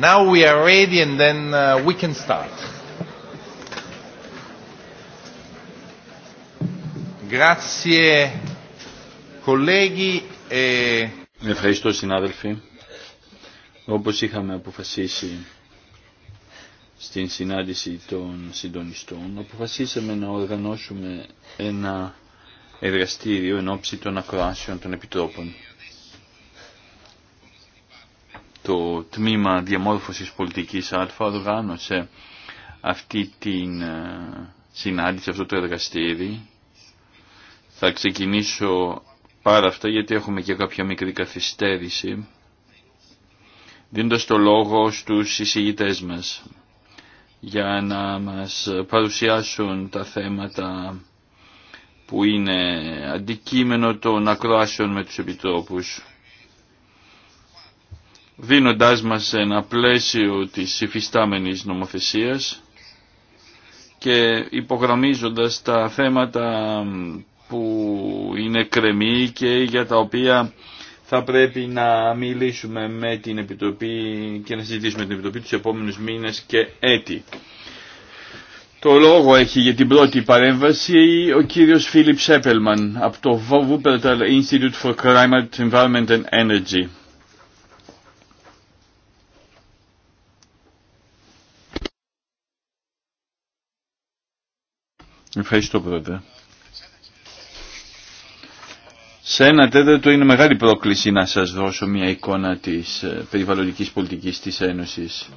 Now we are ready and then uh, we can start. E Ευχαριστώ συνάδελφοι. Όπως είχαμε αποφασίσει στην συνάντηση των συντονιστών, αποφασίσαμε να οργανώσουμε ένα εργαστήριο εν ώψη των ακροάσεων των επιτρόπων το τμήμα διαμόρφωσης πολιτικής Α οργάνωσε αυτή την ε, συνάντηση, αυτό το εργαστήρι. Θα ξεκινήσω πάρα αυτά γιατί έχουμε και κάποια μικρή καθυστέρηση δίνοντας το λόγο στους εισηγητές μας για να μας παρουσιάσουν τα θέματα που είναι αντικείμενο των ακροάσεων με τους επιτρόπους δίνοντάς μας ένα πλαίσιο της υφιστάμενης νομοθεσίας και υπογραμμίζοντας τα θέματα που είναι κρεμή και για τα οποία θα πρέπει να μιλήσουμε με την Επιτροπή και να συζητήσουμε την Επιτροπή τους επόμενους μήνες και έτη. Το λόγο έχει για την πρώτη παρέμβαση ο κύριος Φίλιπ Σέπελμαν από το Wuppertal Institute for Climate, Environment and Energy. Ευχαριστώ πρόεδρε. Σε ένα τέταρτο είναι μεγάλη πρόκληση να σας δώσω μια εικόνα της ε, περιβαλλοντικής πολιτικής της Ένωσης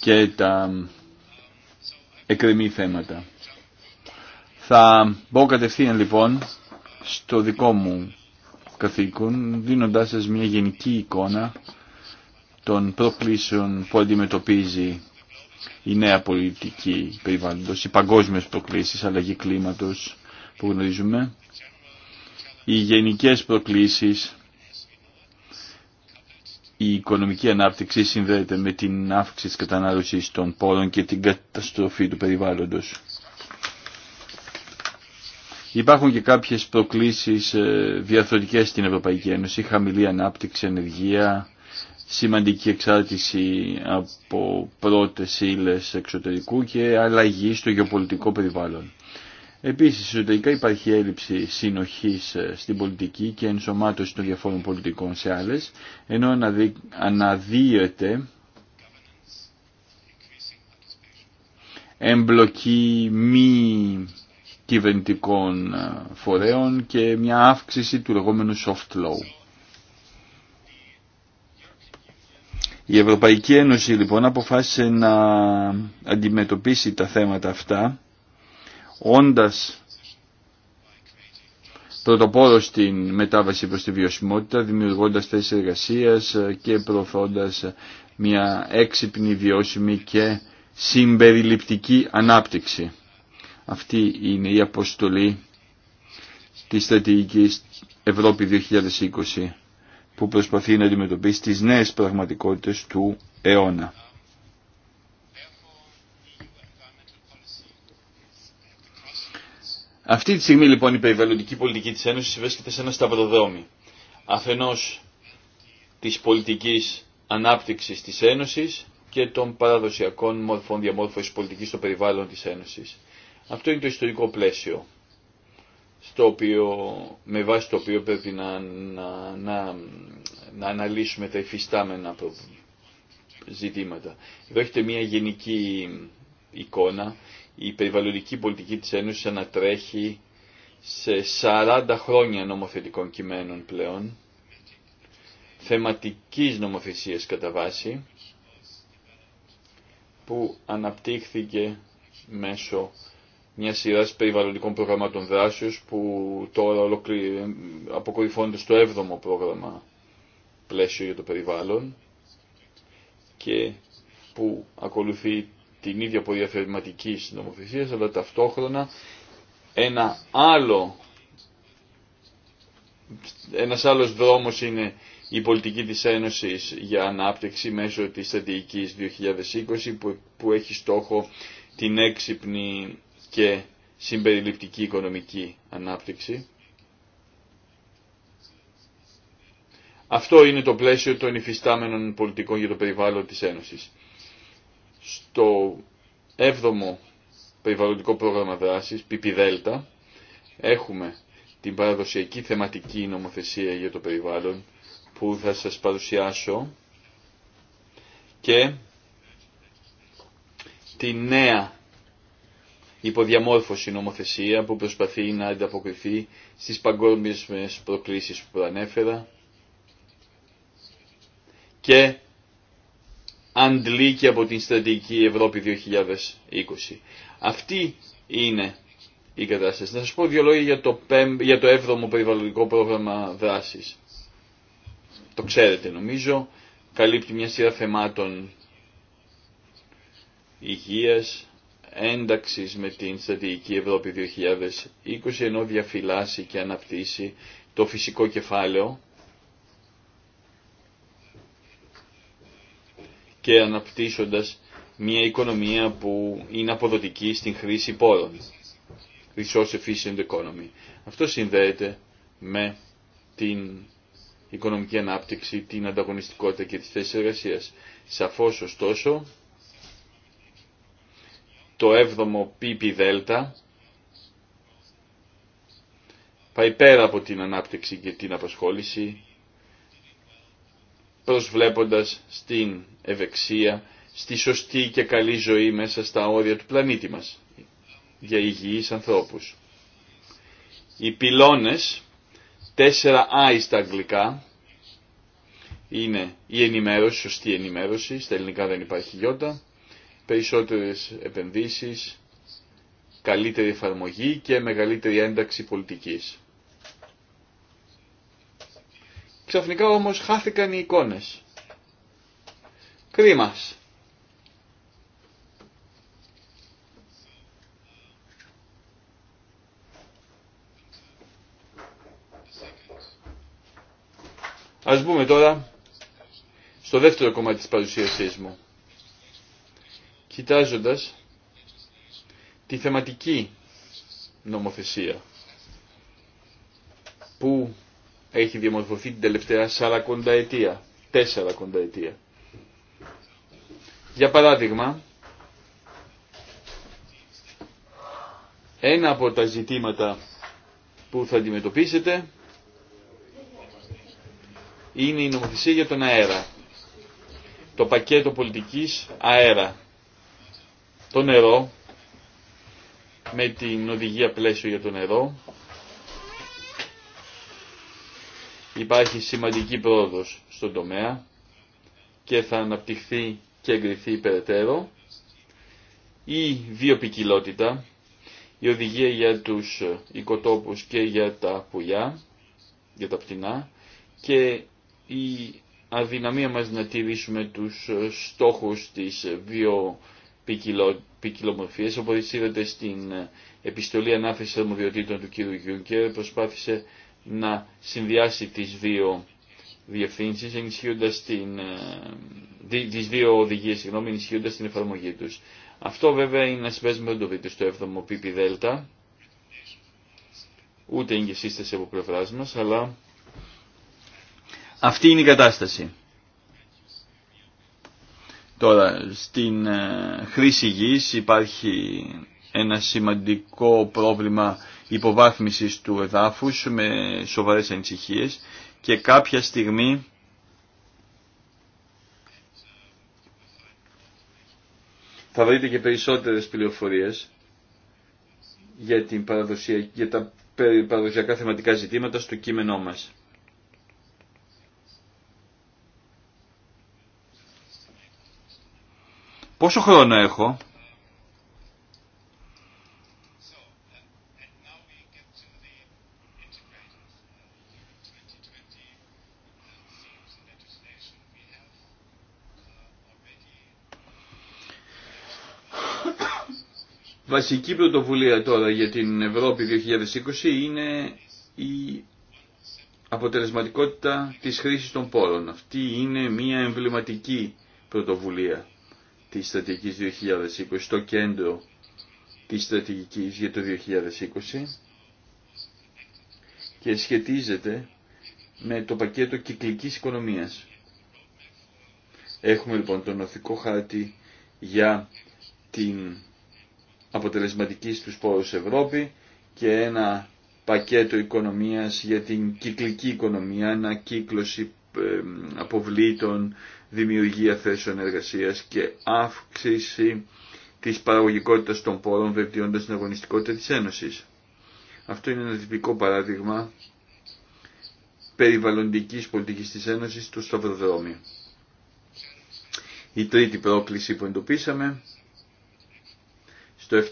και τα εκρεμή θέματα. Θα μπω κατευθείαν λοιπόν στο δικό μου καθήκον δίνοντάς σας μια γενική εικόνα των προκλήσεων που αντιμετωπίζει η νέα πολιτική περιβάλλοντος, οι παγκόσμιες προκλήσεις, αλλαγή κλίματος που γνωρίζουμε, οι γενικές προκλήσεις, η οικονομική ανάπτυξη συνδέεται με την αύξηση της κατανάλωσης των πόρων και την καταστροφή του περιβάλλοντος. Υπάρχουν και κάποιες προκλήσεις ε, διαθροτικές στην Ευρωπαϊκή Ένωση, χαμηλή ανάπτυξη, ενεργεία, σημαντική εξάρτηση από πρώτες ύλε εξωτερικού και αλλαγή στο γεωπολιτικό περιβάλλον. Επίσης, εσωτερικά υπάρχει έλλειψη συνοχής ε, στην πολιτική και ενσωμάτωση των διαφόρων πολιτικών σε άλλες, ενώ αναδύεται εμπλοκή μη κυβερνητικών ε, φορέων και μια αύξηση του λεγόμενου soft law. Η Ευρωπαϊκή Ένωση λοιπόν αποφάσισε να αντιμετωπίσει τα θέματα αυτά όντας πρωτοπόρο στην μετάβαση προς τη βιωσιμότητα, δημιουργώντας θέσεις εργασίας και προωθώντας μια έξυπνη, βιώσιμη και συμπεριληπτική ανάπτυξη. Αυτή είναι η αποστολή της στρατηγικής Ευρώπη 2020 που προσπαθεί να αντιμετωπίσει τις νέες πραγματικότητες του αιώνα. Αυτή τη στιγμή λοιπόν η περιβαλλοντική πολιτική της Ένωσης βρίσκεται σε ένα σταυροδρόμι. Αφενός της πολιτικής ανάπτυξης της Ένωσης και των παραδοσιακών μορφών διαμόρφωσης πολιτικής στο περιβάλλον της Ένωσης. Αυτό είναι το ιστορικό πλαίσιο στο με βάση το οποίο πρέπει να, να, να, να αναλύσουμε τα υφιστάμενα ζητήματα. Εδώ έχετε μια γενική εικόνα. Η περιβαλλοντική πολιτική της Ένωσης ανατρέχει σε 40 χρόνια νομοθετικών κειμένων πλέον, θεματικής νομοθεσίας κατά βάση, που αναπτύχθηκε μέσω μια σειρά περιβαλλοντικών προγραμμάτων δράσεως που τώρα αποκορυφώνεται στο 7ο πρόγραμμα πλαίσιο για το περιβάλλον και που ακολουθεί την ίδια πορεία θερματική νομοθεσία, αλλά ταυτόχρονα ένα άλλο ένας άλλος δρόμος είναι η πολιτική της Ένωσης για ανάπτυξη μέσω της στρατηγικής 2020 που, που έχει στόχο την έξυπνη και συμπεριληπτική οικονομική ανάπτυξη. Αυτό είναι το πλαίσιο των υφιστάμενων πολιτικών για το περιβάλλον της Ένωσης. Στο 7ο περιβαλλοντικό πρόγραμμα δράσης, PPD, έχουμε την παραδοσιακή θεματική νομοθεσία για το περιβάλλον που θα σας παρουσιάσω και τη νέα υποδιαμόρφωση νομοθεσία που προσπαθεί να ανταποκριθεί στις παγκόσμιες προκλήσεις που προανέφερα και και από την στρατηγική Ευρώπη 2020. Αυτή είναι η κατάσταση. Να σας πω δύο λόγια για το, 5, για το 7ο περιβαλλοντικό πρόγραμμα δράσης. Το ξέρετε νομίζω, καλύπτει μια σειρά θεμάτων υγείας, ένταξης με την στρατηγική Ευρώπη 2020 ενώ διαφυλάσσει και αναπτύσσει το φυσικό κεφάλαιο και αναπτύσσοντας μια οικονομία που είναι αποδοτική στην χρήση πόρων. Resource efficient economy. Αυτό συνδέεται με την οικονομική ανάπτυξη, την ανταγωνιστικότητα και τις θέσεις εργασίας. Σαφώς ωστόσο το 7ο δέλτα πάει πέρα από την ανάπτυξη και την απασχόληση προσβλέποντας στην ευεξία, στη σωστή και καλή ζωή μέσα στα όρια του πλανήτη μας για υγιείς ανθρώπους. Οι πυλώνες 4I στα αγγλικά είναι η ενημέρωση, σωστή ενημέρωση, στα ελληνικά δεν υπάρχει γιώτα, περισσότερες επενδύσεις, καλύτερη εφαρμογή και μεγαλύτερη ένταξη πολιτικής. Ξαφνικά όμως χάθηκαν οι εικόνες. Κρίμας. Ας μπούμε τώρα στο δεύτερο κομμάτι της παρουσίασής μου κοιτάζοντας τη θεματική νομοθεσία που έχει διαμορφωθεί την τελευταία 40 ετία, 40 ετία. Για παράδειγμα, ένα από τα ζητήματα που θα αντιμετωπίσετε είναι η νομοθεσία για τον αέρα. Το πακέτο πολιτικής αέρα το νερό, με την οδηγία πλαίσιο για το νερό, υπάρχει σημαντική πρόοδος στον τομέα και θα αναπτυχθεί και εγκριθεί περαιτέρω. Η βιοπικιλότητα, η οδηγία για τους οικοτόπους και για τα πουλιά, για τα πτηνά και η αδυναμία μας να τηρήσουμε τους στόχους της βιο ποικιλομορφίε, όπω είδατε στην ε, επιστολή ανάθεσης αρμοδιοτήτων του κ. Γιούγκερ προσπάθησε να συνδυάσει τι δύο διευθύνσει ενισχύοντα την, ε, τις δύο οδηγίες, συγγνώμη, ενισχύοντα την εφαρμογή του. Αυτό βέβαια είναι ένα συμπέσμα το βίντεο στο 7ο ΠΠΔ, ούτε είναι και σύσταση από πλευρά μα, αλλά αυτή είναι η κατάσταση. Τώρα, στην ε, χρήση γης υπάρχει ένα σημαντικό πρόβλημα υποβάθμισης του εδάφους με σοβαρές ανησυχίες και κάποια στιγμή θα βρείτε και περισσότερες πληροφορίες για, την για τα παραδοσιακά θεματικά ζητήματα στο κείμενό μας. Πόσο χρόνο έχω. Βασική πρωτοβουλία τώρα για την Ευρώπη 2020 είναι η αποτελεσματικότητα της χρήσης των πόρων. Αυτή είναι μια εμβληματική πρωτοβουλία τη στρατηγική 2020, το κέντρο της στρατηγική για το 2020 και σχετίζεται με το πακέτο κυκλικής οικονομίας. Έχουμε λοιπόν τον οθικό χάρτη για την αποτελεσματική στους πόρους Ευρώπη και ένα πακέτο οικονομίας για την κυκλική οικονομία, ανακύκλωση, αποβλήτων, δημιουργία θέσεων εργασίας και αύξηση της παραγωγικότητας των πόρων βελτιώντα την αγωνιστικότητα της Ένωσης. Αυτό είναι ένα τυπικό παράδειγμα περιβαλλοντικής πολιτικής της Ένωσης του Σταυροδρόμι. Η τρίτη πρόκληση που εντοπίσαμε στο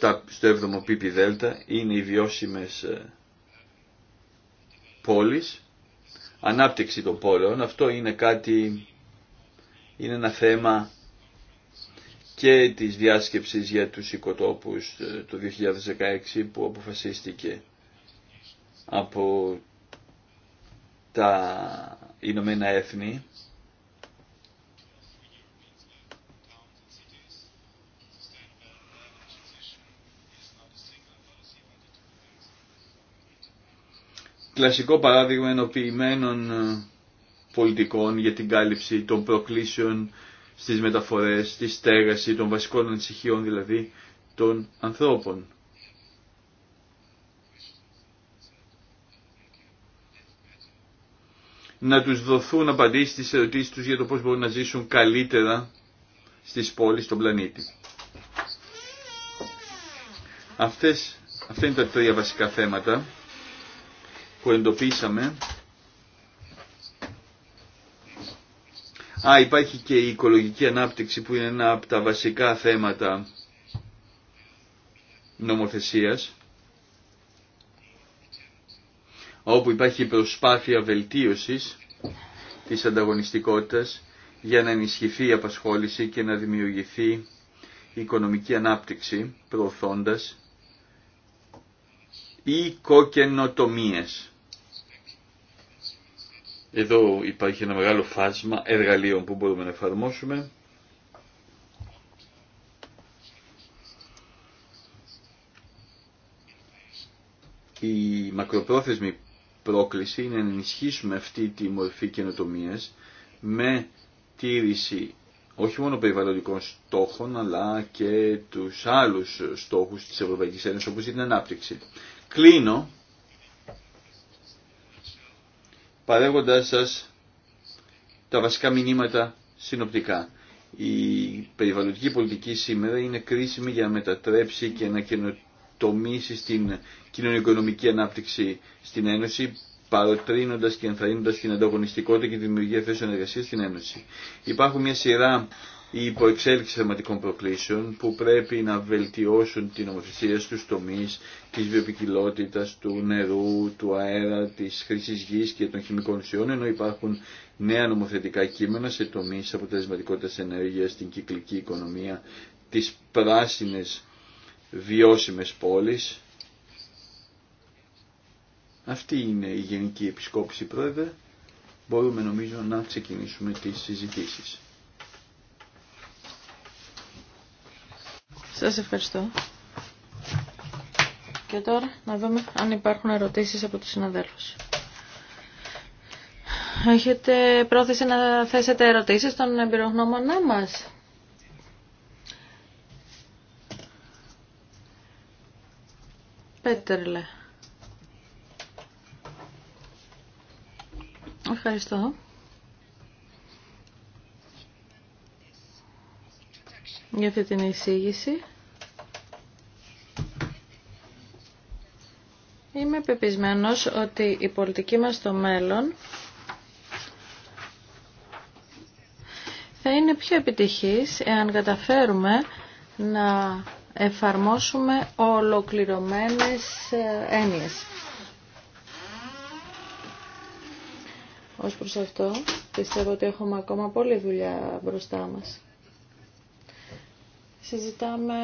7ο ΠΠΔ είναι οι βιώσιμες ε, πόλεις ανάπτυξη των πόλεων. Αυτό είναι κάτι, είναι ένα θέμα και της διάσκεψης για τους οικοτόπους ε, το 2016 που αποφασίστηκε από τα Ηνωμένα Έθνη κλασικό παράδειγμα ενοποιημένων ε, πολιτικών για την κάλυψη των προκλήσεων στις μεταφορές, στη στέγαση, των βασικών ανησυχιών δηλαδή των ανθρώπων. Να τους δοθούν απαντήσεις στις ερωτήσεις τους για το πώς μπορούν να ζήσουν καλύτερα στις πόλεις, στον πλανήτη. Αυτές, αυτά είναι τα τρία βασικά θέματα που εντοπίσαμε Α, υπάρχει και η οικολογική ανάπτυξη που είναι ένα από τα βασικά θέματα νομοθεσίας όπου υπάρχει προσπάθεια βελτίωσης της ανταγωνιστικότητας για να ενισχυθεί η απασχόληση και να δημιουργηθεί η οικονομική ανάπτυξη προωθώντας ή εδώ υπάρχει ένα μεγάλο φάσμα εργαλείων που μπορούμε να εφαρμόσουμε. Η μακροπρόθεσμη πρόκληση είναι να ενισχύσουμε αυτή τη μορφή καινοτομία με τήρηση όχι μόνο περιβαλλοντικών στόχων αλλά και τους άλλους στόχους της Ευρωπαϊκής Ένωσης όπως είναι την ανάπτυξη. Κλείνω παρέχοντας σας τα βασικά μηνύματα συνοπτικά. Η περιβαλλοντική πολιτική σήμερα είναι κρίσιμη για να μετατρέψει και να καινοτομήσει στην κοινωνικονομική ανάπτυξη στην Ένωση, παροτρύνοντας και ενθαρρύνοντας την ανταγωνιστικότητα και τη δημιουργία θέσεων εργασία στην Ένωση. Υπάρχουν μια σειρά η υποεξέλιξη θεματικών προκλήσεων που πρέπει να βελτιώσουν την ομοθεσία στου τομεί, τη βιοπικιλότητα, του νερού, του αέρα, της χρήσης γή και των χημικών ουσιών, ενώ υπάρχουν νέα νομοθετικά κείμενα σε τομεί αποτελεσματικότητα ενέργεια, την κυκλική οικονομία, τι πράσινε βιώσιμε πόλει. Αυτή είναι η Γενική Επισκόπηση, Πρόεδρε. Μπορούμε νομίζω να ξεκινήσουμε τις συζητήσεις. Σας ευχαριστώ. Και τώρα να δούμε αν υπάρχουν ερωτήσεις από τους συναδέλφους. Έχετε πρόθεση να θέσετε ερωτήσεις στον εμπειρογνώμονά μας. Πέτερλε. Ευχαριστώ. Για αυτή την εισήγηση. Είμαι πεπισμένος ότι η πολιτική μας στο μέλλον θα είναι πιο επιτυχής εάν καταφέρουμε να εφαρμόσουμε ολοκληρωμένες ε, έννοιες. Ως προς αυτό πιστεύω ότι έχουμε ακόμα πολλή δουλειά μπροστά μας συζητάμε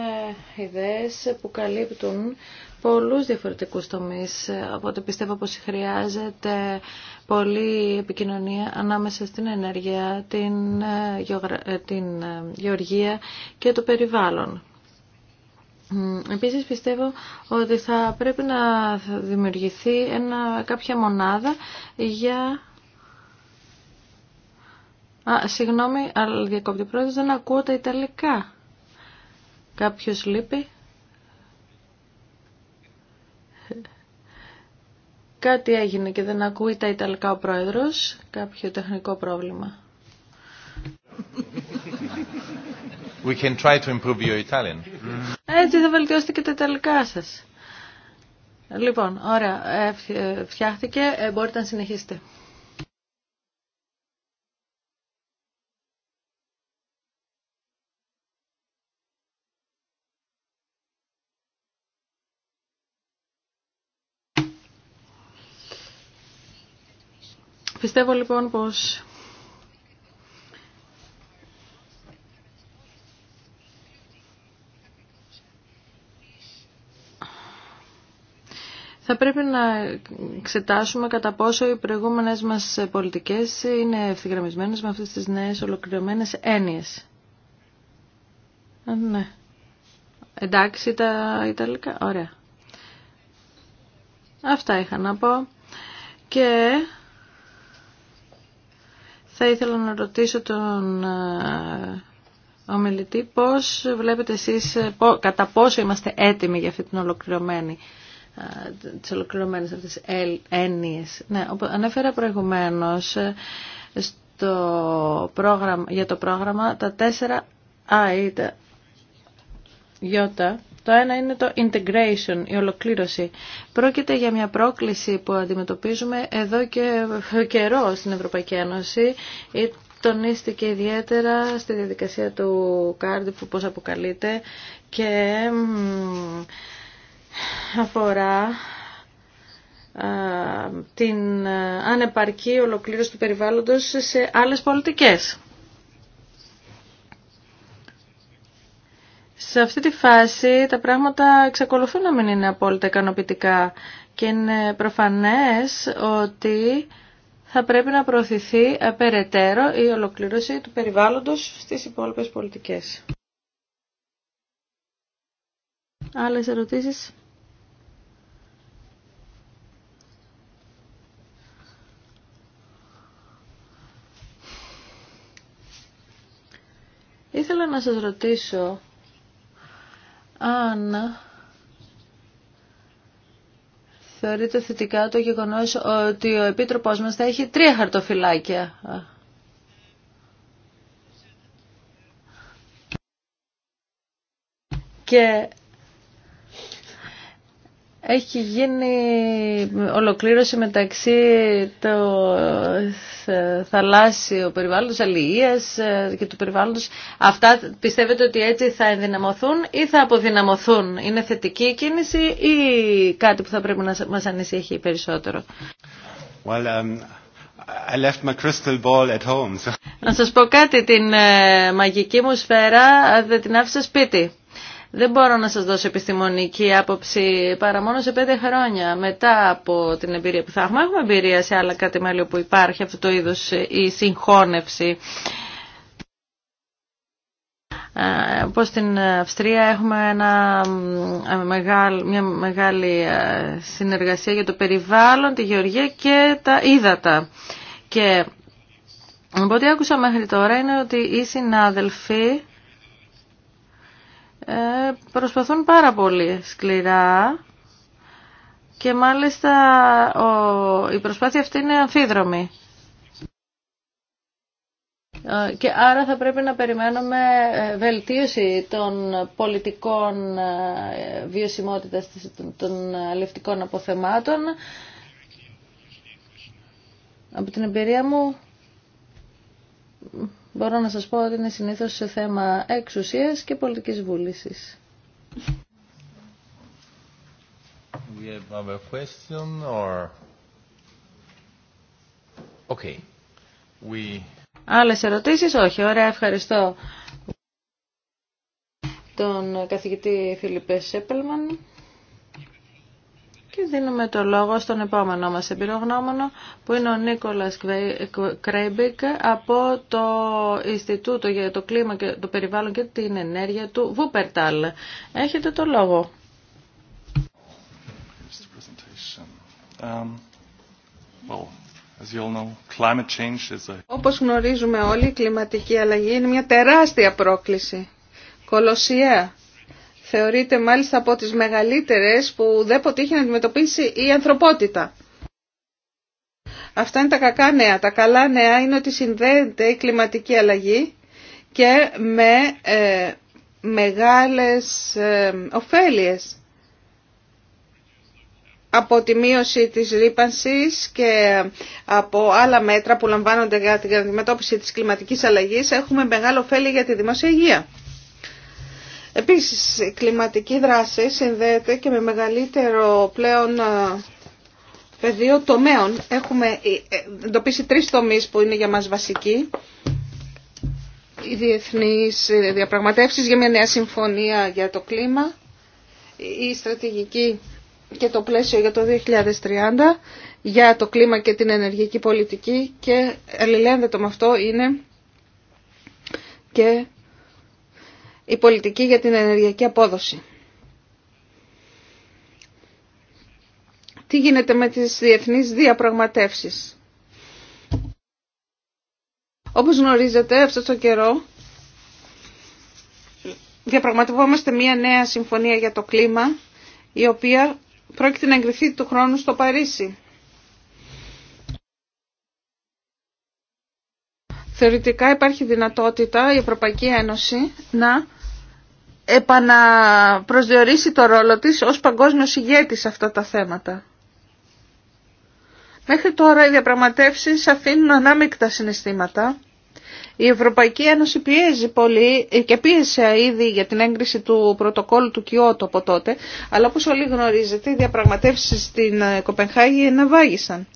ιδέες που καλύπτουν πολλούς διαφορετικούς τομείς, οπότε πιστεύω πως χρειάζεται πολλή επικοινωνία ανάμεσα στην ενέργεια, την, ε, ε, την ε, γεωργία και το περιβάλλον. Επίσης πιστεύω ότι θα πρέπει να δημιουργηθεί ένα, κάποια μονάδα για... συγγνώμη, αλλά διακόπτη πρόεδρος, δεν ακούω τα Ιταλικά. Κάποιος λείπει. Κάτι έγινε και δεν ακούει τα Ιταλικά ο πρόεδρος. Κάποιο τεχνικό πρόβλημα. We can try to improve your Italian. Έτσι θα βελτιώσετε και τα Ιταλικά σας. Λοιπόν, ωραία, ε, ε, φτιάχτηκε, ε, μπορείτε να συνεχίσετε. Πιστεύω λοιπόν πως Θα πρέπει να εξετάσουμε κατά πόσο οι προηγούμενες μας πολιτικές είναι ευθυγραμμισμένες με αυτές τις νέες ολοκληρωμένες έννοιες. Ναι. Εντάξει τα Ιταλικά. Ωραία. Αυτά είχα να πω. Και θα ήθελα να ρωτήσω τον ε, ομιλητή πώς βλέπετε εσείς, ε, κατά πόσο είμαστε έτοιμοι για αυτή την ολοκληρωμένη ε, τις ολοκληρωμένες αυτές έννοιες. Ναι, ανέφερα προηγουμένως στο πρόγραμμα, για το πρόγραμμα τα τέσσερα α το ένα είναι το integration, η ολοκλήρωση. Πρόκειται για μια πρόκληση που αντιμετωπίζουμε εδώ και καιρό στην Ευρωπαϊκή Ένωση. Ε, τονίστηκε ιδιαίτερα στη διαδικασία του κάρτη που πώς αποκαλείται και αφορά την ανεπαρκή ολοκλήρωση του περιβάλλοντος σε άλλες πολιτικές. Σε αυτή τη φάση τα πράγματα εξακολουθούν να μην είναι απόλυτα ικανοποιητικά και είναι προφανές ότι θα πρέπει να προωθηθεί περαιτέρω η ολοκλήρωση του περιβάλλοντος στις υπόλοιπες πολιτικές. Άλλες ερωτήσεις? Ήθελα να σας ρωτήσω αν θεωρείται θετικά το γεγονός ότι ο Επίτροπός μας θα έχει τρία χαρτοφυλάκια. Και έχει γίνει ολοκλήρωση μεταξύ το ε, θαλάσσιο περιβάλλοντος, αλληλείας ε, και του περιβάλλοντος. Αυτά πιστεύετε ότι έτσι θα ενδυναμωθούν ή θα αποδυναμωθούν. Είναι θετική κίνηση ή κάτι που θα πρέπει να μας ανησυχεί περισσότερο. Well, um, I left my crystal ball at home. Να σας πω κάτι, την ε, μαγική μου σφαίρα δεν την άφησα σπίτι. Δεν μπορώ να σας δώσω επιστημονική άποψη παρά μόνο σε πέντε χρόνια μετά από την εμπειρία που θα έχουμε. Έχουμε εμπειρία σε άλλα κάτι μέλη που υπάρχει αυτό το είδος ε, η συγχώνευση. Ε, όπως στην Αυστρία έχουμε μια μεγάλη ε, συνεργασία για το περιβάλλον, τη γεωργία και τα ύδατα. Και από ό,τι άκουσα μέχρι τώρα είναι ότι οι συνάδελφοι ε, προσπαθούν πάρα πολύ σκληρά και μάλιστα η προσπάθεια αυτή είναι αμφίδρομη. Ε, και άρα θα πρέπει να περιμένουμε ε, βελτίωση των πολιτικών βιωσιμότητας των αλευτικών αποθεμάτων. Από την εμπειρία μου μπορώ να σας πω ότι είναι συνήθως σε θέμα εξουσίας και πολιτικής βούλησης. We have Άλλες ερωτήσεις, όχι. Ωραία, ευχαριστώ τον καθηγητή Φιλιππέ Σέπελμαν. Και δίνουμε το λόγο στον επόμενό μας εμπειρογνώμονο που είναι ο Νίκολας Κρέμπικ από το Ινστιτούτο για το Κλίμα και το Περιβάλλον και την Ενέργεια του Βούπερταλ. Έχετε το λόγο. Um, Όπως γνωρίζουμε όλοι, η κλιματική αλλαγή είναι μια τεράστια πρόκληση. Κολοσιαία θεωρείται μάλιστα από τις μεγαλύτερες που δεν ποτύχει να αντιμετωπίσει η ανθρωπότητα. Αυτά είναι τα κακά νέα. Τα καλά νέα είναι ότι συνδέεται η κλιματική αλλαγή και με ε, μεγάλες ε, ωφέλειες από τη μείωση της ρήπανσης και από άλλα μέτρα που λαμβάνονται για την αντιμετώπιση της κλιματικής αλλαγής έχουμε μεγάλο ωφέλη για τη δημόσια υγεία. Επίσης, η κλιματική δράση συνδέεται και με μεγαλύτερο πλέον πεδίο τομέων. Έχουμε ε, ε, εντοπίσει τρεις τομείς που είναι για μας βασικοί. Οι διεθνείς ε, διαπραγματεύσεις για μια νέα συμφωνία για το κλίμα, η στρατηγική και το πλαίσιο για το 2030 για το κλίμα και την ενεργειακή πολιτική και αλληλένδετο με αυτό είναι και η πολιτική για την ενεργειακή απόδοση. Τι γίνεται με τις διεθνείς διαπραγματεύσεις. Όπως γνωρίζετε αυτό το καιρό διαπραγματευόμαστε μια νέα συμφωνία για το κλίμα η οποία πρόκειται να εγκριθεί του χρόνου στο Παρίσι. Θεωρητικά υπάρχει δυνατότητα η Ευρωπαϊκή Ένωση να επαναπροσδιορίσει το ρόλο της ως παγκόσμιος ηγέτης σε αυτά τα θέματα. Μέχρι τώρα οι διαπραγματεύσεις αφήνουν ανάμεικτα συναισθήματα. Η Ευρωπαϊκή Ένωση πιέζει πολύ και πίεσε ήδη για την έγκριση του πρωτοκόλλου του Κιώτο από τότε, αλλά όπως όλοι γνωρίζετε οι διαπραγματεύσεις στην Κοπενχάγη εναβάγησαν.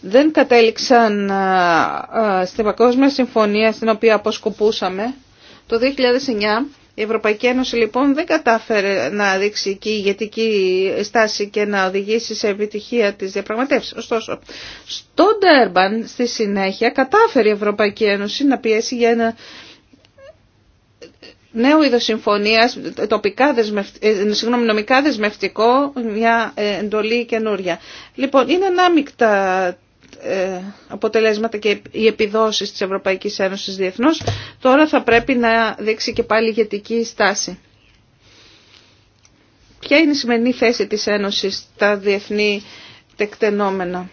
Δεν κατέληξαν ε, στην Παγκόσμια Συμφωνία στην οποία αποσκοπούσαμε το 2009 η Ευρωπαϊκή Ένωση λοιπόν δεν κατάφερε να δείξει εκεί ηγετική στάση και να οδηγήσει σε επιτυχία τις διαπραγματεύσεις. Ωστόσο, στο Ντέρμπαν στη συνέχεια κατάφερε η Ευρωπαϊκή Ένωση να πιέσει για ένα νέο είδος συμφωνίας, τοπικά δεσμευτικό, ε, συγγνώμη, νομικά δεσμευτικό, μια ε, εντολή καινούρια. Λοιπόν, είναι ανάμεικτα ε, αποτελέσματα και οι επιδόσεις της Ευρωπαϊκής Ένωσης διεθνώς, τώρα θα πρέπει να δείξει και πάλι ηγετική στάση. Ποια είναι η σημερινή θέση της Ένωσης στα διεθνή τεκτενόμενα.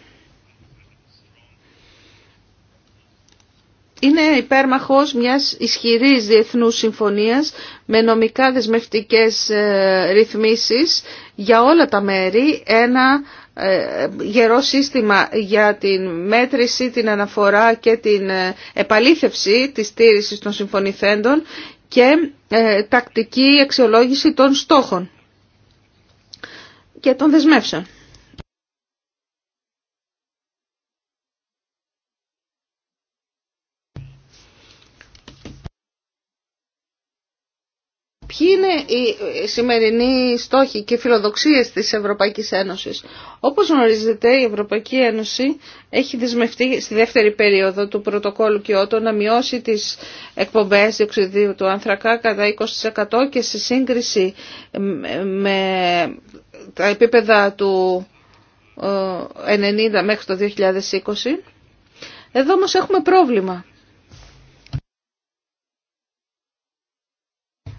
είναι υπέρμαχος μιας ισχυρής διεθνούς συμφωνίας με νομικά δεσμευτικές ε, ρυθμίσεις για όλα τα μέρη, ένα ε, γερό σύστημα για την μέτρηση, την αναφορά και την ε, επαλήθευση της στήρησης των συμφωνηθέντων και ε, τακτική αξιολόγηση των στόχων και των δεσμεύσεων. Ποιοι είναι οι σημερινοί στόχοι και φιλοδοξίες της Ευρωπαϊκής Ένωσης. Όπως γνωρίζετε η Ευρωπαϊκή Ένωση έχει δεσμευτεί στη δεύτερη περίοδο του πρωτοκόλου Κιώτο να μειώσει τις εκπομπές διοξιδίου του άνθρακα κατά 20% και σε σύγκριση με τα επίπεδα του 90 ε, μέχρι το 2020. Εδώ όμως έχουμε πρόβλημα.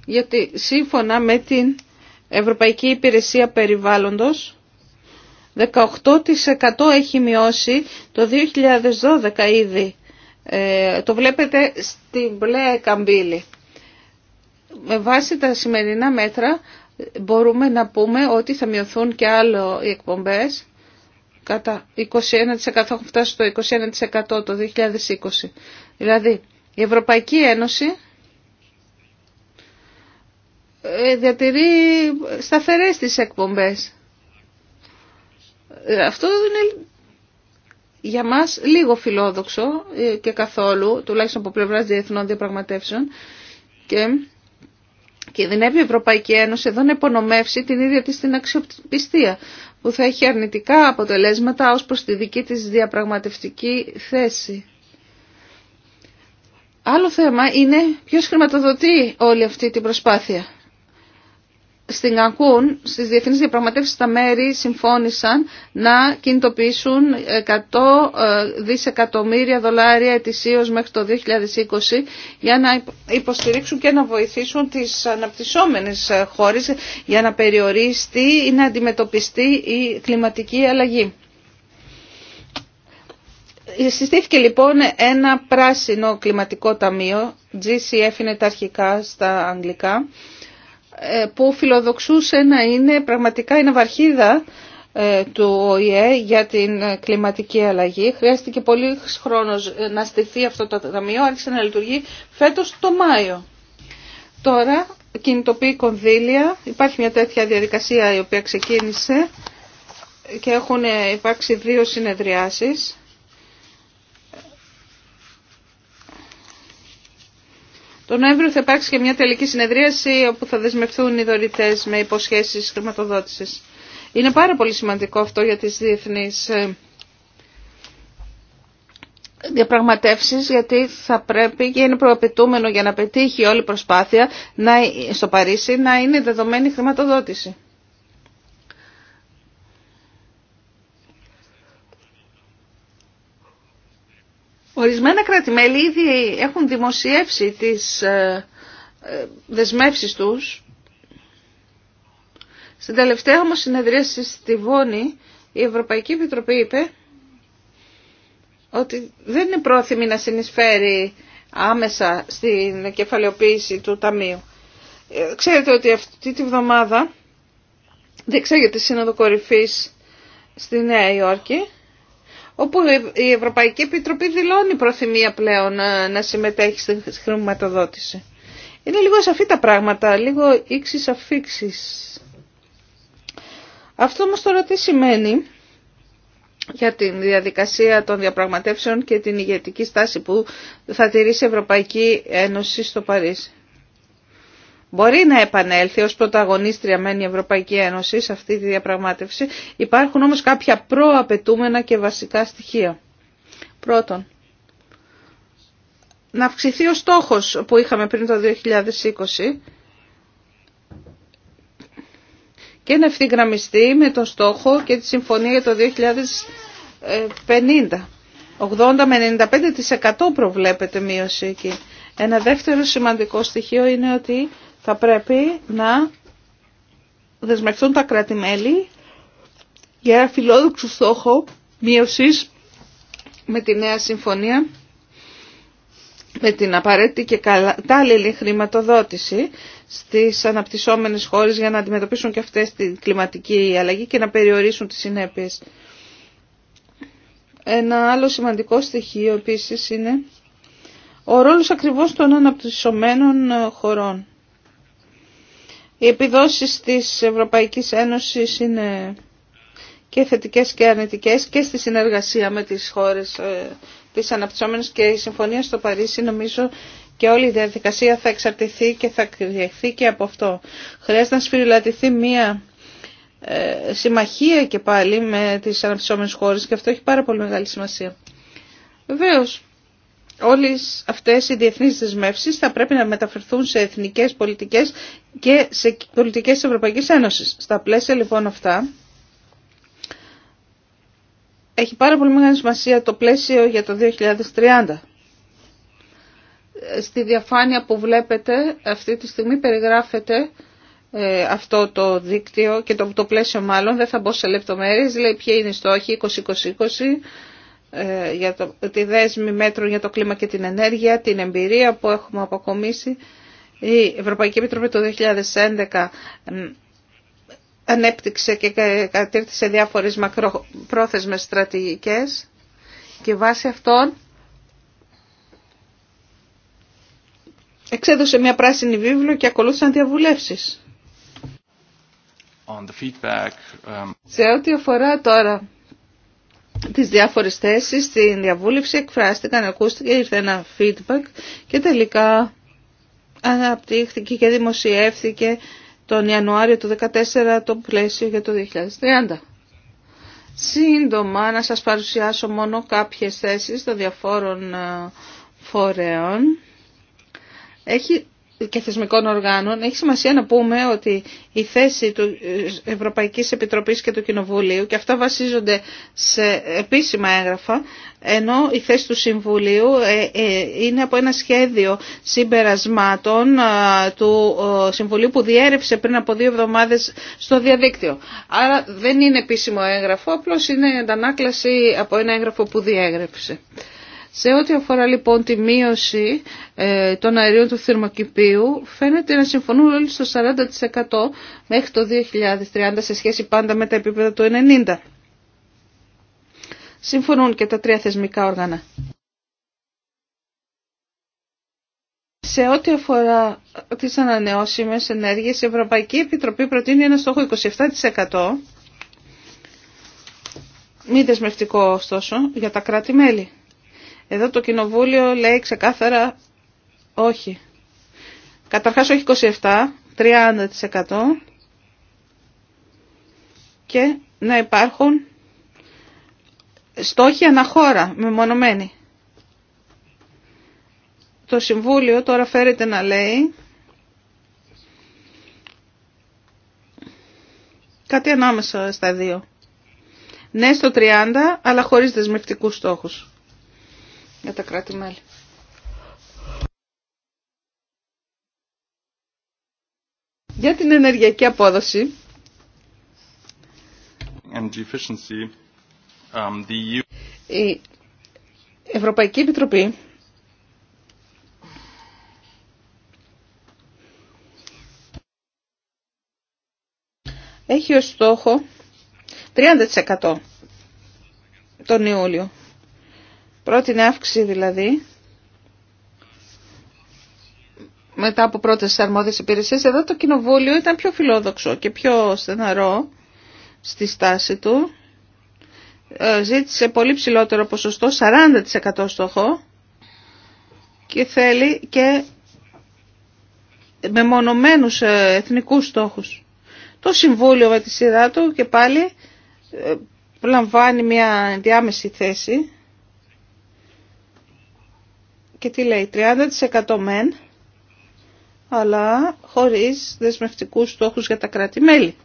γιατί σύμφωνα με την Ευρωπαϊκή Υπηρεσία Περιβάλλοντος 18% έχει μειώσει το 2012 ήδη. Ε, το βλέπετε στην μπλε καμπύλη. Με βάση τα σημερινά μέτρα μπορούμε να πούμε ότι θα μειωθούν και άλλο οι εκπομπές κατά 21% έχουν φτάσει στο 21% το 2020. Δηλαδή η Ευρωπαϊκή Ένωση ε, διατηρεί σταθερές τις εκπομπές. Ε, αυτό δεν είναι για μας λίγο φιλόδοξο ε, και καθόλου, τουλάχιστον από πλευρά διεθνών διαπραγματεύσεων και κινδυνεύει η Ευρωπαϊκή Ένωση εδώ να υπονομεύσει την ίδια της την αξιοπιστία που θα έχει αρνητικά αποτελέσματα ως προς τη δική της διαπραγματευτική θέση. Άλλο θέμα είναι ποιος χρηματοδοτεί όλη αυτή την προσπάθεια στην Κανκούν, στις διεθνείς διαπραγματεύσεις τα μέρη συμφώνησαν να κινητοποιήσουν 100 ε, δισεκατομμύρια δολάρια ετησίως μέχρι το 2020 για να υποστηρίξουν και να βοηθήσουν τις αναπτυσσόμενες χώρες για να περιορίσει ή να αντιμετωπιστεί η κλιματική αλλαγή. Συστήθηκε λοιπόν ένα πράσινο κλιματικό ταμείο, GCF είναι τα αρχικά στα αγγλικά, ε, που φιλοδοξούσε να είναι πραγματικά η ναυαρχίδα ε, του ΟΗΕ για την ε, κλιματική αλλαγή. Χρειάστηκε πολύ χρόνος να στηθεί αυτό το ταμείο, άρχισε να λειτουργεί φέτο το Μάιο. Τώρα κινητοποιεί κονδύλια, υπάρχει μια τέτοια διαδικασία η οποία ξεκίνησε και έχουν υπάρξει δύο συνεδριάσεις Το Νοέμβριο θα υπάρξει και μια τελική συνεδρίαση όπου θα δεσμευτούν οι δωρητέ με υποσχέσεις χρηματοδότησης. Είναι πάρα πολύ σημαντικό αυτό για τις διεθνεί ε, διαπραγματεύσεις γιατί θα πρέπει και είναι προαπαιτούμενο για να πετύχει όλη η προσπάθεια να, στο Παρίσι να είναι δεδομένη χρηματοδότηση. Ορισμένα κράτη-μέλη ήδη έχουν δημοσιεύσει τις ε, ε, δεσμεύσεις τους. Στην τελευταία όμως συνεδρίαση στη Βόνη η Ευρωπαϊκή Επιτροπή είπε ότι δεν είναι πρόθυμη να συνεισφέρει άμεσα στην κεφαλαιοποίηση του Ταμείου. Ε, ξέρετε ότι αυτή τη βδομάδα διεξάγεται σύνοδο κορυφής στη Νέα Υόρκη όπου η Ευρωπαϊκή Επιτροπή δηλώνει προθυμία πλέον ε, να συμμετέχει στη χρηματοδότηση. Είναι λίγο σαφή τα πράγματα, λίγο ίξης αφήξης. Αυτό όμως τώρα τι σημαίνει για τη διαδικασία των διαπραγματεύσεων και την ηγετική στάση που θα τηρήσει η Ευρωπαϊκή Ένωση στο Παρίσι μπορεί να επανέλθει ως πρωταγωνίστρια μεν η Ευρωπαϊκή Ένωση σε αυτή τη διαπραγμάτευση. Υπάρχουν όμως κάποια προαπαιτούμενα και βασικά στοιχεία. Πρώτον, να αυξηθεί ο στόχος που είχαμε πριν το 2020 και να ευθυγραμμιστεί με τον στόχο και τη συμφωνία για το 2050. 80 με 95% προβλέπεται μείωση εκεί. Ένα δεύτερο σημαντικό στοιχείο είναι ότι θα πρέπει να δεσμευτούν τα κράτη-μέλη για ένα στόχο μείωσης με τη νέα συμφωνία με την απαραίτητη και κατάλληλη χρηματοδότηση στις αναπτυσσόμενες χώρες για να αντιμετωπίσουν και αυτές την κλιματική αλλαγή και να περιορίσουν τις συνέπειες. Ένα άλλο σημαντικό στοιχείο επίσης είναι ο ρόλος ακριβώς των αναπτυσσομένων χωρών. Οι επιδόσεις της Ευρωπαϊκής Ένωσης είναι και θετικές και αρνητικές και στη συνεργασία με τις χώρες ε, της αναπτυσσόμενης και η συμφωνία στο Παρίσι νομίζω και όλη η διαδικασία θα εξαρτηθεί και θα κρυφθεί και από αυτό. Χρειάζεται να σφυριλατηθεί μία ε, συμμαχία και πάλι με τις αναπτυσσόμενες χώρες και αυτό έχει πάρα πολύ μεγάλη σημασία. Βεβαίως, όλες αυτές οι διεθνείς δεσμεύσεις θα πρέπει να μεταφερθούν σε εθνικές πολιτικές και σε πολιτικές της Ευρωπαϊκής Ένωσης. Στα πλαίσια λοιπόν αυτά έχει πάρα πολύ μεγάλη σημασία το πλαίσιο για το 2030. Στη διαφάνεια που βλέπετε αυτή τη στιγμή περιγράφεται ε, αυτό το δίκτυο και το, το πλαίσιο μάλλον, δεν θα μπω σε λεπτομέρειες, λέει ποιοι είναι οι στόχοι 20-20-20, ε, για το, τη δέσμη μέτρων για το κλίμα και την ενέργεια, την εμπειρία που έχουμε αποκομίσει. Η Ευρωπαϊκή Επιτροπή το 2011 ανέπτυξε και κατήρθησε διάφορες μακροπρόθεσμες στρατηγικές και βάσει αυτών εξέδωσε μια πράσινη βίβλο και ακολούθησαν διαβουλεύσεις. feedback, um, Σε ό,τι αφορά τώρα τις διάφορες θέσεις στην διαβούλευση εκφράστηκαν, ακούστηκε, ήρθε ένα feedback και τελικά αναπτύχθηκε και δημοσιεύθηκε τον Ιανουάριο του 2014 το πλαίσιο για το 2030. Σύντομα να σας παρουσιάσω μόνο κάποιες θέσεις των διαφόρων ε, φορέων. Έχει και θεσμικών οργάνων, έχει σημασία να πούμε ότι η θέση του ε, Ευρωπαϊκής Επιτροπής και του Κοινοβουλίου, και αυτά βασίζονται σε επίσημα έγγραφα, ενώ η θέση του Συμβουλίου ε, ε, είναι από ένα σχέδιο συμπερασμάτων του Συμβουλίου που διέρευσε πριν από δύο εβδομάδες στο διαδίκτυο. Άρα δεν είναι επίσημο έγγραφο, απλώς είναι αντανάκλαση από ένα έγγραφο που διέρευσε. Σε ό,τι αφορά λοιπόν τη μείωση ε, των αερίων του θερμοκηπίου, φαίνεται να συμφωνούν όλοι στο 40% μέχρι το 2030 σε σχέση πάντα με τα επίπεδα του 90%. Συμφωνούν και τα τρία θεσμικά όργανα. Σε ό,τι αφορά τις ανανεώσιμες ενέργειες, η Ευρωπαϊκή Επιτροπή προτείνει ένα στόχο 27%, μη δεσμευτικό ωστόσο, για τα κράτη-μέλη. Εδώ το Κοινοβούλιο λέει ξεκάθαρα όχι. Καταρχάς όχι 27, 30% και να υπάρχουν στόχοι αναχώρα, μεμονωμένοι. Το Συμβούλιο τώρα φέρεται να λέει κάτι ανάμεσα στα δύο. Ναι στο 30, αλλά χωρίς δεσμευτικούς στόχους για τα κρατη Για την ενεργειακή απόδοση. Um, Η Ευρωπαϊκή Επιτροπή έχει ως στόχο 30% τον Ιούλιο. Πρότεινε αύξηση δηλαδή μετά από πρώτες αρμόδιες υπηρεσίες, Εδώ το κοινοβούλιο ήταν πιο φιλόδοξο και πιο στεναρό στη στάση του. Ε, ζήτησε πολύ ψηλότερο ποσοστό, 40% στόχο και θέλει και με μονομένους ε, εθνικούς στόχους. Το Συμβούλιο με τη σειρά του και πάλι ε, λαμβάνει μια διάμεση θέση και τι λέει, 30% μεν, αλλά χωρίς δεσμευτικούς στόχους για τα κράτη-μέλη.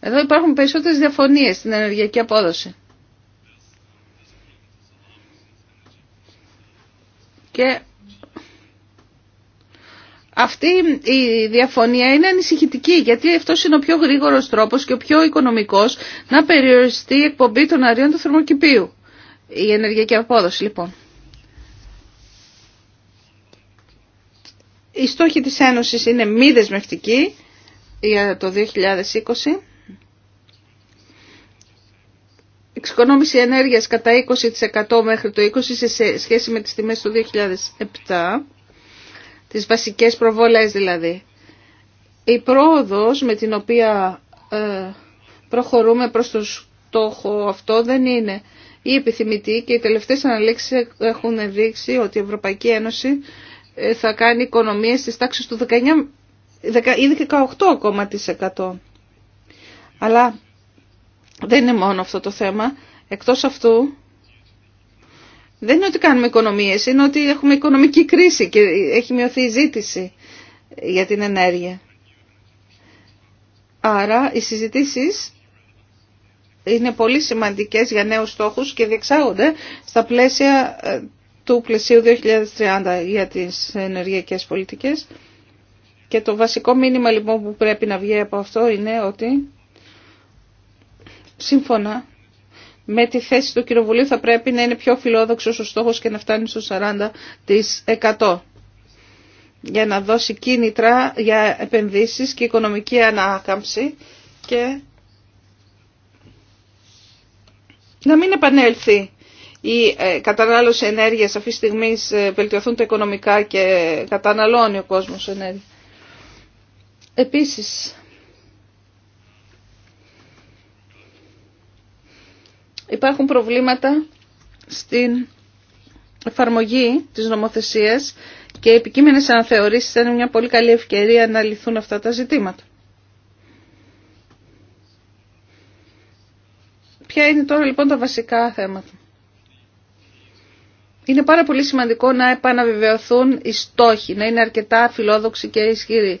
εδώ υπάρχουν περισσότερες διαφωνίες στην ενεργειακή απόδοση. Και αυτή η διαφωνία είναι ανησυχητική γιατί αυτό είναι ο πιο γρήγορος τρόπος και ο πιο οικονομικός να περιοριστεί η εκπομπή των αρίων του θερμοκηπίου. Η ενεργειακή απόδοση λοιπόν. Η στόχοι της Ένωσης είναι μη δεσμευτικοί για το 2020. Εξοικονόμηση ενέργειας κατά 20% μέχρι το 20% σε σχέση με τις τιμές του 2007 τις βασικές προβολές δηλαδή. Η πρόοδος με την οποία ε, προχωρούμε προς το στόχο αυτό δεν είναι η επιθυμητή και οι τελευταίες αναλύσεις έχουν δείξει ότι η Ευρωπαϊκή Ένωση ε, θα κάνει οικονομίες στις τάξεις του 19 ή 18,1%. Αλλά δεν είναι μόνο αυτό το θέμα. Εκτός αυτού δεν είναι ότι κάνουμε οικονομίες, είναι ότι έχουμε οικονομική κρίση και έχει μειωθεί η ζήτηση για την ενέργεια. Άρα οι συζητήσεις είναι πολύ σημαντικές για νέους στόχους και διεξάγονται στα πλαίσια ε, του πλαισίου 2030 για τις ενεργειακές πολιτικές. Και το βασικό μήνυμα λοιπόν που πρέπει να βγει από αυτό είναι ότι σύμφωνα με τη θέση του Κοινοβουλίου θα πρέπει να είναι πιο φιλόδοξος ο στόχος και να φτάνει στο 40% για να δώσει κίνητρα για επενδύσεις και οικονομική ανάκαμψη και να μην επανέλθει η ε, κατανάλωση ενέργειας αυτή τη στιγμή ε, βελτιωθούν τα οικονομικά και καταναλώνει ο κόσμος ενέργεια. Επίσης, υπάρχουν προβλήματα στην εφαρμογή της νομοθεσίας και οι επικείμενες αναθεωρήσεις είναι μια πολύ καλή ευκαιρία να λυθούν αυτά τα ζητήματα. Ποια είναι τώρα λοιπόν τα βασικά θέματα. Είναι πάρα πολύ σημαντικό να επαναβεβαιωθούν οι στόχοι, να είναι αρκετά φιλόδοξοι και ισχυροί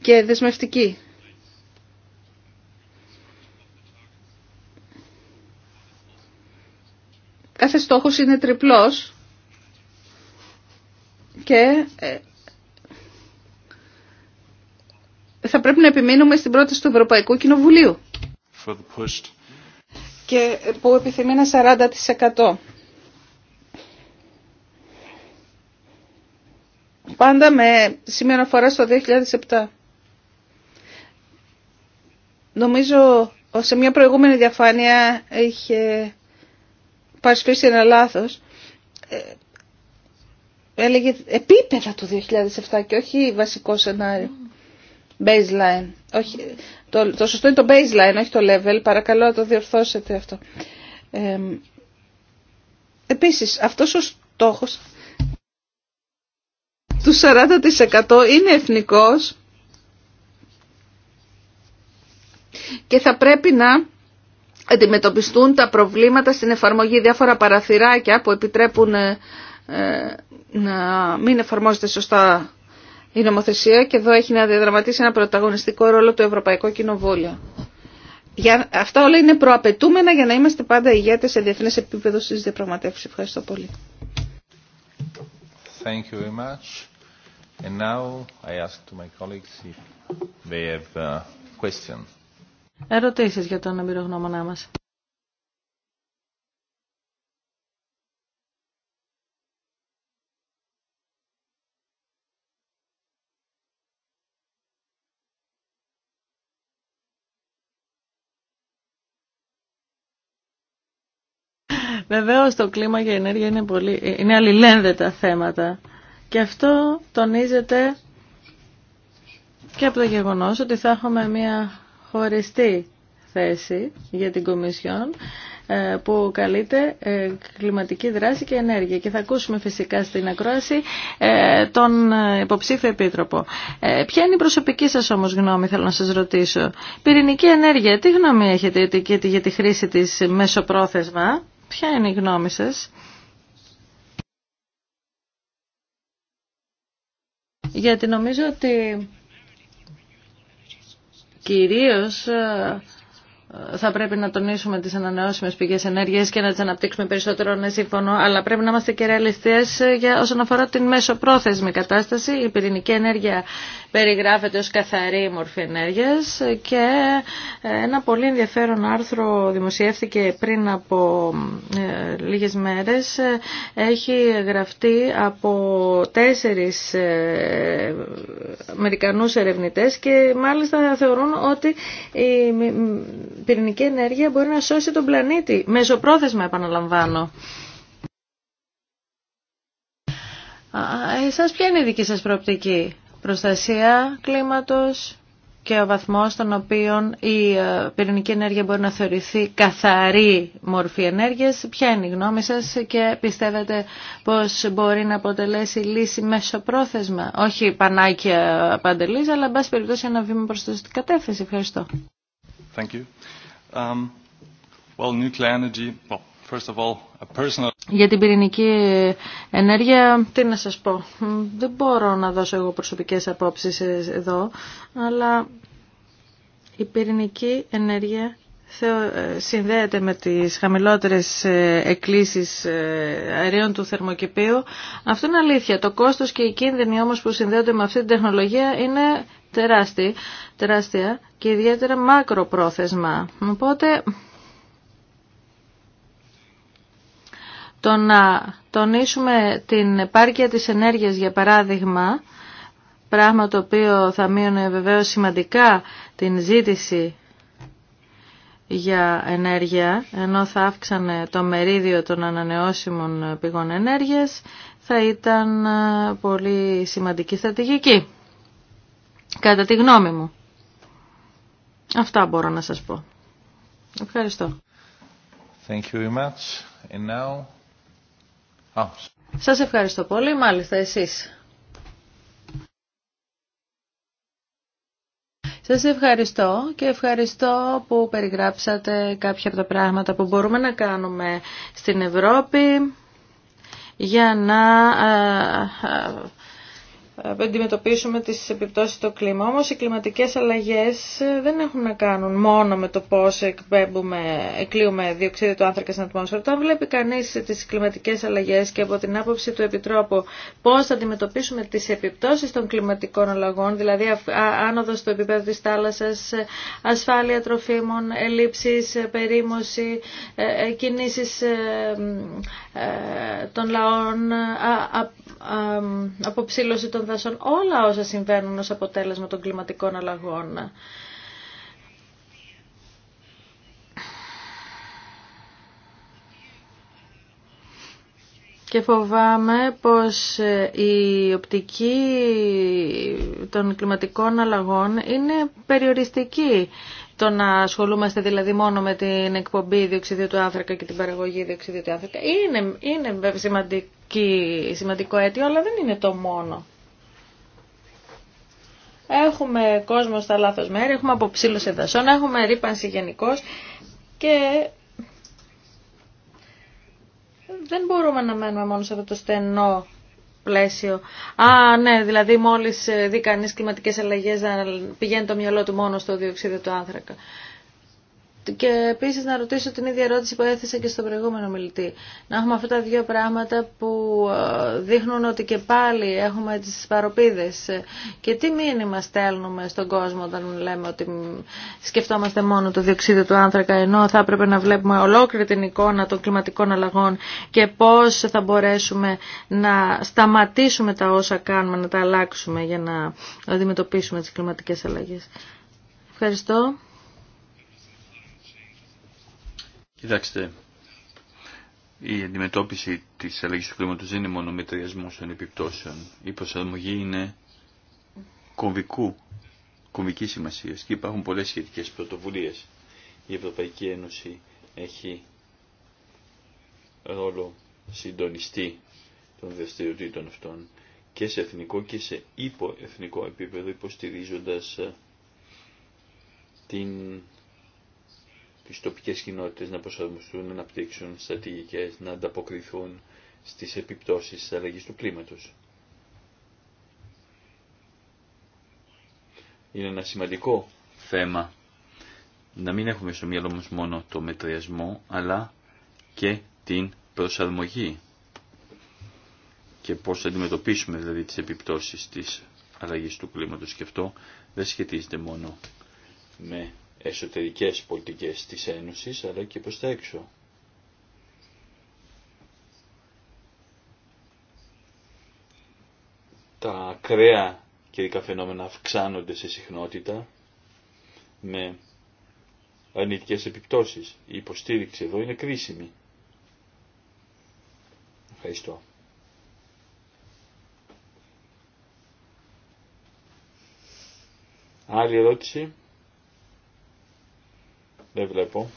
και δεσμευτικοί. Κάθε στόχος είναι τριπλός και ε, θα πρέπει να επιμείνουμε στην πρόταση του Ευρωπαϊκού Κοινοβουλίου και που επιθυμεί ένα 40%. Πάντα με σημείο αναφορά στο 2007. Νομίζω σε μια προηγούμενη διαφάνεια είχε πίσω ένα λάθος, ε, έλεγε επίπεδα του 2007 και όχι βασικό σενάριο. Baseline. Όχι, το, το σωστό είναι το baseline, όχι το level. Παρακαλώ να το διορθώσετε αυτό. Ε, επίσης, αυτός ο στόχος του 40% είναι εθνικός και θα πρέπει να αντιμετωπιστούν τα προβλήματα στην εφαρμογή, διάφορα παραθυράκια που επιτρέπουν ε, ε, να μην εφαρμόζεται σωστά η νομοθεσία και εδώ έχει να διαδραματίσει ένα πρωταγωνιστικό ρόλο το Ευρωπαϊκό Κοινοβούλιο. Για, αυτά όλα είναι προαπαιτούμενα για να είμαστε πάντα ηγέτες σε διεθνές επίπεδο στις διαπραγματεύσεις. Ευχαριστώ πολύ. Thank you very much. And now I ask to my colleagues if they have uh, Ερωτήσεις για τον εμπειρογνώμονά μας. Βεβαίω το κλίμα και η ενέργεια είναι, πολύ, είναι αλληλένδετα θέματα. Και αυτό τονίζεται και από το γεγονός ότι θα έχουμε μια χωριστή θέση για την Κομισιόν ε, που καλείται ε, κλιματική δράση και ενέργεια. Και θα ακούσουμε φυσικά στην ακρόαση ε, τον υποψήφιο επίτροπο. Ποια είναι η προσωπική σας όμως γνώμη, θέλω να σας ρωτήσω. Πυρηνική ενέργεια, τι γνώμη έχετε για τη χρήση της μεσοπρόθεσμα, ποια είναι η γνώμη σας. Γιατί νομίζω ότι κυρίως ε, θα πρέπει να τονίσουμε τις ανανεώσιμες πηγές ενέργειας και να τις αναπτύξουμε περισσότερο, ναι σύμφωνο, αλλά πρέπει να είμαστε και ρεαλιστές ε, για όσον αφορά την μέσοπρόθεσμη κατάσταση. Η πυρηνική ενέργεια περιγράφεται ως καθαρή μορφή ενέργειας και ένα πολύ ενδιαφέρον άρθρο δημοσιεύθηκε πριν από ε, λίγες μέρες. Έχει γραφτεί από τέσσερις ε, Αμερικανούς ερευνητές και μάλιστα θεωρούν ότι η πυρηνική ενέργεια μπορεί να σώσει τον πλανήτη. Μεσοπρόθεσμα επαναλαμβάνω. Εσάς ποια είναι η δική σας προοπτική προστασία κλίματος και ο βαθμός στον οποίο η ε, πυρηνική ενέργεια μπορεί να θεωρηθεί καθαρή μορφή ενέργειας. Ποια είναι η γνώμη σας και πιστεύετε πως μπορεί να αποτελέσει λύση μέσω πρόθεσμα, όχι πανάκια παντελής, αλλά εν περιπτώσει ένα βήμα προς την κατεύθυνση. Ευχαριστώ. Thank για την πυρηνική ενέργεια, τι να σας πω, δεν μπορώ να δώσω εγώ προσωπικές απόψεις εδώ, αλλά η πυρηνική ενέργεια συνδέεται με τις χαμηλότερες ε, εκκλήσεις ε, αερίων του θερμοκηπίου. Αυτό είναι αλήθεια. Το κόστος και οι κίνδυνοι όμως που συνδέονται με αυτή την τεχνολογία είναι τεράστια, τεράστια και ιδιαίτερα μακροπρόθεσμα. Οπότε Το να τονίσουμε την επάρκεια της ενέργειας, για παράδειγμα, πράγμα το οποίο θα μείωνε βεβαίως σημαντικά την ζήτηση για ενέργεια, ενώ θα αύξανε το μερίδιο των ανανεώσιμων πηγών ενέργειας, θα ήταν ε, πολύ σημαντική στρατηγική. Κατά τη γνώμη μου. Αυτά μπορώ να σας πω. Ευχαριστώ. Thank you very much. And now... Σας ευχαριστώ πολύ. Μάλιστα, εσείς. Σας ευχαριστώ και ευχαριστώ που περιγράψατε κάποια από τα πράγματα που μπορούμε να κάνουμε στην Ευρώπη για να αντιμετωπίσουμε τις επιπτώσεις στο κλίμα. Όμως οι κλιματικές αλλαγές δεν έχουν να κάνουν μόνο με το πώς εκπέμπουμε, εκλείουμε διοξείδιο του άνθρακα στην ατμόσφαιρα. Όταν βλέπει κανείς τις κλιματικές αλλαγές και από την άποψη του Επιτρόπου πώς θα αντιμετωπίσουμε τις επιπτώσεις των κλιματικών αλλαγών, δηλαδή άνοδο στο επίπεδου της θάλασσας, ασφάλεια τροφίμων, ελλείψεις, περίμωση, ε, ε, κινήσεις ε, των λαών, αποψήλωση των όλα όσα συμβαίνουν ως αποτέλεσμα των κλιματικών αλλαγών. Και φοβάμαι πως ε, η οπτική των κλιματικών αλλαγών είναι περιοριστική. Το να ασχολούμαστε δηλαδή μόνο με την εκπομπή διοξιδίου του άνθρακα και την παραγωγή διοξιδίου του άνθρακα είναι, είναι σημαντική, σημαντικό αίτιο, αλλά δεν είναι το μόνο. Έχουμε κόσμο στα λάθος μέρη, έχουμε αποψήλωση δασών, έχουμε ρήπανση γενικώ και δεν μπορούμε να μένουμε μόνο σε αυτό το στενό πλαίσιο. Α, ναι, δηλαδή μόλις ε, δει κανείς κλιματικές αλλαγές πηγαίνει το μυαλό του μόνο στο διοξείδιο του άνθρακα. Και επίσης να ρωτήσω την ίδια ερώτηση που έθεσα και στον προηγούμενο μιλητή. Να έχουμε αυτά τα δύο πράγματα που ε, δείχνουν ότι και πάλι έχουμε τις παροπίδες. Και τι μήνυμα στέλνουμε στον κόσμο όταν λέμε ότι σκεφτόμαστε μόνο το διοξείδιο του άνθρακα ενώ θα έπρεπε να βλέπουμε ολόκληρη την εικόνα των κλιματικών αλλαγών και πώς θα μπορέσουμε να σταματήσουμε τα όσα κάνουμε, να τα αλλάξουμε για να αντιμετωπίσουμε τις κλιματικές αλλαγές. Ευχαριστώ. Κοιτάξτε, η αντιμετώπιση της αλλαγής του κλίματος δεν είναι μόνο μετριασμό των επιπτώσεων. Η προσαρμογή είναι κομβικού, κομβική σημασία και υπάρχουν πολλές σχετικέ πρωτοβουλίε. Η Ευρωπαϊκή Ένωση έχει ρόλο συντονιστή των δραστηριοτήτων αυτών και σε εθνικό και σε υποεθνικό επίπεδο υποστηρίζοντας την τις τοπικέ κοινότητες να προσαρμοστούν, να αναπτύξουν στρατηγικές, να ανταποκριθούν στις επιπτώσεις της αλλαγής του κλίματος. Είναι ένα σημαντικό θέμα να μην έχουμε στο μυαλό μόνο το μετριασμό, αλλά και την προσαρμογή και πώς θα αντιμετωπίσουμε δηλαδή τις επιπτώσεις της αλλαγής του κλίματος και αυτό δεν σχετίζεται μόνο με εσωτερικές πολιτικές της Ένωσης αλλά και προς τα έξω. Τα ακραία καιρικά φαινόμενα αυξάνονται σε συχνότητα με αρνητικές επιπτώσεις. Η υποστήριξη εδώ είναι κρίσιμη. Ευχαριστώ. Άλλη ερώτηση. Δεν βλέπω.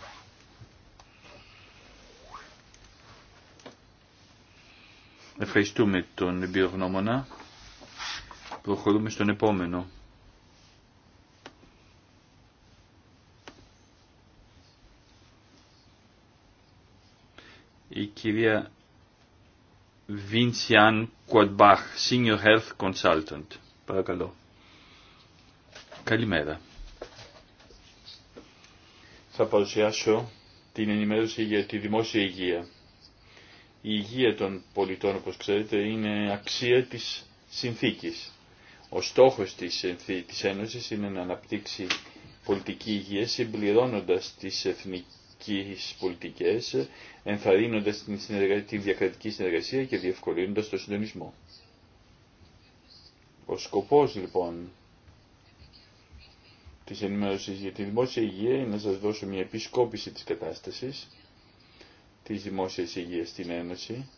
Ευχαριστούμε τον εμπειρογνώμονα. Προχωρούμε στον επόμενο. Η κυρία Βίντσιαν Κουαντμπάχ, Senior Health Consultant. Παρακαλώ. Καλημέρα θα παρουσιάσω την ενημέρωση για τη δημόσια υγεία. Η υγεία των πολιτών, όπως ξέρετε, είναι αξία της συνθήκης. Ο στόχος της, της Ένωσης είναι να αναπτύξει πολιτική υγεία συμπληρώνοντας τις εθνικές πολιτικές, ενθαρρύνοντας την, τη διακρατική συνεργασία και διευκολύνοντας το συντονισμό. Ο σκοπός λοιπόν της ενημέρωσης για τη δημόσια υγεία είναι να σας δώσω μια επισκόπηση της κατάστασης της δημόσιας υγείας στην Ένωση,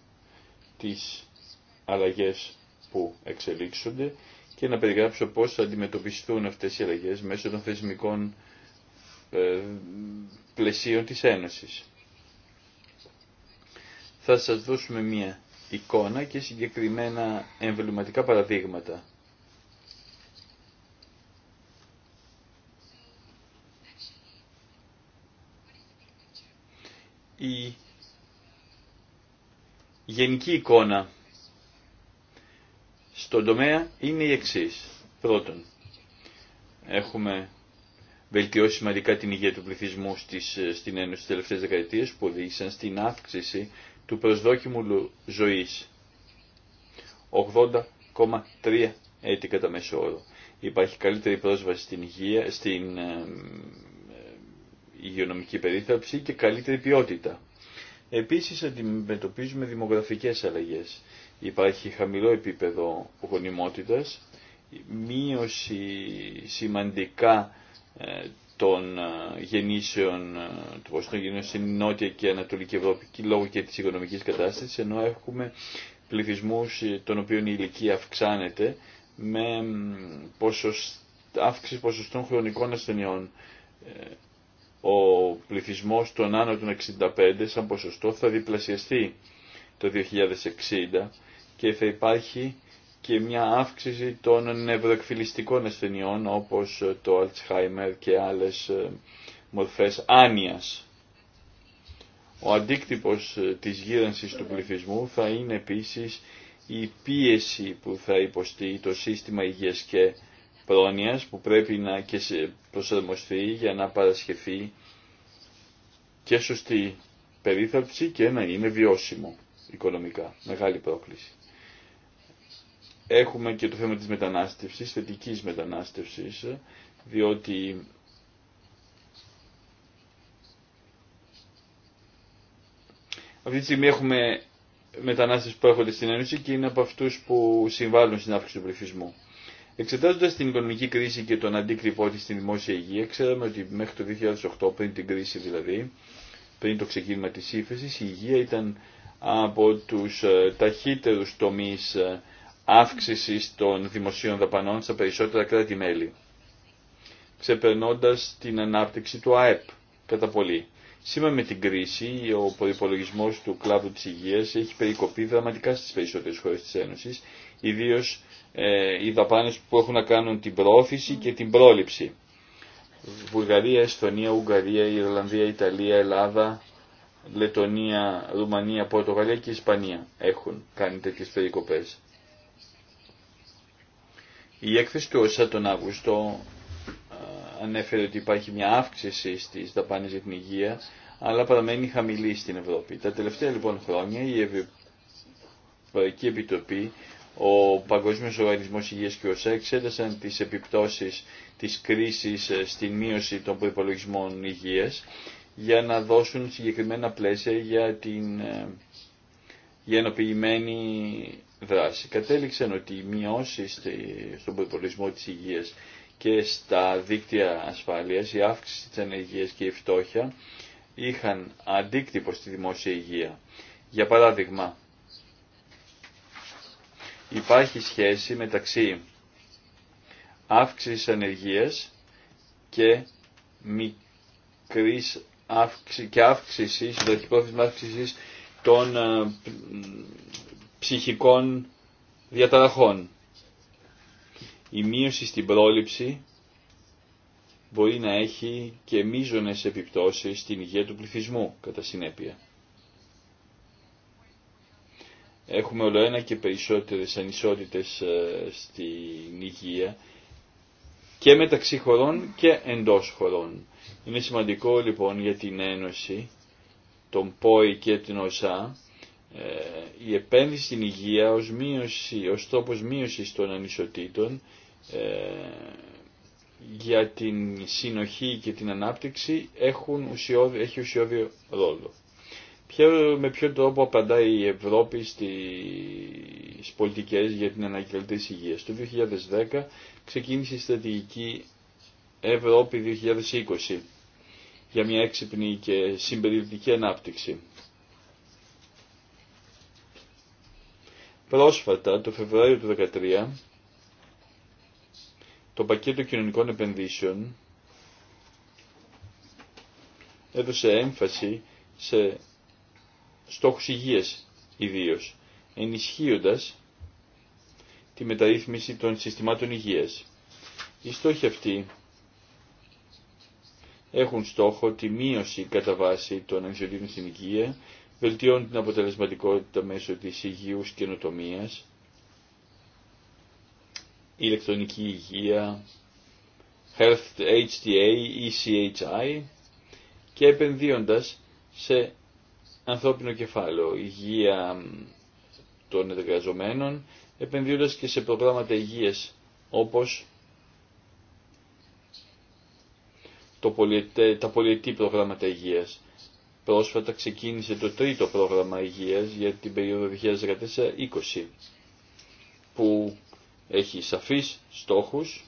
τις αλλαγές που εξελίξονται και να περιγράψω πώς θα αντιμετωπιστούν αυτές οι αλλαγές μέσω των θεσμικών ε, πλαισίων της Ένωσης. Θα σας δώσουμε μια εικόνα και συγκεκριμένα εμβληματικά παραδείγματα η γενική εικόνα στον τομέα είναι η εξής. Πρώτον, έχουμε βελτιώσει σημαντικά την υγεία του πληθυσμού στις, ε, στην Ένωση τις τελευταίες δεκαετίες που οδήγησαν στην αύξηση του προσδόκιμου ζωής. 80,3 έτη κατά μέσο όρο. Υπάρχει καλύτερη πρόσβαση στην υγεία, στην ε, υγειονομική περίθαλψη και καλύτερη ποιότητα. Επίσης αντιμετωπίζουμε δημογραφικές αλλαγές. Υπάρχει χαμηλό επίπεδο γονιμότητας, μείωση σημαντικά ε, των ε, γεννήσεων, ε, του γεννήσεων στην Νότια και Ανατολική Ευρώπη λόγω και της οικονομικής κατάστασης, ενώ έχουμε πληθυσμούς των οποίων η ηλικία αυξάνεται με αύξηση ποσοστών χρονικών ασθενειών ο πληθυσμός των άνω των 65 σαν ποσοστό θα διπλασιαστεί το 2060 και θα υπάρχει και μια αύξηση των νευροεκφυλιστικών ασθενειών όπως το Alzheimer και άλλες ε, μορφές άνοιας. Ο αντίκτυπος ε, της γύρανσης του πληθυσμού θα είναι επίσης η πίεση που θα υποστεί το σύστημα υγείας και πρόνοιας που πρέπει να και προσαρμοστεί για να παρασχεθεί και σωστή περίθαλψη και να είναι βιώσιμο οικονομικά. Μεγάλη πρόκληση. Έχουμε και το θέμα της μετανάστευσης, θετικής μετανάστευσης, διότι αυτή τη στιγμή έχουμε μετανάστες που έρχονται στην Ένωση και είναι από αυτούς που συμβάλλουν στην αύξηση του πληθυσμού. Εξετάζοντα την οικονομική κρίση και τον αντίκτυπό τη στη δημόσια υγεία, ξέραμε ότι μέχρι το 2008, πριν την κρίση δηλαδή, πριν το ξεκίνημα τη ύφεση, η υγεία ήταν από του ε, ταχύτερου τομεί ε, αύξηση των δημοσίων δαπανών στα περισσότερα κράτη-μέλη, ξεπερνώντα την ανάπτυξη του ΑΕΠ κατά πολύ. Σήμερα με την κρίση, ο προπολογισμό του κλάδου τη υγεία έχει περικοπεί δραματικά στι περισσότερε χώρε τη Ένωση Ιδίω ε, οι δαπάνε που έχουν να κάνουν την προώθηση και την πρόληψη. Βουλγαρία, Εσθονία, Ουγγαρία, Ιρλανδία, Ιταλία, Ελλάδα, Λετωνία, Ρουμανία, Πορτογαλία και Ισπανία έχουν κάνει τέτοιε περικοπέ. Η έκθεση του ΩΣΑ τον Αύγουστο ε, ανέφερε ότι υπάρχει μια αύξηση στις δαπάνες για την υγεία, αλλά παραμένει χαμηλή στην Ευρώπη. Τα τελευταία λοιπόν χρόνια η Ευρωπαϊκή Επιτροπή ο Παγκόσμιος Οργανισμός Υγείας και ο εξέτασαν τις επιπτώσεις της κρίσης ε, στην μείωση των προϋπολογισμών υγείας για να δώσουν συγκεκριμένα πλαίσια για την ε, γενοποιημένη δράση. Κατέληξαν ότι οι μειώσεις στον προπολογισμό της υγείας και στα δίκτυα ασφάλειας, η αύξηση της ανεργίας και η φτώχεια είχαν αντίκτυπο στη δημόσια υγεία. Για παράδειγμα, υπάρχει σχέση μεταξύ αύξησης ανεργίας και μικρής αύξη, και αύξησης, αύξησης των ε, ψυχικών διαταραχών. Η μείωση στην πρόληψη μπορεί να έχει και μείζονες επιπτώσεις στην υγεία του πληθυσμού κατά συνέπεια έχουμε όλο ένα και περισσότερες ανισότητες ε, στην υγεία και μεταξύ χωρών και εντός χωρών. Είναι σημαντικό λοιπόν για την Ένωση, τον ΠΟΗ και την ΟΣΑ, ε, η επένδυση στην υγεία ως, μείωση, ως τρόπος μείωσης των ανισοτήτων ε, για την συνοχή και την ανάπτυξη έχουν ουσιώδη, έχει ουσιώδη ρόλο. Ποιο, με ποιον τρόπο απαντάει η Ευρώπη στις πολιτικές για την αναγκαιότητα της υγείας. Το 2010 ξεκίνησε η στρατηγική Ευρώπη 2020 για μια έξυπνη και συμπεριληπτική ανάπτυξη. Πρόσφατα, το Φεβρουάριο του 2013, το πακέτο κοινωνικών επενδύσεων έδωσε έμφαση σε στόχους υγείας ιδίω ενισχύοντας τη μεταρρύθμιση των συστημάτων υγείας. Οι στόχοι αυτοί έχουν στόχο τη μείωση κατά βάση των ανισοτήτων στην υγεία, βελτιώνουν την αποτελεσματικότητα μέσω της υγιούς καινοτομίας, ηλεκτρονική υγεία, Health HTA, ECHI και επενδύοντας σε ανθρώπινο κεφάλαιο, υγεία των εργαζομένων, επενδύοντας και σε προγράμματα υγείας όπως το τα πολιετή προγράμματα υγείας. Πρόσφατα ξεκίνησε το τρίτο πρόγραμμα υγείας για την περίοδο 2014-2020 που έχει σαφείς στόχους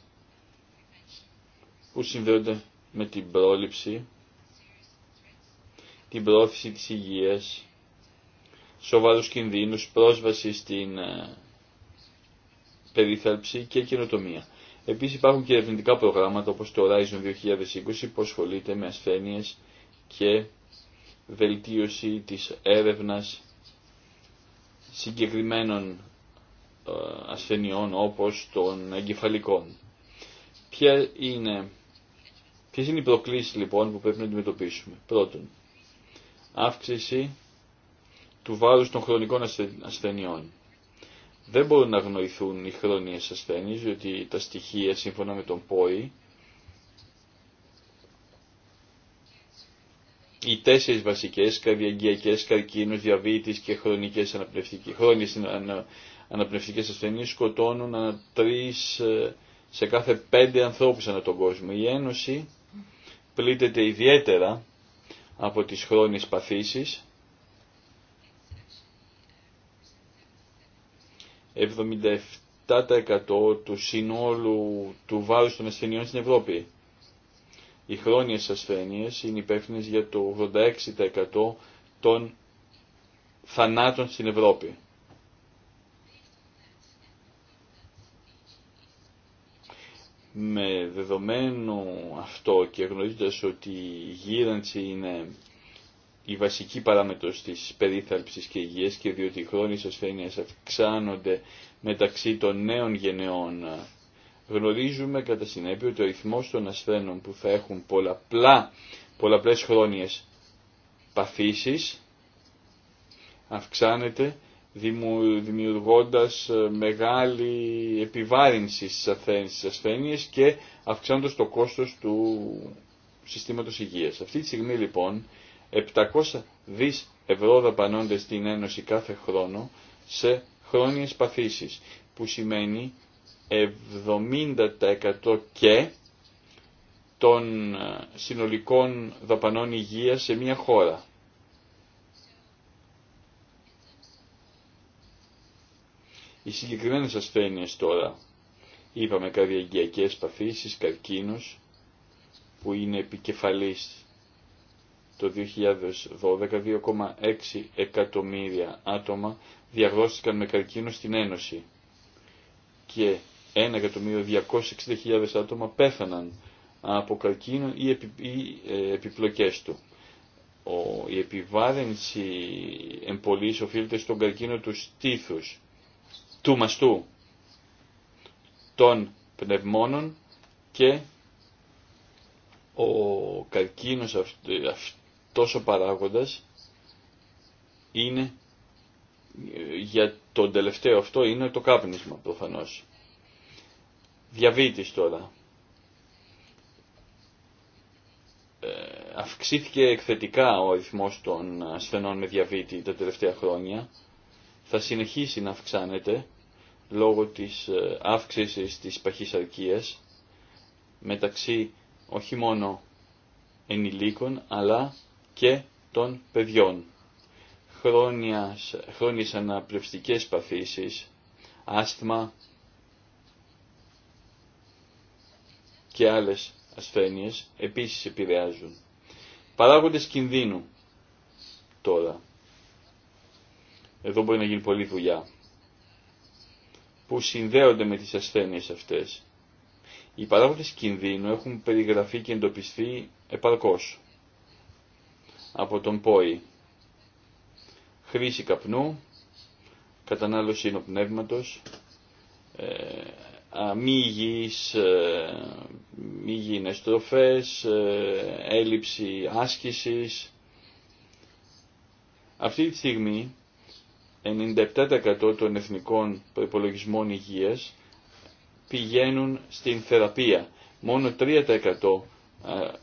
που συνδέονται με την πρόληψη την πρόθεση της υγείας, σοβαρούς κινδύνους, πρόσβαση στην ε, περίθαλψη και καινοτομία. Επίσης υπάρχουν και ερευνητικά προγράμματα όπως το Horizon 2020 που ασχολείται με ασθένειες και βελτίωση της έρευνας συγκεκριμένων ε, ασθενειών όπως των εγκεφαλικών. Ποια είναι, ποιες είναι οι προκλήσεις λοιπόν που πρέπει να αντιμετωπίσουμε. Πρώτον, αύξηση του βάρους των χρονικών ασθενειών. Δεν μπορούν να γνωριθούν οι χρόνιες ασθένειες, διότι τα στοιχεία σύμφωνα με τον ΠΟΗ, οι τέσσερις βασικές, καρδιαγγειακές, καρκίνους, διαβήτης και χρονικές αναπνευστικές, χρόνιες αναπνευστικές σκοτώνουν ανα τρεις, ε, σε κάθε πέντε ανθρώπους ανά τον κόσμο. Η Ένωση πλήττεται ιδιαίτερα από τις χρόνιες παθήσεις. 77% του συνόλου του βάρους των ασθενειών στην Ευρώπη. Οι χρόνιες ασθένειες είναι υπεύθυνες για το 86% των θανάτων στην Ευρώπη. με δεδομένο αυτό και γνωρίζοντας ότι η γύρανση είναι η βασική παράμετρος της περίθαλψης και υγείας και διότι οι χρόνιες ασθένειες αυξάνονται μεταξύ των νέων γενεών γνωρίζουμε κατά συνέπεια ότι ο ρυθμός των ασθένων που θα έχουν πολλαπλά, πολλαπλές χρόνιες παθήσεις αυξάνεται δημιουργώντας ε, μεγάλη επιβάρυνση στις ασθένειες και αυξάνοντας το κόστος του συστήματος υγείας. Αυτή τη στιγμή λοιπόν 700 δις ευρώ δαπανώνται στην Ένωση κάθε χρόνο σε χρόνιες παθήσεις που σημαίνει 70% και των ε, συνολικών δαπανών υγείας σε μια χώρα. Οι συγκεκριμένες ασθένειες τώρα, είπαμε καρδιαγγειακές παθήσεις, Καρκίνο που είναι επικεφαλής το 2012 2,6 εκατομμύρια άτομα διαγνώστηκαν με καρκίνο στην Ένωση και 1.260.000 άτομα πέθαναν από καρκίνο ή, επι, ε, επιπλοκές του. η επιβάρυνση εμπολής οφείλεται στον καρκίνο του στήθους του μαστού των πνευμόνων και ο καρκίνος αυτός ο παράγοντας είναι για τον τελευταίο αυτό είναι το κάπνισμα προφανώς. Διαβήτης τώρα. Ε, αυξήθηκε εκθετικά ο αριθμός των ασθενών με διαβήτη τα τελευταία χρόνια. Θα συνεχίσει να αυξάνεται λόγω της ε, αύξησης της παχυσαρκίας μεταξύ όχι μόνο ενηλίκων αλλά και των παιδιών. Χρόνιας, χρόνιες αναπνευστικές παθήσεις, άσθμα και άλλες ασθένειες επίσης επηρεάζουν. Παράγοντες κινδύνου τώρα. Εδώ μπορεί να γίνει πολλή δουλειά που συνδέονται με τις ασθένειες αυτές. Οι παράγοντες κινδύνου έχουν περιγραφεί και εντοπιστεί επαρκώς από τον ΠΟΗ. Χρήση καπνού, κατανάλωση ενοπνεύματος, ε, μη υγιείς, ε, μη υγιεινές τροφές, ε, έλλειψη άσκησης. Αυτή τη στιγμή 97% των εθνικών προπολογισμών υγείας πηγαίνουν στην θεραπεία. Μόνο 3%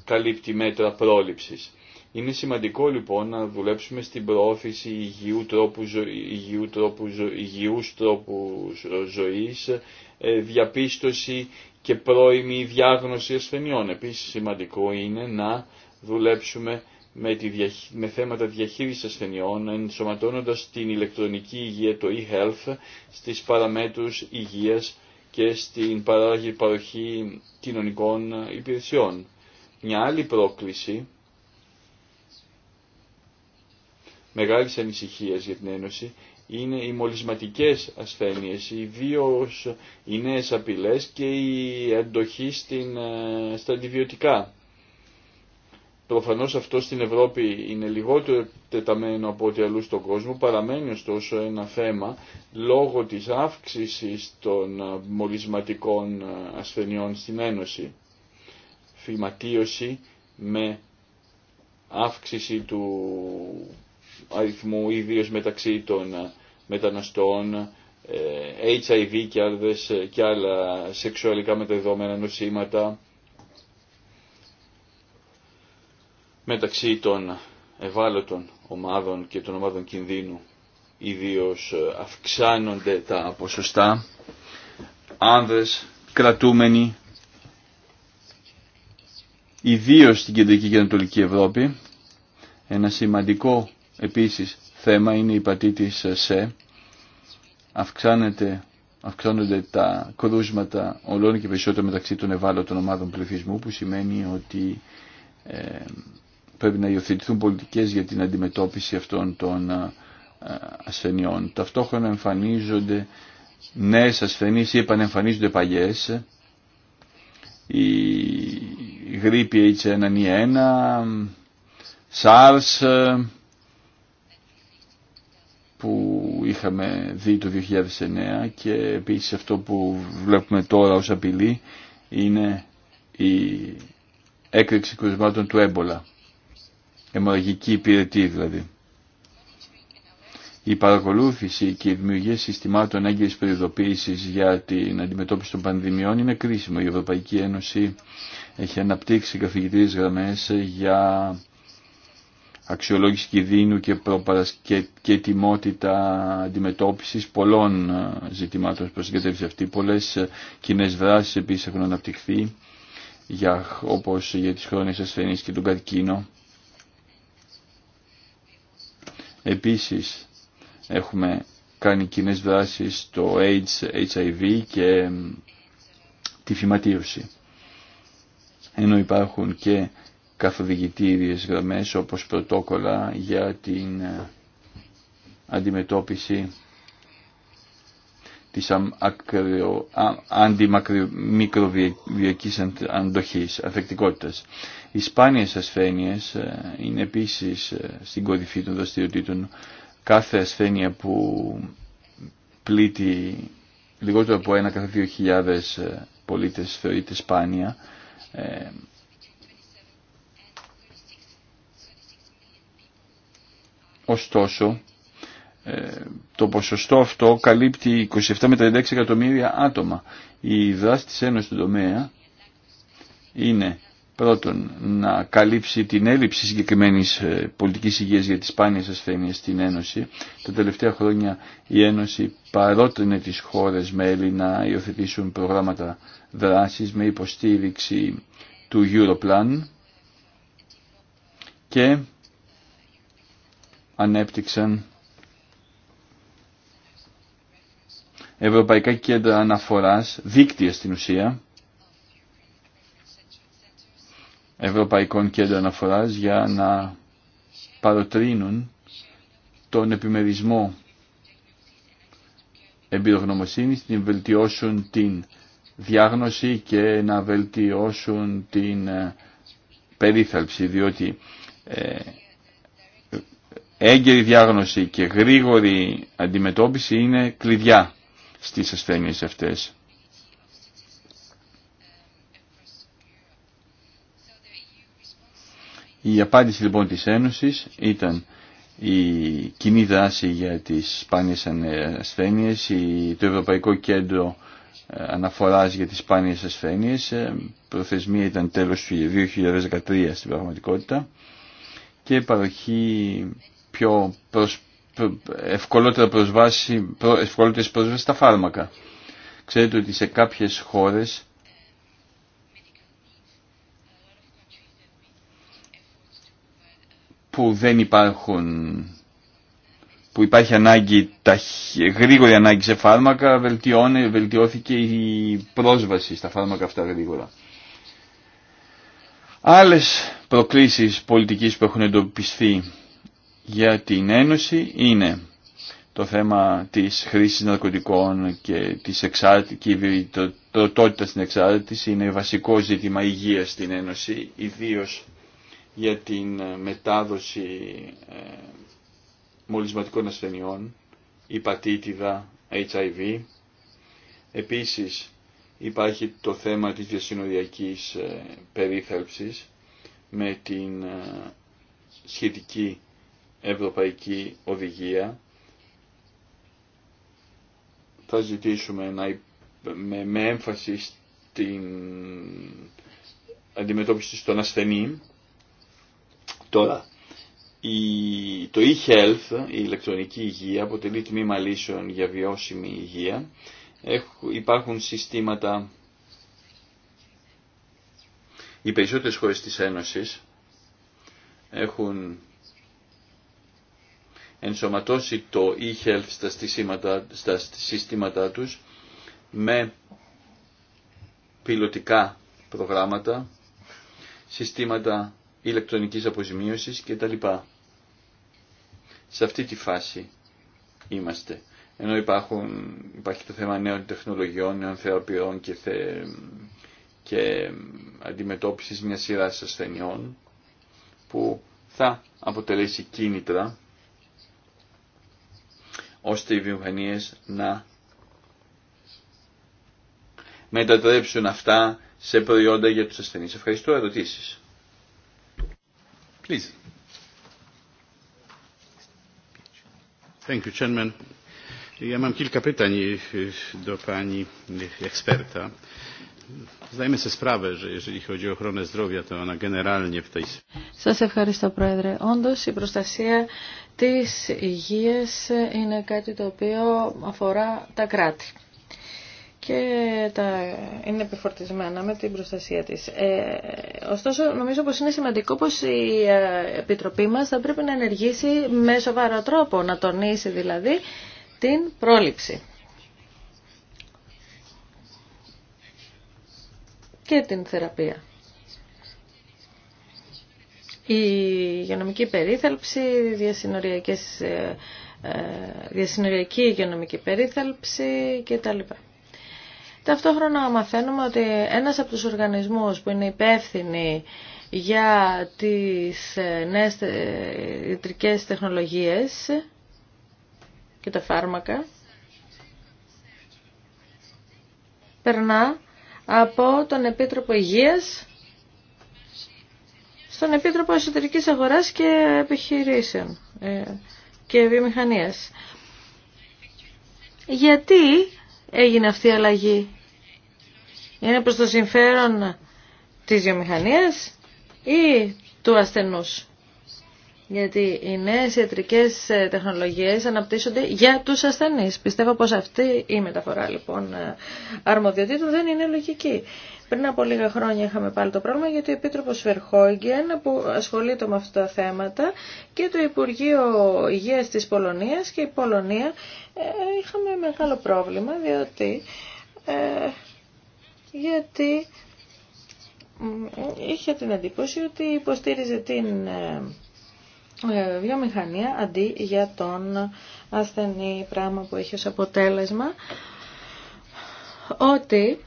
καλύπτει μέτρα πρόληψης. Είναι σημαντικό λοιπόν να δουλέψουμε στην προώθηση υγιού τρόπου, ζω... υγιού τρόπου, ζω... υγιούς τρόπου ζωής, ε, διαπίστωση και πρώιμη διάγνωση ασθενειών. Επίσης σημαντικό είναι να δουλέψουμε με, θέματα διαχείρισης ασθενειών, ενσωματώνοντας την ηλεκτρονική υγεία, το e-health, στις παραμέτρους υγείας και στην παράγη παροχή κοινωνικών υπηρεσιών. Μια άλλη πρόκληση μεγάλη ανησυχία για την Ένωση είναι οι μολυσματικές ασθένειες, ιδίω οι νέες απειλές και η αντοχή στην, ε, στα αντιβιωτικά. Προφανώς αυτό στην Ευρώπη είναι λιγότερο τεταμένο από ό,τι αλλού στον κόσμο, παραμένει ωστόσο ένα θέμα λόγω της αύξησης των μολυσματικών ασθενειών στην Ένωση. Φυματίωση με αύξηση του αριθμού ιδίως μεταξύ των μεταναστών, ε, HIV και, άλλες, ε, και άλλα σεξουαλικά μεταδεδομένα νοσήματα, μεταξύ των ευάλωτων ομάδων και των ομάδων κινδύνου ιδίως ε, αυξάνονται τα ποσοστά άνδρες κρατούμενοι ιδίως στην Κεντρική και Ανατολική Ευρώπη ένα σημαντικό επίσης θέμα είναι η πατήτης ε, ΣΕ αυξάνεται αυξάνονται τα κρούσματα όλων και περισσότερο μεταξύ των ευάλωτων ομάδων πληθυσμού που σημαίνει ότι ε, πρέπει να υιοθετηθούν πολιτικές για την αντιμετώπιση αυτών των ε, ασθενειών. Ταυτόχρονα εμφανίζονται νέες ασθενείς ή επανεμφανίζονται παλιές. Η γρήπη H1N1, SARS που είχαμε δει το 2009 και επίσης αυτό που βλέπουμε τώρα ως απειλή είναι η έκρηξη κρουσμάτων του έμπολα αιμορραγική υπηρετή δηλαδή. Η παρακολούθηση και η δημιουργία συστημάτων έγκαιρης περιοδοποίησης για την αντιμετώπιση των πανδημιών είναι κρίσιμο. Η Ευρωπαϊκή Ένωση έχει αναπτύξει καθηγητέ γραμμές για αξιολόγηση κινδύνου και, προπαρασ... και, και τιμότητα αντιμετώπισης πολλών ε, ζητημάτων που την κατεύθυνση αυτή. Πολλές ε, κοινέ δράσεις επίσης έχουν αναπτυχθεί για, όπως για τις χρόνες ασθενείς και τον καρκίνο Επίσης έχουμε κάνει κοινέ δράσεις στο AIDS, HIV και τη φυματίωση. Ενώ υπάρχουν και καθοδηγητήριες γραμμές όπως πρωτόκολλα για την ε, αντιμετώπιση της αντιμικροβιακής αντοχής, αφεκτικότητας. Οι σπάνιες ασθένειες ε, είναι επίσης ε, στην κορυφή των δραστηριοτήτων. Κάθε ασθένεια που πλήττει λιγότερο από ένα κατά δύο χιλιάδες ε, πολίτες θεωρείται σπάνια. ωστόσο, ε, το ποσοστό αυτό καλύπτει 27 με 36 εκατομμύρια άτομα. Η δράση της Ένωσης του τομέα είναι πρώτον να καλύψει την έλλειψη συγκεκριμένης ε, πολιτικής υγείας για τις σπάνιες ασθένειες στην Ένωση. Τα τελευταία χρόνια η Ένωση παρότρινε τις χώρες μέλη να υιοθετήσουν προγράμματα δράσης με υποστήριξη του Europlan και ανέπτυξαν ευρωπαϊκά κέντρα αναφοράς, δίκτυα στην ουσία, ευρωπαϊκών κέντρων αναφοράς για να παροτρύνουν τον επιμερισμό εμπειρογνωμοσύνης, να βελτιώσουν την διάγνωση και να βελτιώσουν την ε, περίθαλψη, διότι ε, έγκαιρη διάγνωση και γρήγορη αντιμετώπιση είναι κλειδιά στις ασθένειες αυτές. Η απάντηση λοιπόν της Ένωσης ήταν η κοινή δράση για τις σπάνιες ασθένειες, το Ευρωπαϊκό Κέντρο ε, Αναφοράς για τις σπάνιες ασθένειες, ε, προθεσμία ήταν τέλος του 2013 στην πραγματικότητα και παροχή πιο ευκολότερα προσβάση, πρόσβαση στα φάρμακα. Ξέρετε ότι σε κάποιες χώρες που δεν υπάρχουν που υπάρχει ανάγκη, γρήγορη ανάγκη σε φάρμακα, βελτιώθηκε η πρόσβαση στα φάρμακα αυτά γρήγορα. Άλλες προκλήσεις πολιτικής που έχουν εντοπιστεί για την Ένωση είναι το θέμα της χρήσης ναρκωτικών και της εξάρτησης, στην εξάρτηση είναι βασικό ζήτημα υγείας στην Ένωση, ιδίως για την ε, μετάδοση ε, μολυσματικών ασθενειών, υπατήτηδα, HIV. Επίσης υπάρχει το θέμα της διασυνοριακής ε, περίθαλψης με την σχετική ευρωπαϊκή οδηγία θα ζητήσουμε να, με, με έμφαση στην αντιμετώπιση των ασθενή. Τώρα, η, το e-health, η ηλεκτρονική υγεία, αποτελεί τμήμα λύσεων για βιώσιμη υγεία. υπάρχουν συστήματα, οι περισσότερες χώρες της Ένωσης έχουν ενσωματώσει το e-health στα, συστήματά τους με πιλωτικά προγράμματα, συστήματα ηλεκτρονικής αποζημίωσης κτλ. Σε αυτή τη φάση είμαστε. Ενώ υπάρχουν, υπάρχει το θέμα νέων τεχνολογιών, νέων θεραπείων και, θε, και αντιμετώπισης μιας σειράς ασθενειών που θα αποτελέσει κίνητρα ώστε οι βιομηχανίες να μετατρέψουν αυτά σε προϊόντα για τους ασθενείς. Ευχαριστώ. Ερωτήσεις. Please. Thank you, Chairman. Ja mam kilka pytań do pani eksperta. Zdajemy sobie sprawę, że jeżeli chodzi o ochronę zdrowia, to ona generalnie Σας ευχαριστώ, Πρόεδρε. Όντως, η προστασία της υγείας είναι κάτι το οποίο αφορά τα κράτη και είναι επιφορτισμένα με την προστασία της. Ε, ωστόσο, νομίζω πως είναι σημαντικό πως η ε, Επιτροπή μας θα πρέπει να ενεργήσει με σοβαρό τρόπο, να τονίσει δηλαδή την πρόληψη. και την θεραπεία. Η υγειονομική περίθαλψη, διασυνοριακές, ε, ε, διασυνοριακή υγειονομική περίθαλψη κτλ. Ταυτόχρονα μαθαίνουμε ότι ένας από τους οργανισμούς που είναι υπεύθυνοι για τις ε, νέες ιατρικές τεχνολογίες και τα φάρμακα περνά από τον Επίτροπο Υγείας στον Επίτροπο Εσωτερικής Αγοράς και Επιχειρήσεων ε, και Βιομηχανίας. Γιατί έγινε αυτή η αλλαγή. Είναι προς το συμφέρον της βιομηχανίας ή του ασθενούς. Γιατί οι νέες ιατρικές ε, τεχνολογίες αναπτύσσονται για τους ασθενείς. Πιστεύω πως αυτή η μεταφορά λοιπόν ε, αρμοδιοτήτων δεν είναι λογική. Πριν από λίγα χρόνια είχαμε πάλι το πρόβλημα γιατί ο Επίτροπος Φερχόγγεν που ασχολείται με αυτά τα θέματα και το Υπουργείο Υγείας της Πολωνίας και η Πολωνία ε, είχαμε μεγάλο πρόβλημα διότι, γιατί είχε την εντύπωση ότι υποστήριζε την ε, βιομηχανία αντί για τον ασθενή πράγμα που έχει ως αποτέλεσμα ότι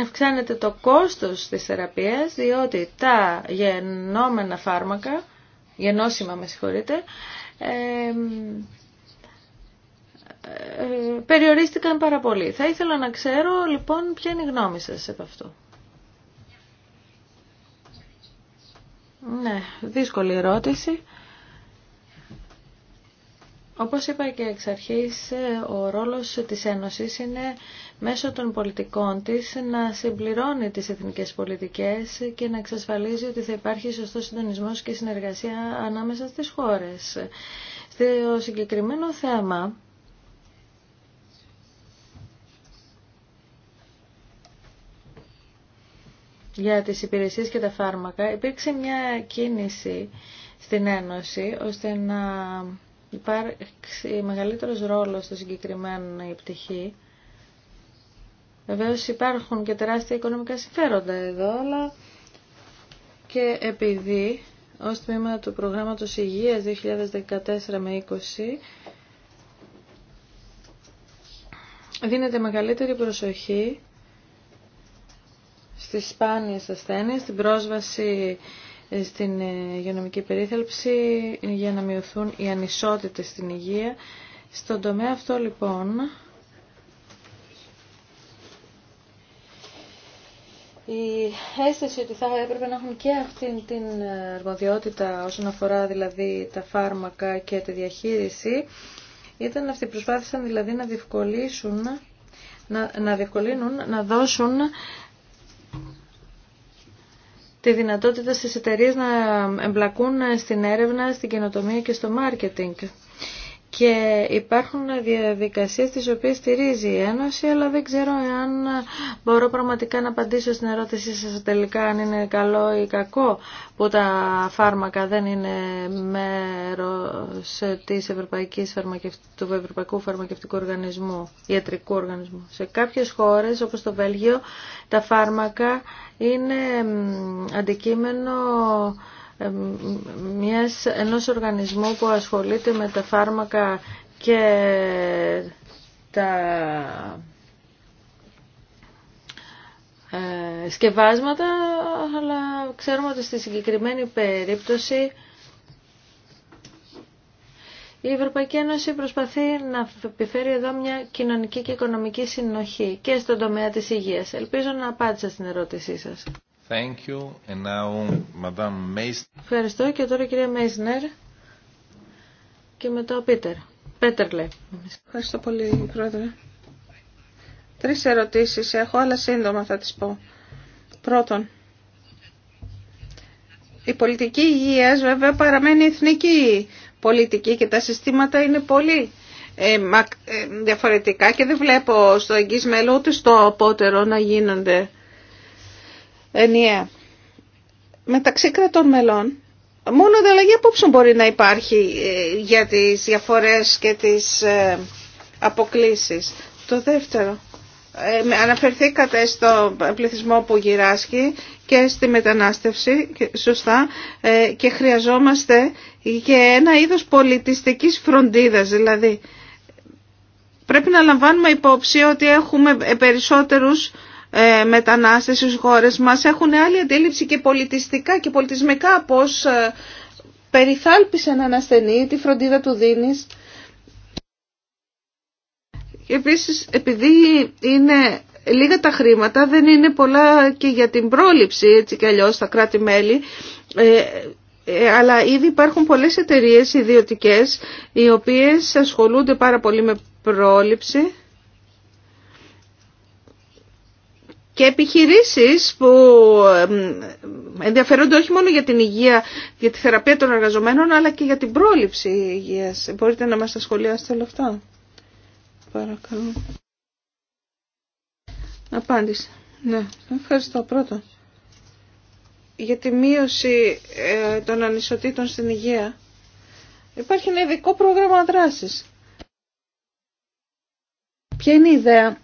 αυξάνεται το κόστος της θεραπείας διότι τα γενόμενα φάρμακα, γενώσιμα με συγχωρείτε, ε, ε, περιορίστηκαν πάρα πολύ. Θα ήθελα να ξέρω λοιπόν ποια είναι η γνώμη σας από αυτό. Ναι, δύσκολη ερώτηση. Όπως είπα και εξ αρχής, ε, ο ρόλος της Ένωσης είναι μέσω των πολιτικών της να συμπληρώνει τις εθνικές πολιτικές και να εξασφαλίζει ότι θα υπάρχει σωστός συντονισμός και συνεργασία ανάμεσα στις χώρες. Στο συγκεκριμένο θέμα, για τις υπηρεσίες και τα φάρμακα υπήρξε μια κίνηση στην Ένωση ώστε να υπάρξει μεγαλύτερος ρόλος στο συγκεκριμένο η πτυχή. Βεβαίως υπάρχουν και τεράστια οικονομικά συμφέροντα εδώ, αλλά και επειδή ως τμήμα του προγράμματος υγείας 2014 με 20 δίνεται μεγαλύτερη προσοχή στις σπάνιες ασθένειες, την πρόσβαση στην υγειονομική περίθαλψη για να μειωθούν οι ανισότητες στην υγεία. Στον τομέα αυτό λοιπόν Η αίσθηση ότι θα έπρεπε να έχουν και αυτή την αρμοδιότητα όσον αφορά δηλαδή τα φάρμακα και τη διαχείριση ήταν αυτοί προσπάθησαν δηλαδή να διευκολύνουν να, να, διευκολύνουν, να δώσουν τη δυνατότητα στις εταιρείες να εμπλακούν στην έρευνα, στην καινοτομία και στο μάρκετινγκ και υπάρχουν διαδικασίες τις οποίες στηρίζει η Ένωση αλλά δεν ξέρω αν μπορώ πραγματικά να απαντήσω στην ερώτησή σας τελικά αν είναι καλό ή κακό που τα φάρμακα δεν είναι μέρος της Ευρωπαϊκής του Ευρωπαϊκού Φαρμακευτικού Οργανισμού, Ιατρικού Οργανισμού. Σε κάποιες χώρες όπως το Βέλγιο τα φάρμακα είναι αντικείμενο μιας, ενός οργανισμού που ασχολείται με τα φάρμακα και τα ε, σκευάσματα, αλλά ξέρουμε ότι στη συγκεκριμένη περίπτωση η Ευρωπαϊκή Ένωση προσπαθεί να επιφέρει εδώ μια κοινωνική και οικονομική συνοχή και στον τομέα της υγείας. Ελπίζω να απάντησα στην ερώτησή σας. Thank you. And now, Ευχαριστώ και τώρα η κυρία Μέισνερ και μετά ο Πίτερ. Πέτερ λέει. Ευχαριστώ πολύ πρόεδρε. Τρεις ερωτήσεις έχω αλλά σύντομα θα τις πω. Πρώτον, η πολιτική υγείας βέβαια παραμένει εθνική πολιτική και τα συστήματα είναι πολύ ε, ε, διαφορετικά και δεν βλέπω στο εγγύς μέλλον ούτε στο απότερο να γίνονται ενιαία. Μεταξύ κρατών μελών, μόνο ανταλλαγή απόψεων μπορεί να υπάρχει ε, για τις διαφορές και τις ε, αποκλήσεις. Το δεύτερο, ε, αναφερθήκατε στο πληθυσμό που γυράσκει και στη μετανάστευση, σωστά, και χρειαζόμαστε και ένα είδος πολιτιστικής φροντίδας, δηλαδή πρέπει να λαμβάνουμε υπόψη ότι έχουμε περισσότερους ε, μετανάστες στις χώρες μας έχουν άλλη αντίληψη και πολιτιστικά και πολιτισμικά πώς ε, περιθάλπησε έναν ασθενή, τη φροντίδα του δίνεις. Επίσης, επειδή είναι λίγα τα χρήματα, δεν είναι πολλά και για την πρόληψη, έτσι κι αλλιώς, στα κράτη-μέλη, ε, αλλά ήδη υπάρχουν πολλές εταιρείες ιδιωτικές, οι οποίες ασχολούνται πάρα πολύ με πρόληψη και επιχειρήσεις που ενδιαφερόνται όχι μόνο για την υγεία, για τη θεραπεία των εργαζομένων, αλλά και για την πρόληψη υγείας. Μπορείτε να μας τα σχολιάσετε όλα αυτά. Παρακαλώ. Απάντησε. Ναι, ευχαριστώ πρώτα. Για τη μείωση ε, των ανισοτήτων στην υγεία. Υπάρχει ένα ειδικό πρόγραμμα δράσης. Ποια είναι η ιδέα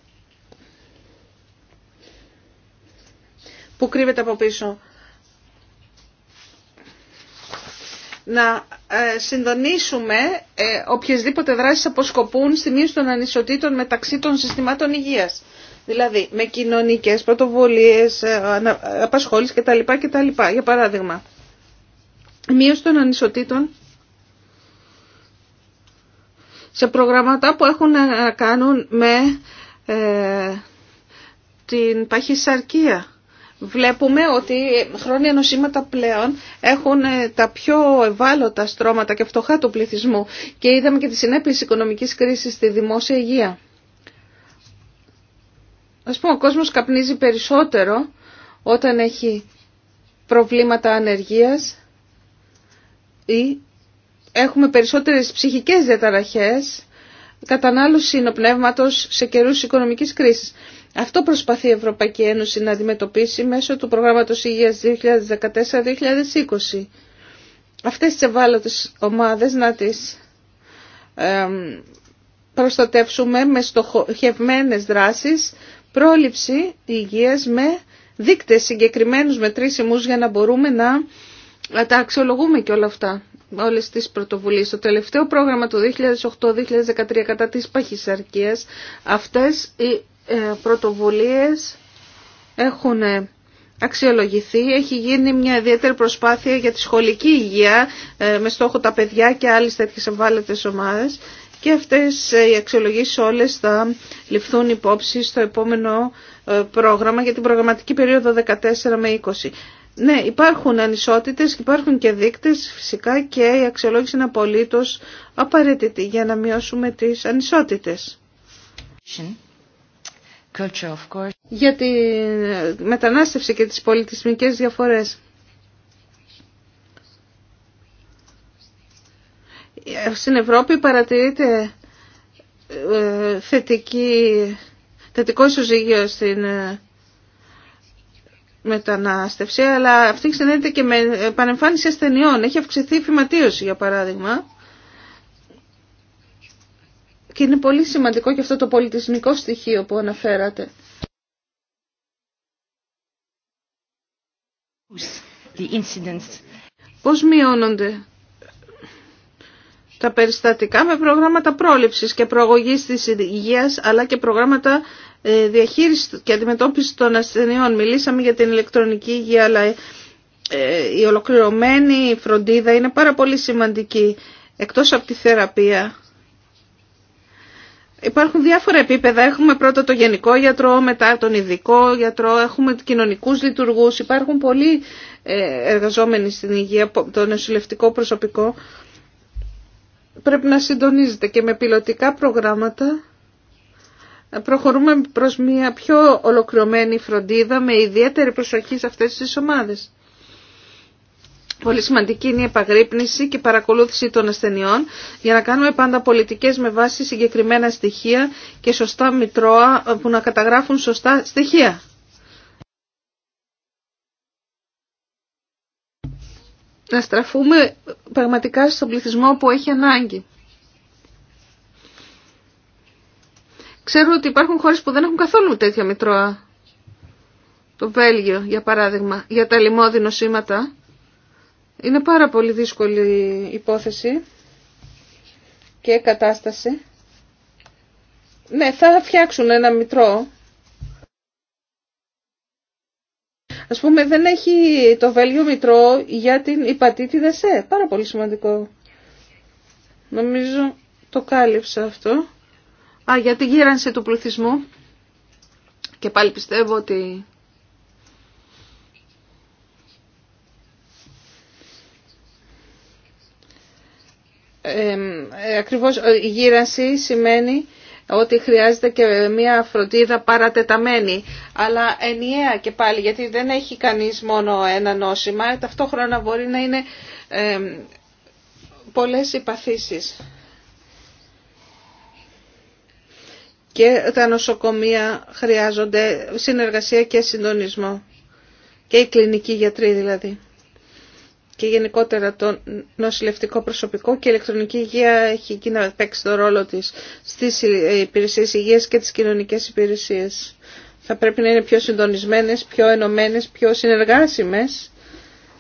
που κρύβεται από πίσω. Να ε, συντονίσουμε ε, οποιασδήποτε δράσεις αποσκοπούν στη μείωση των ανισοτήτων μεταξύ των συστημάτων υγείας. Δηλαδή με κοινωνικές πρωτοβολίες, ε, απασχόληση κτλ. κτλ. Για παράδειγμα, μείωση των ανισοτήτων σε προγραμματά που έχουν να κάνουν με την παχυσαρκία βλέπουμε ότι χρόνια νοσήματα πλέον έχουν ε, τα πιο ευάλωτα στρώματα και φτωχά του πληθυσμού και είδαμε και τη συνέπειες οικονομικής κρίσης στη δημόσια υγεία. Ας πούμε, ο κόσμος καπνίζει περισσότερο όταν έχει προβλήματα ανεργίας ή έχουμε περισσότερες ψυχικές διαταραχές κατανάλωση νοπνεύματος σε καιρούς οικονομικής κρίσης. Αυτό προσπαθεί η Ευρωπαϊκή Ένωση να αντιμετωπίσει μέσω του προγράμματος υγείας 2014-2020. Αυτές τις ευάλωτες ομάδες να τις προστατεύσουμε με στοχευμένες δράσεις, πρόληψη υγείας με δείκτες συγκεκριμένους μετρήσιμους για να μπορούμε να τα αξιολογούμε και όλα αυτά, όλες τις πρωτοβουλίες. Το τελευταίο πρόγραμμα του 2008-2013 κατά της παχυσαρκίας, αυτές οι ε, πρωτοβουλίες έχουν αξιολογηθεί. Έχει γίνει μια ιδιαίτερη προσπάθεια για τη σχολική υγεία ε, με στόχο τα παιδιά και άλλες τέτοιες εμβάλλοντες ομάδες και αυτές ε, οι αξιολογήσεις όλες θα ληφθούν υπόψη στο επόμενο πρόγραμμα για την προγραμματική περίοδο 14 με 20. Ναι, υπάρχουν ανισότητες, υπάρχουν και δείκτες φυσικά και η αξιολόγηση είναι απολύτως απαραίτητη για να μειώσουμε τις ανισότητες. Culture, of course. για τη μετανάστευση και τις πολιτισμικές διαφορές. Στην Ευρώπη παρατηρείται ε, θετική, θετικό ισοζύγιο στην ε, μετανάστευση, αλλά αυτή ξενέρεται και με ε, πανεμφάνιση ασθενειών. Έχει αυξηθεί η φυματίωση, για παράδειγμα. Και είναι πολύ σημαντικό και αυτό το πολιτισμικό στοιχείο που αναφέρατε. Πώς μειώνονται τα περιστατικά με προγράμματα πρόληψης και προαγωγής της υγείας αλλά και προγράμματα ε, διαχείρισης και αντιμετώπισης των ασθενειών. Μιλήσαμε για την ηλεκτρονική υγεία αλλά ε, η ολοκληρωμένη φροντίδα είναι πάρα πολύ σημαντική εκτός από τη θεραπεία Υπάρχουν διάφορα επίπεδα. Έχουμε πρώτα το γενικό γιατρό, μετά τον ειδικό γιατρό, έχουμε κοινωνικούς λειτουργούς. Υπάρχουν πολλοί ε, εργαζόμενοι στην υγεία, το νοσηλευτικό προσωπικό. Πρέπει να συντονίζεται και με πιλωτικά προγράμματα προχωρούμε προς μια πιο ολοκληρωμένη φροντίδα με ιδιαίτερη προσοχή σε αυτές τις ομάδες. Πολύ σημαντική είναι η επαγρύπνηση και η παρακολούθηση των ασθενειών για να κάνουμε πάντα πολιτικές με βάση συγκεκριμένα στοιχεία και σωστά μητρώα ε, που να καταγράφουν σωστά στοιχεία. Να στραφούμε πραγματικά στον πληθυσμό που έχει ανάγκη. Ξέρω ότι υπάρχουν χώρες που δεν έχουν καθόλου τέτοια μητρώα. Το Βέλγιο, για παράδειγμα, για τα λιμόδινο σήματα είναι πάρα πολύ δύσκολη υπόθεση και κατάσταση. Ναι, θα φτιάξουν ένα μητρό. Ας πούμε, δεν έχει το Βέλγιο μητρό για την υπατήτη δεσέ. Πάρα πολύ σημαντικό. Νομίζω το κάλυψα αυτό. Α, για την γύρανση του πληθυσμού. Και πάλι πιστεύω ότι Ε, ακριβώς ε, η γύρανση σημαίνει ότι χρειάζεται και μια φροντίδα παρατεταμένη, αλλά ενιαία και πάλι, γιατί δεν έχει κανείς μόνο ένα νόσημα, ε, ταυτόχρονα μπορεί να είναι ε, πολλές Και τα νοσοκομεία χρειάζονται συνεργασία και συντονισμό. Και οι κλινικοί γιατροί δηλαδή και γενικότερα το νοσηλευτικό προσωπικό και η ηλεκτρονική υγεία έχει εκεί να παίξει τον ρόλο της στις υπηρεσίες υγείας και τις κοινωνικές υπηρεσίες. Θα πρέπει να είναι πιο συντονισμένες, πιο ενωμένες, πιο συνεργάσιμες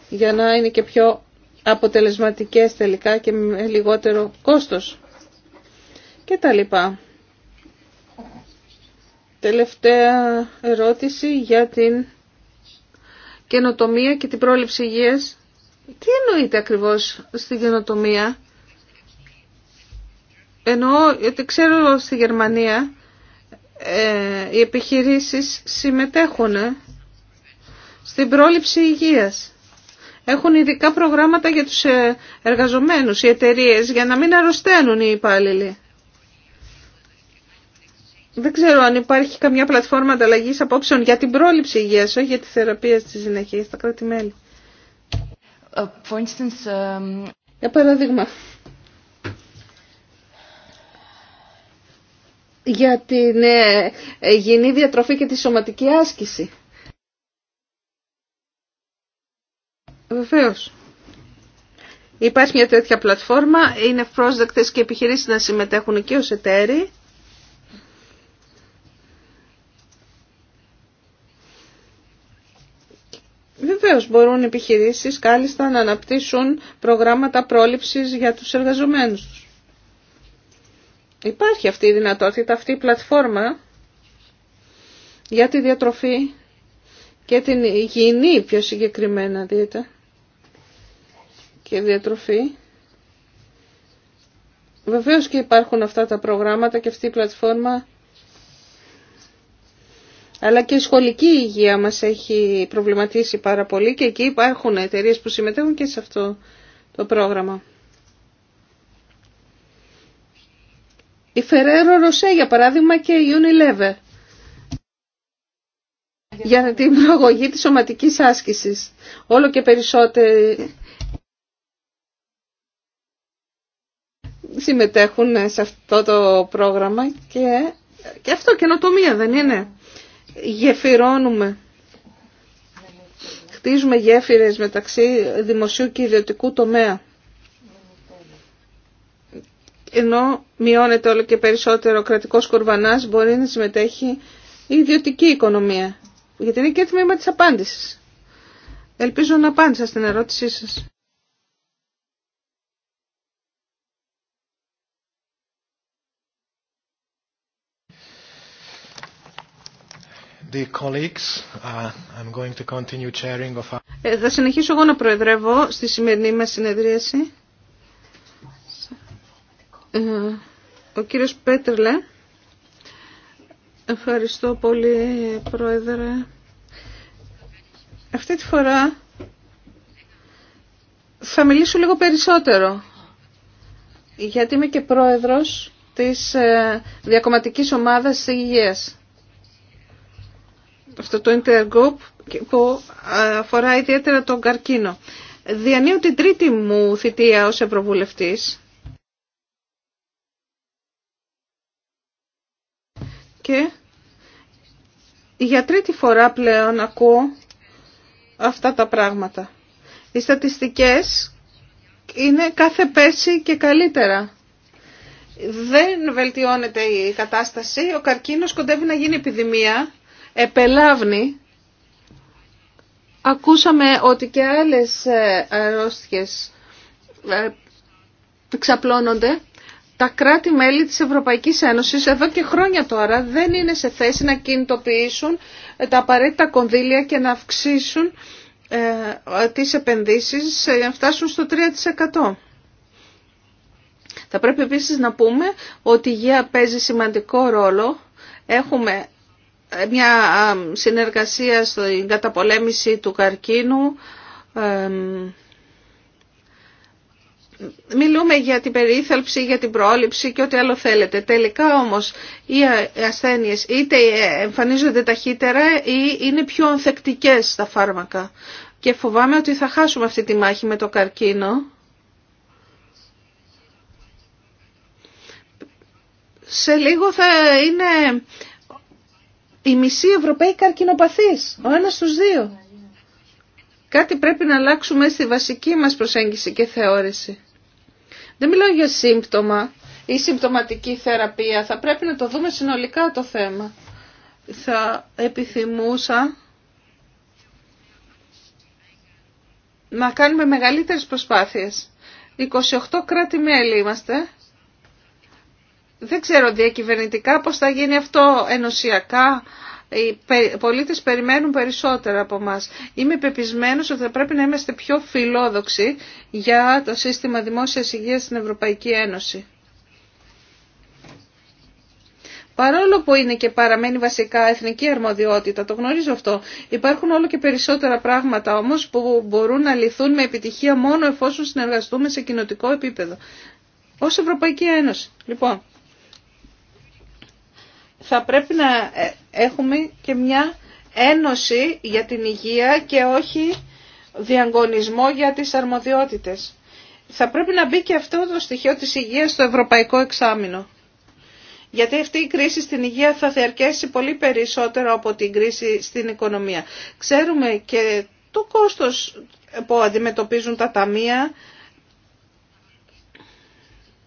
για να είναι και πιο αποτελεσματικές τελικά και με λιγότερο κόστος και τα λοιπά. Τελευταία ερώτηση για την καινοτομία και την πρόληψη υγείας τι εννοείται ακριβώς στην καινοτομία. Εννοώ ότι ξέρω στη Γερμανία ε, οι επιχειρήσεις συμμετέχουν ε, στην πρόληψη υγείας. Έχουν ειδικά προγράμματα για τους ε, εργαζομένους, οι εταιρείε για να μην αρρωσταίνουν οι υπάλληλοι. Δεν ξέρω αν υπάρχει καμιά πλατφόρμα ανταλλαγής απόψεων για την πρόληψη υγείας, όχι για τη θεραπεία στη συνέχεια, τα κράτη-μέλη. Uh, um, για παράδειγμα, για την ε, ε διατροφή και τη σωματική άσκηση. Βεβαίως. Υπάρχει μια τέτοια πλατφόρμα, είναι πρόσδεκτες και επιχειρήσεις να συμμετέχουν και ως εταίροι. Βεβαίως μπορούν οι επιχειρήσεις κάλλιστα να αναπτύσσουν προγράμματα πρόληψης για τους εργαζομένους τους. Υπάρχει αυτή η δυνατότητα, αυτή η πλατφόρμα για τη διατροφή και την υγιεινή πιο συγκεκριμένα δίαιτα και διατροφή. Βεβαίως και υπάρχουν αυτά τα προγράμματα και αυτή η πλατφόρμα αλλά και η σχολική υγεία μας έχει προβληματίσει πάρα πολύ και εκεί υπάρχουν εταιρείες που συμμετέχουν και σε αυτό το πρόγραμμα. Η Φεραίρο Ρωσέ για παράδειγμα και η Unilever για την προαγωγή της σωματικής άσκησης. Όλο και περισσότερο συμμετέχουν σε αυτό το πρόγραμμα και, και αυτό καινοτομία δεν είναι γεφυρώνουμε, χτίζουμε γέφυρες μεταξύ δημοσίου και ιδιωτικού τομέα. Ενώ μειώνεται όλο και περισσότερο ο κρατικός κορβανάς μπορεί να συμμετέχει η ιδιωτική οικονομία. Γιατί είναι και τμήμα της απάντησης. Ελπίζω να απάντησα στην ερώτησή σας. θα συνεχίσω εγώ να προεδρεύω στη σημερινή μας συνεδρίαση. Ε, ο κύριος Πέτρλε, Ευχαριστώ πολύ, Πρόεδρε. Αυτή τη φορά θα μιλήσω λίγο περισσότερο, γιατί είμαι και Πρόεδρος της ε, Διακομματικής Ομάδας Υγείας αυτό το Intergroup που αφορά ιδιαίτερα τον καρκίνο. Διανύω την τρίτη μου θητεία ως Ευρωβουλευτής και για τρίτη φορά πλέον ακούω αυτά τα πράγματα. Οι στατιστικές είναι κάθε πέρσι και καλύτερα. Δεν βελτιώνεται η κατάσταση, ο καρκίνος κοντεύει να γίνει επιδημία επελάβνη. Ακούσαμε ότι και άλλες ε, αρρώστιες ε, ξαπλώνονται. Τα κράτη-μέλη της Ευρωπαϊκής Ένωσης εδώ και χρόνια τώρα δεν είναι σε θέση να κινητοποιήσουν ε, τα απαραίτητα κονδύλια και να αυξήσουν τις επενδύσεις να φτάσουν στο 3%. Θα πρέπει επίσης να πούμε ότι η υγεία παίζει σημαντικό ρόλο. Έχουμε μια συνεργασία στην καταπολέμηση του καρκίνου. Μιλούμε για την περίθαλψη, για την πρόληψη και ό,τι άλλο θέλετε. Τελικά όμως οι ασθένειες είτε εμφανίζονται ταχύτερα ή είναι πιο ανθεκτικές τα φάρμακα. Και φοβάμαι ότι θα χάσουμε αυτή τη μάχη με το καρκίνο. Σε λίγο θα είναι οι μισοί Ευρωπαίοι καρκινοπαθείς, ο ένας στους δύο. Κάτι πρέπει να αλλάξουμε στη βασική μας προσέγγιση και θεώρηση. Δεν μιλάω για σύμπτωμα ή συμπτωματική θεραπεία. Θα πρέπει να το δούμε συνολικά το θέμα. Θα επιθυμούσα να κάνουμε μεγαλύτερες προσπάθειες. 28 κράτη-μέλη είμαστε δεν ξέρω διακυβερνητικά πώς θα γίνει αυτό ενωσιακά. Οι πολίτες περιμένουν περισσότερα από μας. Είμαι πεπισμένος ότι θα πρέπει να είμαστε πιο φιλόδοξοι για το σύστημα δημόσιας υγείας στην Ευρωπαϊκή Ένωση. Παρόλο που είναι και παραμένει βασικά εθνική αρμοδιότητα, το γνωρίζω αυτό, υπάρχουν όλο και περισσότερα πράγματα όμως που μπορούν να λυθούν με επιτυχία μόνο εφόσον συνεργαστούμε σε κοινοτικό επίπεδο. Ως Ευρωπαϊκή Ένωση. Λοιπόν, θα πρέπει να ε, έχουμε και μια ένωση για την υγεία και όχι διαγωνισμό για τις αρμοδιότητες. Θα πρέπει να μπει και αυτό το στοιχείο της υγείας στο ευρωπαϊκό εξάμεινο. Γιατί αυτή η κρίση στην υγεία θα διαρκέσει πολύ περισσότερο από την κρίση στην οικονομία. Ξέρουμε και το κόστος που αντιμετωπίζουν τα ταμεία,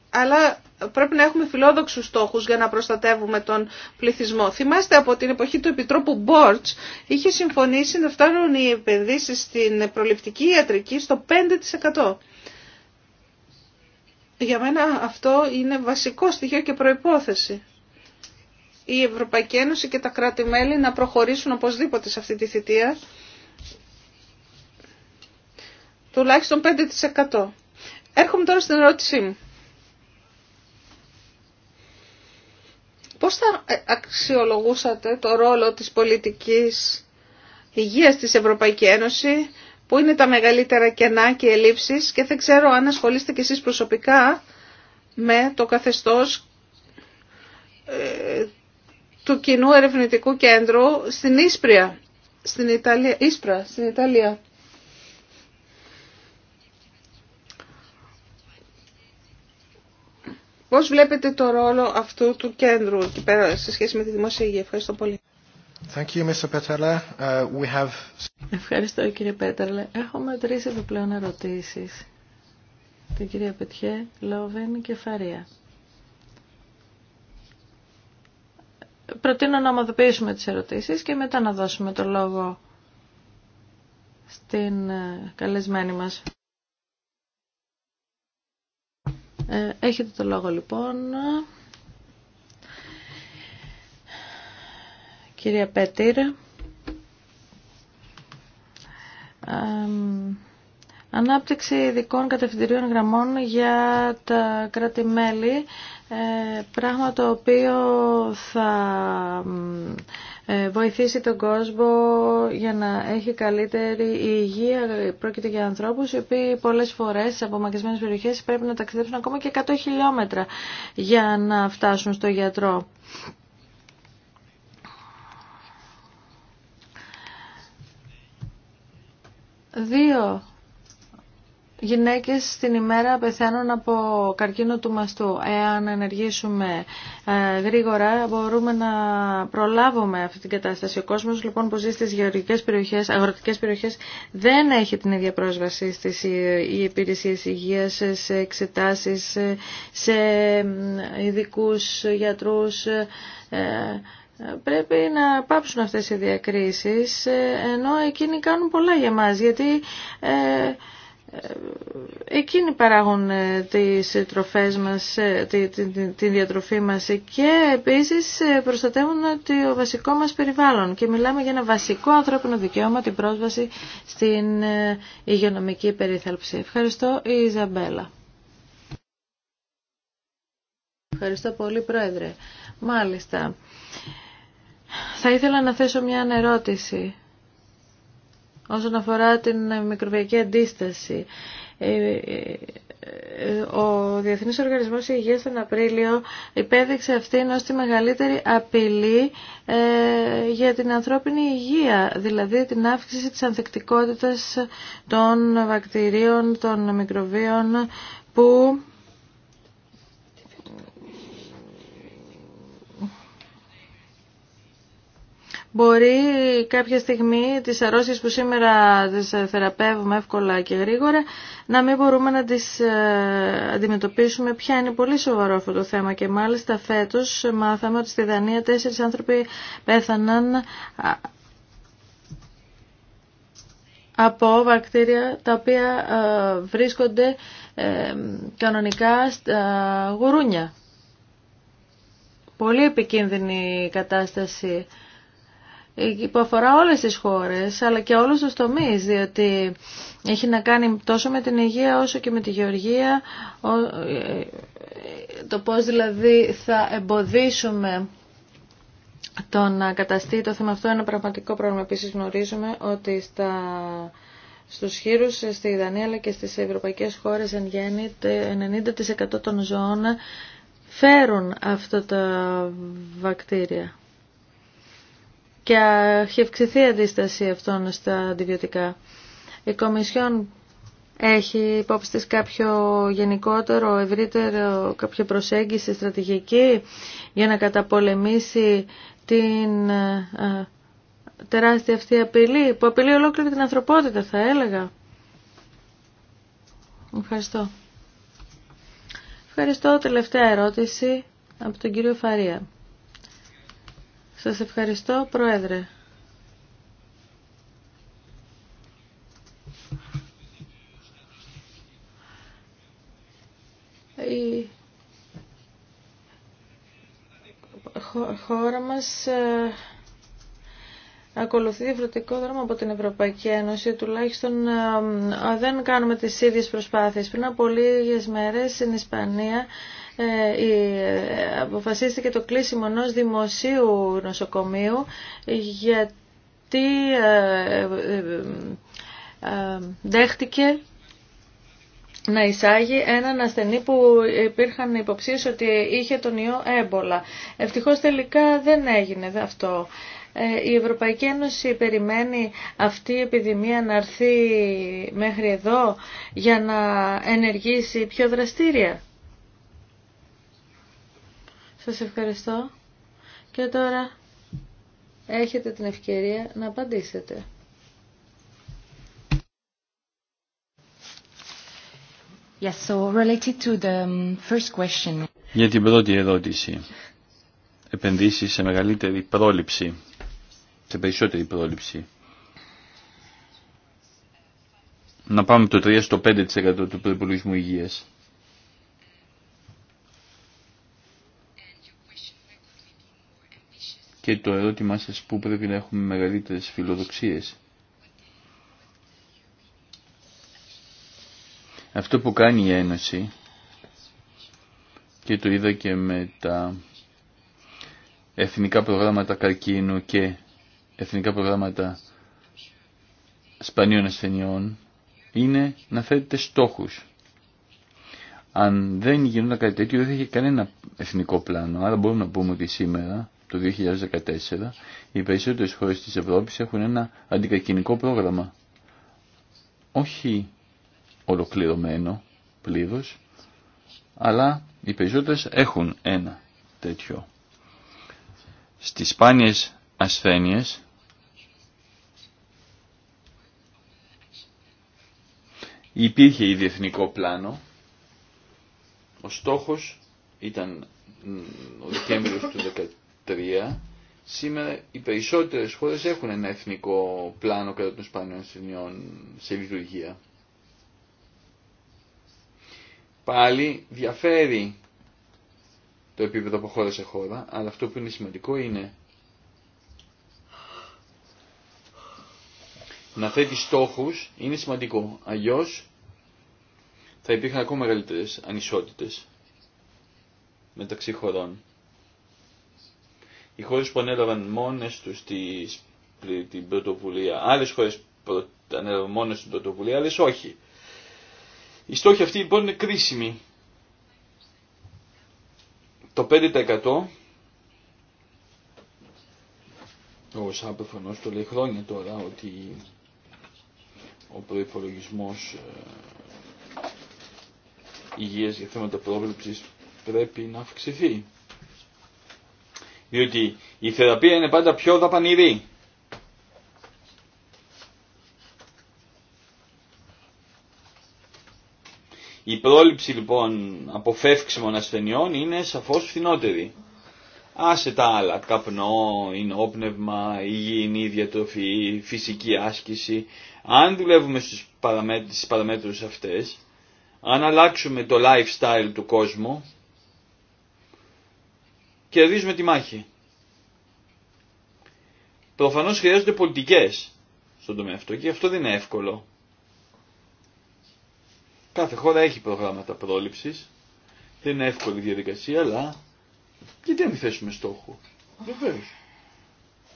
αλλά πρέπει να έχουμε φιλόδοξους στόχου για να προστατεύουμε τον πληθυσμό. Θυμάστε από την εποχή του Επιτρόπου Μπορτ είχε συμφωνήσει να φτάνουν οι επενδύσει στην προληπτική ιατρική στο 5%. Για μένα αυτό είναι βασικό στοιχείο και προϋπόθεση. Η Ευρωπαϊκή Ένωση και τα κράτη-μέλη να προχωρήσουν οπωσδήποτε σε αυτή τη θητεία τουλάχιστον 5%. Έρχομαι τώρα στην ερώτησή μου. Πώς θα ε, αξιολογούσατε το ρόλο της πολιτικής υγείας της Ευρωπαϊκή Ένωση, που είναι τα μεγαλύτερα κενά και ελλείψεις και δεν ξέρω αν ασχολείστε και εσείς προσωπικά με το καθεστώς ε, του κοινού ερευνητικού κέντρου στην Ίσπρια, στην Ιταλία, Ίσπρα, στην Ιταλία. Πώς βλέπετε το ρόλο αυτού του κέντρου εκεί πέρα σε σχέση με τη δημόσια υγεία. Ευχαριστώ πολύ. Thank you, uh, Ευχαριστώ κύριε Πέτρελε. Έχουμε τρεις επιπλέον ερωτήσεις. Την κυρία Πετιέ, Λόβεν και Φαρία. Προτείνω να ομοδοποιήσουμε τις ερωτήσεις και μετά να δώσουμε το λόγο στην ε, καλεσμένη μας. Ε, έχετε το λόγο λοιπόν. Κυρία Πέτυρ. Ανάπτυξη ειδικών κατευθυντηρίων γραμμών για τα κράτη-μέλη, ε, πράγμα το οποίο θα ε, βοηθήσει τον κόσμο για να έχει καλύτερη υγεία. Πρόκειται για ανθρώπους οι οποίοι πολλές φορές σε απομακρυσμένες περιοχές πρέπει να ταξιδέψουν ακόμα και 100 χιλιόμετρα για να φτάσουν στο γιατρό. Δύο γυναίκες την ημέρα πεθαίνουν από καρκίνο του μαστού. Εάν ενεργήσουμε ε, γρήγορα μπορούμε να προλάβουμε αυτή την κατάσταση. Ο κόσμος λοιπόν που ζει στις γεωργικές περιοχές, αγροτικές περιοχές δεν έχει την ίδια πρόσβαση στις ε, υπηρεσίες υγείας, σε εξετάσεις, σε ειδικού γιατρούς, ε, πρέπει να πάψουν αυτές οι διακρίσεις ενώ εκείνοι κάνουν πολλά για μας γιατί εκείνοι παράγουν ε, τις τροφές μας, ε, τη, διατροφή μας και επίσης ε, προστατεύουν το βασικό μας περιβάλλον και μιλάμε για ένα βασικό ανθρώπινο δικαίωμα την πρόσβαση στην υγειονομική περίθαλψη. Ευχαριστώ η Ιζαμπέλα. Ευχαριστώ πολύ Πρόεδρε. Μάλιστα. Θα ήθελα να θέσω μια ερώτηση Όσον αφορά την μικροβιακή αντίσταση, ε, ε, ο Διεθνής Οργανισμός Υγείας τον Απρίλιο υπέδειξε αυτήν ως τη μεγαλύτερη απειλή ε, για την ανθρώπινη υγεία, δηλαδή την αύξηση της ανθεκτικότητας των βακτηρίων, των μικροβίων που μπορεί κάποια στιγμή τις αρρώσεις που σήμερα τις ε, θεραπεύουμε εύκολα και γρήγορα να μην μπορούμε να τις ε, αντιμετωπίσουμε πια. Είναι πολύ σοβαρό αυτό το θέμα και μάλιστα φέτος μάθαμε ότι στη Δανία τέσσερις άνθρωποι πέθαναν από βακτήρια τα οποία βρίσκονται ε, κανονικά στα γουρούνια. Πολύ επικίνδυνη κατάσταση που αφορά όλες τις χώρες αλλά και όλους τους τομείς διότι έχει να κάνει τόσο με την υγεία όσο και με τη γεωργία ε, το πώς δηλαδή θα εμποδίσουμε το να καταστεί το θέμα αυτό ένα πραγματικό πρόβλημα. Επίσης γνωρίζουμε ότι στα, στους χείρους στη Δανία αλλά και στις ευρωπαϊκές χώρες εν γέννη 90% των ζώων φέρουν αυτά τα βακτήρια και έχει αυξηθεί η αντίσταση αυτών στα αντιβιωτικά. Η Κομισιόν έχει υπόψη της κάποιο γενικότερο, ευρύτερο, κάποια προσέγγιση στρατηγική για να καταπολεμήσει την ε, ε, τεράστια αυτή απειλή που απειλεί ολόκληρη την ανθρωπότητα θα έλεγα. Ευχαριστώ. Ευχαριστώ. Τελευταία ερώτηση από τον κύριο Φαρία. Σας ευχαριστώ, Πρόεδρε. Η χώρα μας ε, ακολουθεί διαφορετικό δρόμο από την Ευρωπαϊκή Ένωση, τουλάχιστον ε, ε, δεν κάνουμε τις ίδιες προσπάθειες. Πριν από λίγες μέρες στην Ισπανία ε, ε, αποφασίστηκε το κλείσιμο ενός δημοσίου νοσοκομείου γιατί ε, δέχτηκε να εισάγει έναν ασθενή που υπήρχαν υποψίες ότι είχε τον ιό έμπολα. Ευτυχώς τελικά δεν έγινε αυτό. Η Ευρωπαϊκή Ένωση περιμένει αυτή η επιδημία να έρθει μέχρι εδώ για να ενεργήσει πιο δραστήρια. Σας ευχαριστώ. Και τώρα έχετε την ευκαιρία να απαντήσετε. Yes, so related to the um, first question. Για την πρώτη ερώτηση. Επενδύσεις σε μεγαλύτερη πρόληψη, σε περισσότερη πρόληψη. Να πάμε το 3 στο 5% του προπολογισμού υγείας. και το ερώτημά σας που πρέπει να έχουμε μεγαλύτερες φιλοδοξίες. Αυτό που κάνει η Ένωση και το είδα και με τα εθνικά προγράμματα καρκίνου και εθνικά προγράμματα σπανίων ασθενειών είναι να θέτεται στόχους. Αν δεν γινόταν κάτι τέτοιο δεν θα είχε κανένα εθνικό πλάνο, άρα μπορούμε να πούμε ότι σήμερα το 2014, οι περισσότερες χώρες της Ευρώπης έχουν ένα αντικακινικό πρόγραμμα. Όχι ολοκληρωμένο πλήρως, αλλά οι περισσότερες έχουν ένα τέτοιο. Στις σπάνιες ασθένειες υπήρχε η διεθνικό πλάνο. Ο στόχος ήταν ο Δεκέμβριος του σήμερα οι περισσότερες χώρες έχουν ένα εθνικό πλάνο κατά των σπάνιων ασθενειών σε λειτουργία. Πάλι διαφέρει το επίπεδο από χώρα σε χώρα, αλλά αυτό που είναι σημαντικό είναι να θέτει στόχους, είναι σημαντικό. Αλλιώς θα υπήρχαν ακόμα μεγαλύτερες ανισότητες μεταξύ χωρών. Οι χώρες που ανέλαβαν μόνες τους την πρωτοβουλία, άλλες χώρες που ανέλαβαν μόνες την πρωτοβουλία, άλλες όχι. Οι στόχοι αυτοί λοιπόν είναι κρίσιμοι. Το 5% ο ΣΑΠ το λέει χρόνια τώρα ότι ο προϋπολογισμός ε, υγείας για θέματα πρόβλεψης πρέπει να αυξηθεί διότι η θεραπεία είναι πάντα πιο δαπανηρή. Η πρόληψη λοιπόν αποφεύξιμων ασθενειών είναι σαφώς φθηνότερη. Άσε τα άλλα, καπνό, ενόπνευμα, υγιεινή διατροφή, φυσική άσκηση. Αν δουλεύουμε στις παραμέτρους αυτές, αν αλλάξουμε το lifestyle του κόσμου, κερδίζουμε τη μάχη. Προφανώ χρειάζονται πολιτικές στον τομέα αυτό και αυτό δεν είναι εύκολο. Κάθε χώρα έχει προγράμματα πρόληψη. δεν είναι εύκολη διαδικασία, αλλά γιατί να μην θέσουμε στόχο. Βεβαίω.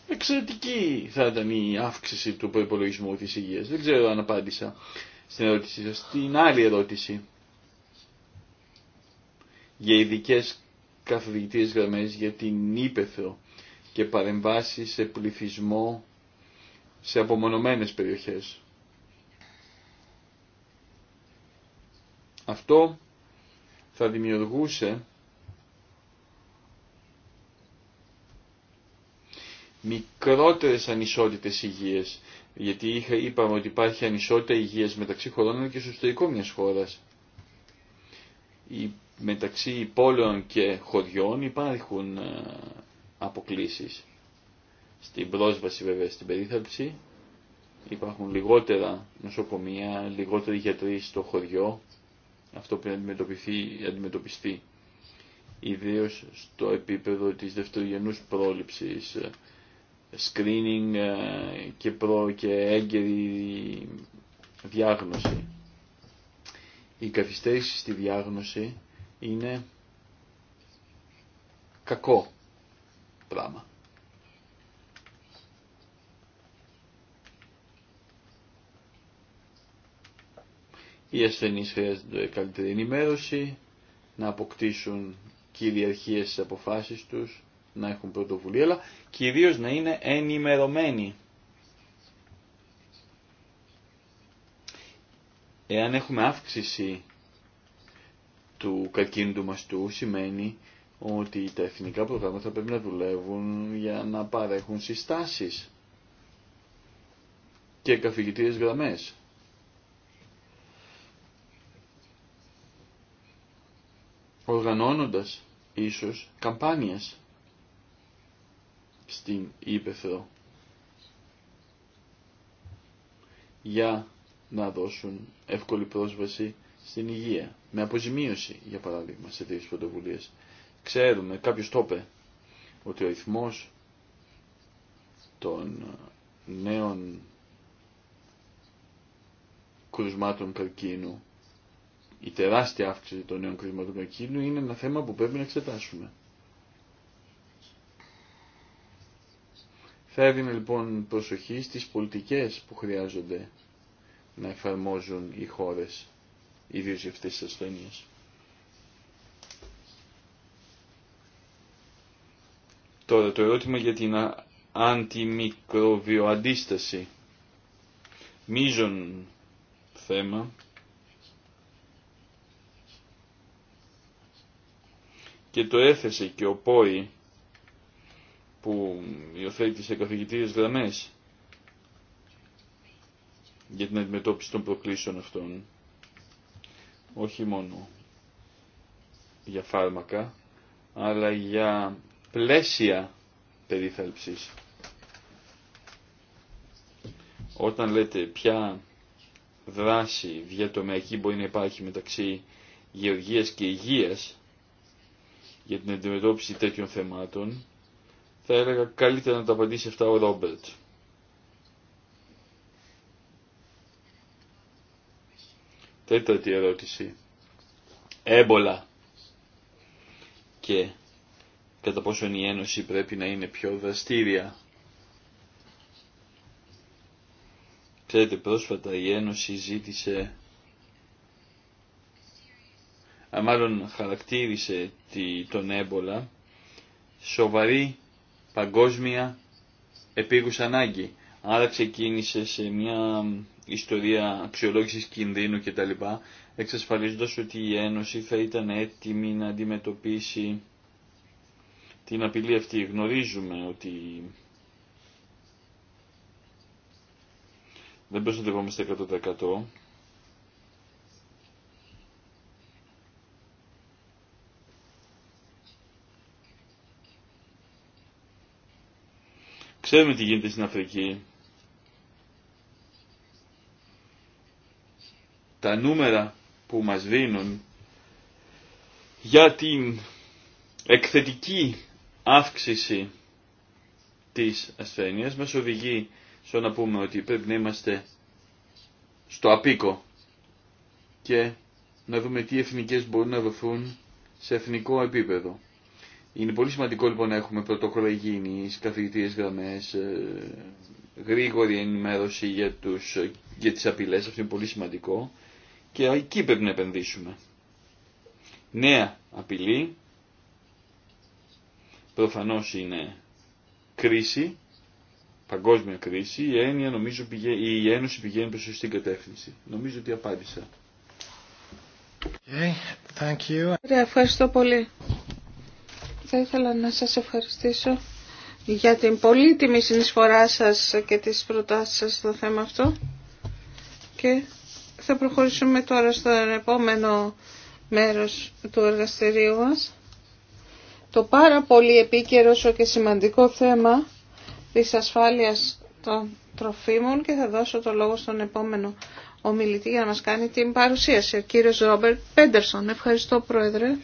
Εξαιρετική θα ήταν η αύξηση του προπολογισμού τη Υγεία. Δεν ξέρω αν απάντησα στην ερώτησή σα Την άλλη ερώτηση για ειδικέ καθοδηγητήρες γραμμές για την ύπεθρο και παρεμβάσει σε πληθυσμό σε απομονωμένες περιοχές. Αυτό θα δημιουργούσε μικρότερες ανισότητες υγείας, γιατί είχα, είπαμε ότι υπάρχει ανισότητα υγείας μεταξύ χωρών και στο εσωτερικό μιας χώρας μεταξύ πόλεων και χωριών υπάρχουν ε, αποκλήσεις. Στην πρόσβαση βέβαια στην περίθαλψη υπάρχουν λιγότερα νοσοκομεία, λιγότεροι γιατροί στο χωριό. Αυτό που αντιμετωπιστεί, αντιμετωπιστεί ιδίω στο επίπεδο της δευτερογενούς πρόληψης, ε, screening ε, και, προ, και έγκαιρη διάγνωση. Η καθυστέρηση στη διάγνωση είναι κακό πράγμα. Οι ασθενείς χρειάζονται καλύτερη ενημέρωση, να αποκτήσουν κυριαρχίες στις αποφάσεις τους, να έχουν πρωτοβουλία, αλλά κυρίως να είναι ενημερωμένοι. Εάν έχουμε αύξηση του καρκίνου του μαστού σημαίνει ότι τα εθνικά προγράμματα πρέπει να δουλεύουν για να παρέχουν συστάσεις και καθηγητήρες γραμμές. Οργανώνοντας ίσως καμπάνιες στην Ήπεθρο για να δώσουν εύκολη πρόσβαση στην υγεία, με αποζημίωση για παράδειγμα σε τέτοιε πρωτοβουλίε. Ξέρουμε, κάποιο το είπε, ότι ο αριθμό των νέων κρουσμάτων καρκίνου, η τεράστια αύξηση των νέων κρουσμάτων καρκίνου είναι ένα θέμα που πρέπει να εξετάσουμε. Θα έδινε λοιπόν προσοχή στις πολιτικές που χρειάζονται να εφαρμόζουν οι χώρες ιδίως για αυτές τις ασθένειες. Τώρα το ερώτημα για την αντιμικροβιοαντίσταση. Μίζον θέμα. Και το έθεσε και ο Πόη που υιοθέτησε καθηγητήριες γραμμές για την αντιμετώπιση των προκλήσεων αυτών όχι μόνο για φάρμακα, αλλά για πλαίσια περίθαλψης. Όταν λέτε ποια δράση διατομιακή μπορεί να υπάρχει μεταξύ γεωργίας και υγείας για την αντιμετώπιση τέτοιων θεμάτων, θα έλεγα καλύτερα να τα απαντήσει αυτά ο Ρόμπερτ. Τέταρτη ερώτηση. Έμπολα. Και κατά πόσον η Ένωση πρέπει να είναι πιο δραστήρια. Ξέρετε πρόσφατα η Ένωση ζήτησε, α, μάλλον χαρακτήρισε τη, τον έμπολα, σοβαρή παγκόσμια επίγουσα ανάγκη άρα ξεκίνησε σε μια ιστορία αξιολόγησης κινδύνου κτλ, Εξασφαλίζοντα ότι η Ένωση θα ήταν έτοιμη να αντιμετωπίσει την απειλή αυτή. Γνωρίζουμε ότι δεν προστατευόμαστε 100% Ξέρουμε τι γίνεται στην Αφρική. Τα νούμερα που μας δίνουν για την εκθετική αύξηση της ασθένειας μας οδηγεί στο να πούμε ότι πρέπει να είμαστε στο απίκο και να δούμε τι εθνικές μπορούν να δοθούν σε εθνικό επίπεδο. Είναι πολύ σημαντικό λοιπόν να έχουμε πρωτόκολλα υγιεινής, γραμμέ, γραμμές, ε, γρήγορη ενημέρωση για, τους, για τις απειλές, αυτό είναι πολύ σημαντικό και εκεί πρέπει να επενδύσουμε. Νέα απειλή, προφανώς είναι κρίση, παγκόσμια κρίση, η, έννοια, νομίζω, πηγαίνει, η Ένωση πηγαίνει προς σωστή κατεύθυνση. Νομίζω ότι απάντησα. thank you. Ευχαριστώ πολύ. Θα ήθελα να σας ευχαριστήσω για την πολύτιμη συνεισφορά σας και τις προτάσεις σας στο θέμα αυτό. Και θα προχωρήσουμε τώρα στο επόμενο μέρος του εργαστηρίου μας. Το πάρα πολύ επίκαιρο και σημαντικό θέμα της ασφάλειας των τροφίμων και θα δώσω το λόγο στον επόμενο ομιλητή για να μας κάνει την παρουσίαση, ο κύριος Ρόμπερτ Πέντερσον. Ευχαριστώ Πρόεδρε.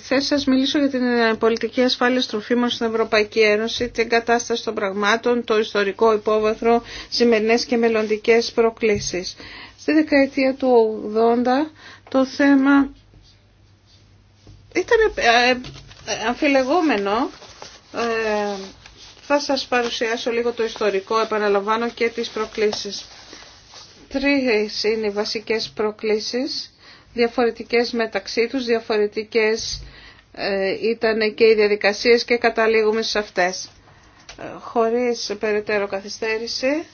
Θα σας μιλήσω για την ε, πολιτική ασφάλεια μας στην Ευρωπαϊκή Ένωση, την κατάσταση των πραγμάτων, το ιστορικό υπόβαθρο, σημερινές και μελλοντικές προκλήσεις. Στη δεκαετία του 80 το θέμα ήταν ε, ε, αμφιλεγόμενο. θα σας παρουσιάσω λίγο το ιστορικό, επαναλαμβάνω, και τις προκλήσεις. Τρεις είναι οι βασικές προκλήσεις διαφορετικές μεταξύ τους, διαφορετικές ε, ήταν και οι διαδικασίες και καταλήγουμε σε αυτές. Ε, χωρίς περαιτέρω καθυστέρηση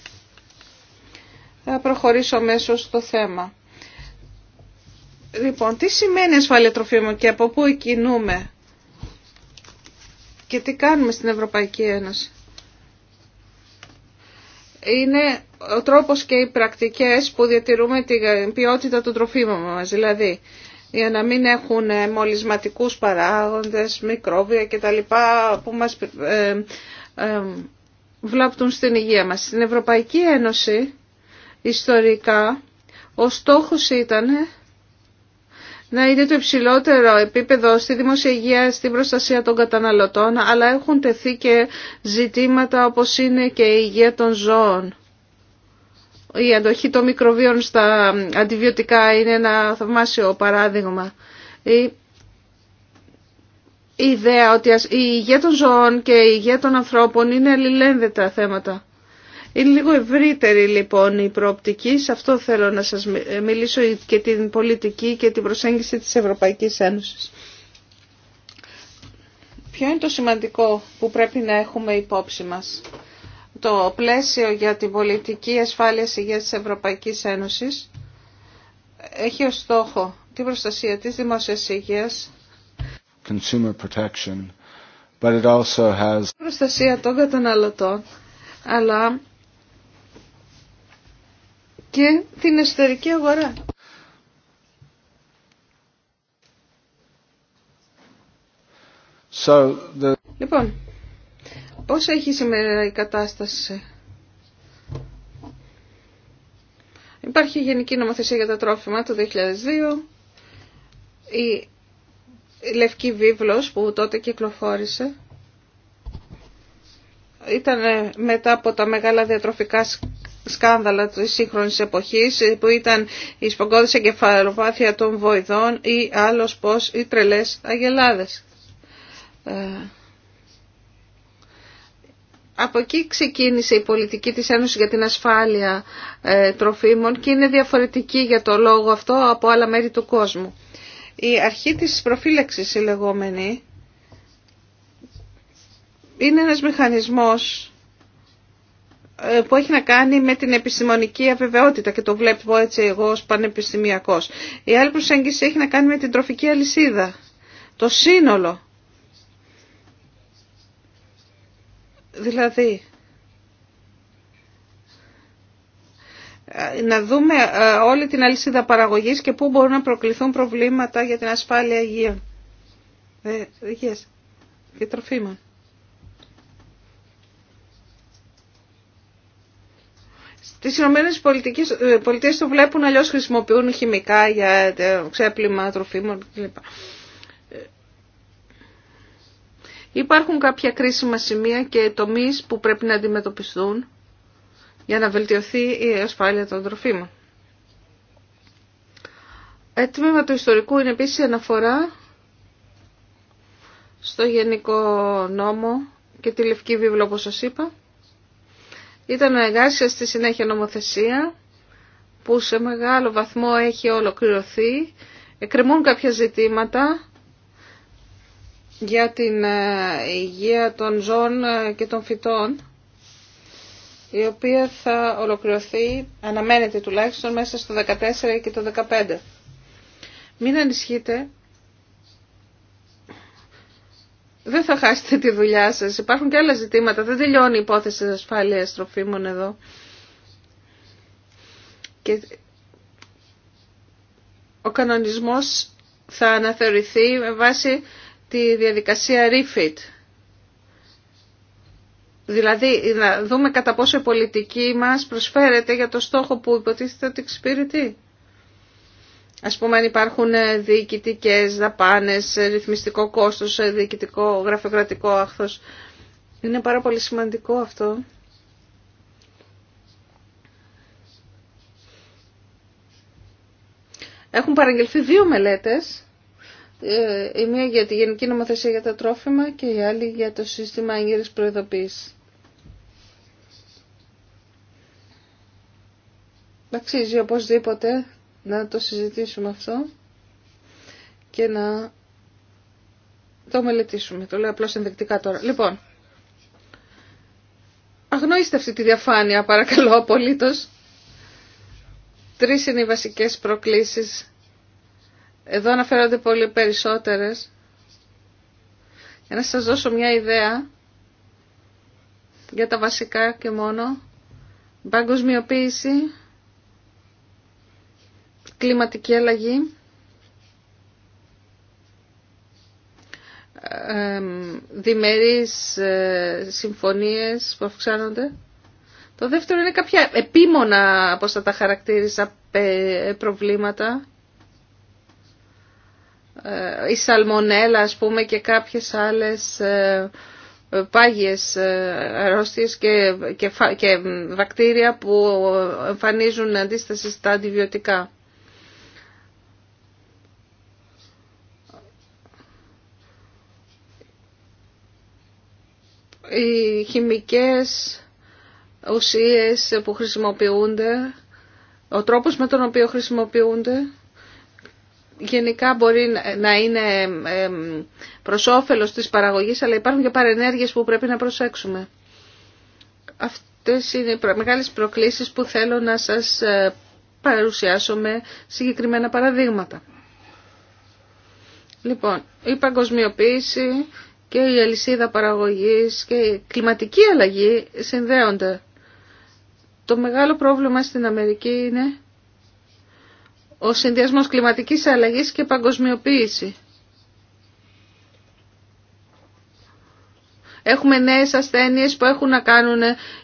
θα προχωρήσω μέσω στο θέμα. Λοιπόν, τι σημαίνει ασφάλεια τροφίμων και από πού κινούμε και τι κάνουμε στην Ευρωπαϊκή Ένωση. Είναι ο τρόπος και οι πρακτικές που διατηρούμε την ποιότητα των τροφίμων μας, δηλαδή για να μην έχουν ε, μολυσματικούς παράγοντες, μικρόβια κτλ. που μας ε, ε, βλάπτουν στην υγεία μας. Στην Ευρωπαϊκή Ένωση, ιστορικά, ο στόχος ήταν να είναι το υψηλότερο επίπεδο στη δημόσια υγεία, στην προστασία των καταναλωτών, αλλά έχουν τεθεί και ζητήματα όπως είναι και η υγεία των ζώων η αντοχή των μικροβίων στα αντιβιωτικά είναι ένα θαυμάσιο παράδειγμα. Η, η ιδέα ότι η υγεία των ζώων και η υγεία των ανθρώπων είναι αλληλένδετα θέματα. Είναι λίγο ευρύτερη λοιπόν η προοπτική, σε αυτό θέλω να σας μιλήσω και την πολιτική και την προσέγγιση της Ευρωπαϊκής Ένωσης. Ποιο είναι το σημαντικό που πρέπει να έχουμε υπόψη μας το πλαίσιο για την πολιτική ασφάλεια υγείας της Ευρωπαϊκής Ένωσης έχει ως στόχο την προστασία της δημόσιας υγείας, consumer προστασία των καταναλωτών, αλλά και την εσωτερική αγορά. So the... Λοιπόν, Πώς έχει σήμερα η κατάσταση. Υπάρχει η Γενική Νομοθεσία για τα Τρόφιμα το 2002. Η Λευκή Βίβλος που τότε κυκλοφόρησε ήταν ε, μετά από τα μεγάλα διατροφικά σκάνδαλα της σύγχρονης εποχής ε, που ήταν η και εγκεφαλοπάθεια των βοηδών ή άλλος πως οι τρελές αγελάδες. Ε, από εκεί ξεκίνησε η πολιτική της Ένωσης για την ασφάλεια ε, τροφίμων και είναι διαφορετική για το λόγο αυτό από άλλα μέρη του κόσμου. Η αρχή της προφύλαξης η λεγόμενη είναι ένας μηχανισμός ε, που έχει να κάνει με την επιστημονική αβεβαιότητα και το βλέπω έτσι εγώ ως πανεπιστημιακός. Η άλλη προσέγγιση έχει να κάνει με την τροφική αλυσίδα, το σύνολο Δηλαδή, ε, να δούμε ε, όλη την αλυσίδα παραγωγής και πού μπορούν να προκληθούν προβλήματα για την ασφάλεια υγεία. Ε, υγείας και τροφίμων. Στις Ηνωμένες ε, Πολιτείες το βλέπουν αλλιώς χρησιμοποιούν χημικά για ξέπλυμα τροφίμων κλπ. Υπάρχουν κάποια κρίσιμα σημεία και τομείς που πρέπει να αντιμετωπιστούν για να βελτιωθεί η ασφάλεια των τροφίμων. Ε, τμήμα του ιστορικού είναι επίσης αναφορά στο Γενικό Νόμο και τη Λευκή Βίβλο όπως σας είπα. Ήταν εργάσια στη συνέχεια νομοθεσία που σε μεγάλο βαθμό έχει ολοκληρωθεί. Εκκρεμούν κάποια ζητήματα για την ε, υγεία των ζώων ε, και των φυτών η οποία θα ολοκληρωθεί, αναμένεται τουλάχιστον, μέσα στο 14 και το 15. Μην ανησυχείτε, δεν θα χάσετε τη δουλειά σας. Υπάρχουν και άλλα ζητήματα, δεν τελειώνει η υπόθεση ασφάλειας τροφίμων εδώ. Και ο κανονισμός θα αναθεωρηθεί με βάση τη διαδικασία refit. Δηλαδή να δούμε κατά πόσο η πολιτική μας προσφέρεται για το στόχο που υποτίθεται ότι εξυπηρετεί. Ας πούμε αν υπάρχουν διοικητικέ δαπάνες, ρυθμιστικό κόστος, διοικητικό γραφειοκρατικό άχθος. Είναι πάρα πολύ σημαντικό αυτό. Έχουν παραγγελθεί δύο μελέτες ε, η μία για τη Γενική Νομοθεσία για τα Τρόφιμα και η άλλη για το Σύστημα Εγγύρης Προειδοποίησης. Αξίζει οπωσδήποτε να το συζητήσουμε αυτό και να το μελετήσουμε. Το λέω απλώς ενδεικτικά τώρα. Λοιπόν, αγνοήστε αυτή τη διαφάνεια παρακαλώ απολύτως. Τρεις είναι οι βασικές προκλήσεις εδώ αναφέρονται πολύ περισσότερες. Για να σας δώσω μια ιδέα για τα βασικά και μόνο. Παγκοσμιοποίηση, κλιματική αλλαγή, διμερείς ε, συμφωνίες που αυξάνονται. Το δεύτερο είναι κάποια επίμονα, όπως θα τα χαρακτήριζα, προβλήματα ε, η σαλμονέλα ας πούμε και κάποιες άλλες ε, ε, πάγιες αρρώστιες και, και, βακτήρια που εμφανίζουν αντίσταση στα αντιβιωτικά. Οι χημικές ουσίες που χρησιμοποιούνται, ο τρόπος με τον οποίο χρησιμοποιούνται, γενικά μπορεί να είναι προς όφελος της παραγωγής, αλλά υπάρχουν και παρενέργειες που πρέπει να προσέξουμε. Αυτές είναι οι μεγάλες προκλήσεις που θέλω να σας ε, παρουσιάσω με συγκεκριμένα παραδείγματα. Λοιπόν, η παγκοσμιοποίηση και η αλυσίδα παραγωγής και η κλιματική αλλαγή συνδέονται. Το μεγάλο πρόβλημα στην Αμερική είναι ο συνδυασμός κλιματικής αλλαγής και παγκοσμιοποίηση. Έχουμε νέες ασθένειες που έχουν να κάνουν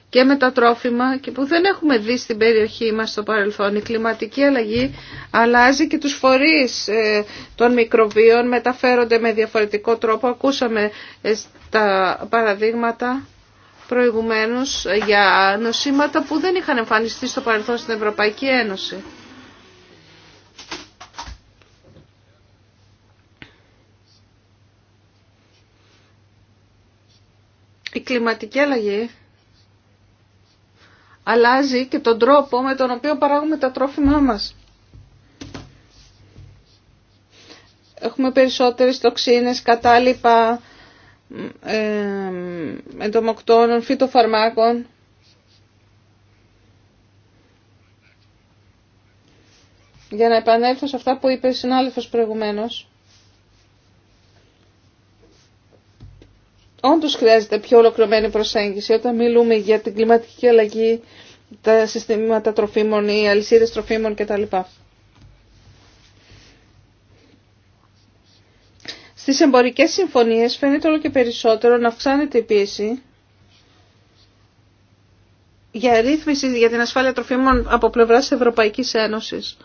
και με τα τρόφιμα και που δεν έχουμε δει στην περιοχή μας στο παρελθόν. Η κλιματική αλλαγή αλλάζει και τους φορείς ε, των μικροβίων, μεταφέρονται με διαφορετικό τρόπο. Ακούσαμε ε, τα παραδείγματα προηγουμένως για νοσήματα που δεν είχαν εμφανιστεί στο παρελθόν στην Ευρωπαϊκή Ένωση. η κλιματική αλλαγή αλλάζει και τον τρόπο με τον οποίο παράγουμε τα τρόφιμά μας. Έχουμε περισσότερες τοξίνες, κατάλοιπα, ε, εντομοκτώνων, φυτοφαρμάκων. Για να επανέλθω σε αυτά που είπε ο συνάδελφος προηγουμένως. όντως χρειάζεται πιο ολοκληρωμένη προσέγγιση όταν μιλούμε για την κλιματική αλλαγή, τα συστήματα τροφίμων, ή αλυσίδες τροφίμων κτλ. Στις εμπορικές συμφωνίες φαίνεται όλο και περισσότερο να αυξάνεται η πίεση για ρύθμιση για την ασφάλεια τροφίμων από πλευράς Ευρωπαϊκής Ένωσης.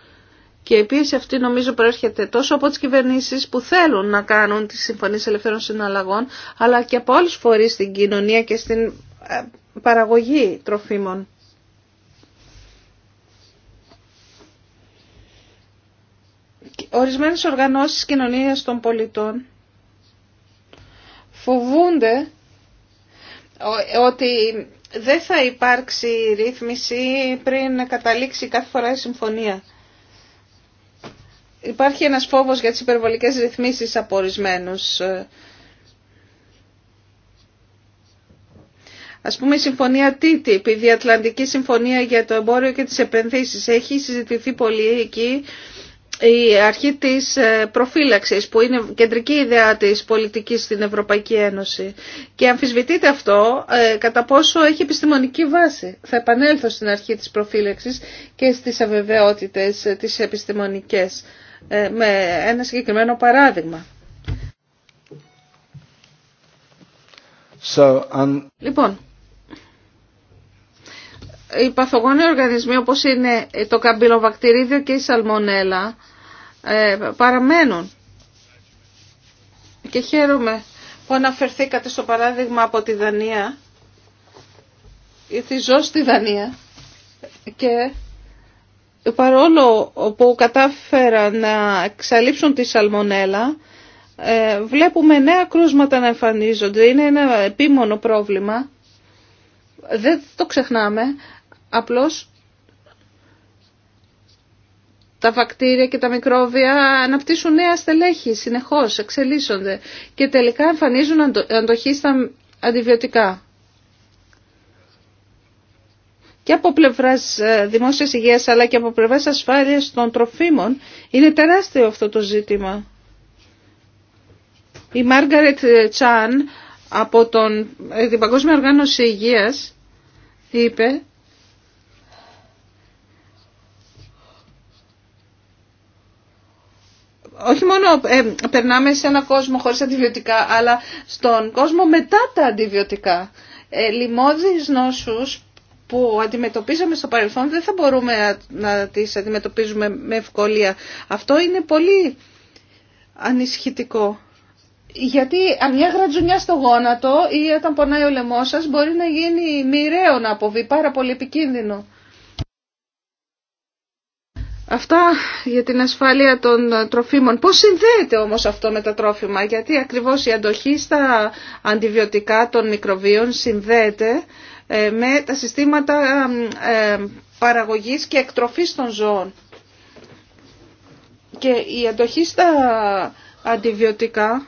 Και η πίεση αυτή νομίζω προέρχεται τόσο από τις κυβερνήσεις που θέλουν να κάνουν τις συμφωνίες ελευθερών συναλλαγών, αλλά και από άλλους φορείς στην κοινωνία και στην ε, παραγωγή τροφίμων. Ορισμένες οργανώσεις κοινωνίας των πολιτών φοβούνται ότι δεν θα υπάρξει ρύθμιση πριν καταλήξει κάθε φορά η συμφωνία. Υπάρχει ένας φόβος για τις υπερβολικές ρυθμίσεις από Ας πούμε η συμφωνία TTIP, η Διατλαντική Συμφωνία για το Εμπόριο και τις Επενδύσεις, έχει συζητηθεί πολύ εκεί η αρχή της ε, προφύλαξης που είναι κεντρική ιδέα της πολιτικής στην Ευρωπαϊκή Ένωση και αμφισβητείται αυτό ε, κατά πόσο έχει επιστημονική βάση. Θα επανέλθω στην αρχή της προφύλαξης και στις αβεβαιότητες ε, τις επιστημονικές. Ε, με ένα συγκεκριμένο παράδειγμα. Um, λοιπόν, οι παθογόνοι οργανισμοί όπως είναι το καμπυλοβακτηρίδιο και η σαλμονέλα ε, παραμένουν. Και χαίρομαι που αναφερθήκατε στο παράδειγμα από τη Δανία, γιατί ζω στη Δανία και παρόλο που κατάφεραν να εξαλείψουν τη σαλμονέλα, ε, βλέπουμε νέα κρούσματα να εμφανίζονται. Είναι ένα επίμονο πρόβλημα. Δεν το ξεχνάμε. Απλώς τα βακτήρια και τα μικρόβια αναπτύσσουν νέα στελέχη συνεχώς, εξελίσσονται και τελικά εμφανίζουν αντοχή στα αντιβιωτικά και από πλευρά ε, δημόσιας υγείας αλλά και από πλευρά ασφάλειας των τροφίμων είναι τεράστιο αυτό το ζήτημα. Η Μάργαρετ Τσάν από τον, ε, την Παγκόσμια Οργάνωση Υγείας είπε όχι μόνο ε, περνάμε σε έναν κόσμο χωρίς αντιβιωτικά αλλά στον κόσμο μετά τα αντιβιωτικά. Ε, λοιμώδεις νόσους που αντιμετωπίζαμε στο παρελθόν δεν θα μπορούμε να τις αντιμετωπίζουμε με ευκολία. Αυτό είναι πολύ ανησυχητικό. Γιατί μια γρατζουνιά στο γόνατο ή όταν πονάει ο λαιμό σα μπορεί να γίνει μοιραίο να αποβεί, πάρα πολύ επικίνδυνο. Αυτά για την ασφάλεια των τροφίμων. Πώς συνδέεται όμως αυτό με τα τρόφιμα, γιατί ακριβώς η αντοχή στα αντιβιωτικά των μικροβίων συνδέεται ε, με τα συστήματα ε, παραγωγής και εκτροφής των ζώων. Και η αντοχή στα αντιβιωτικά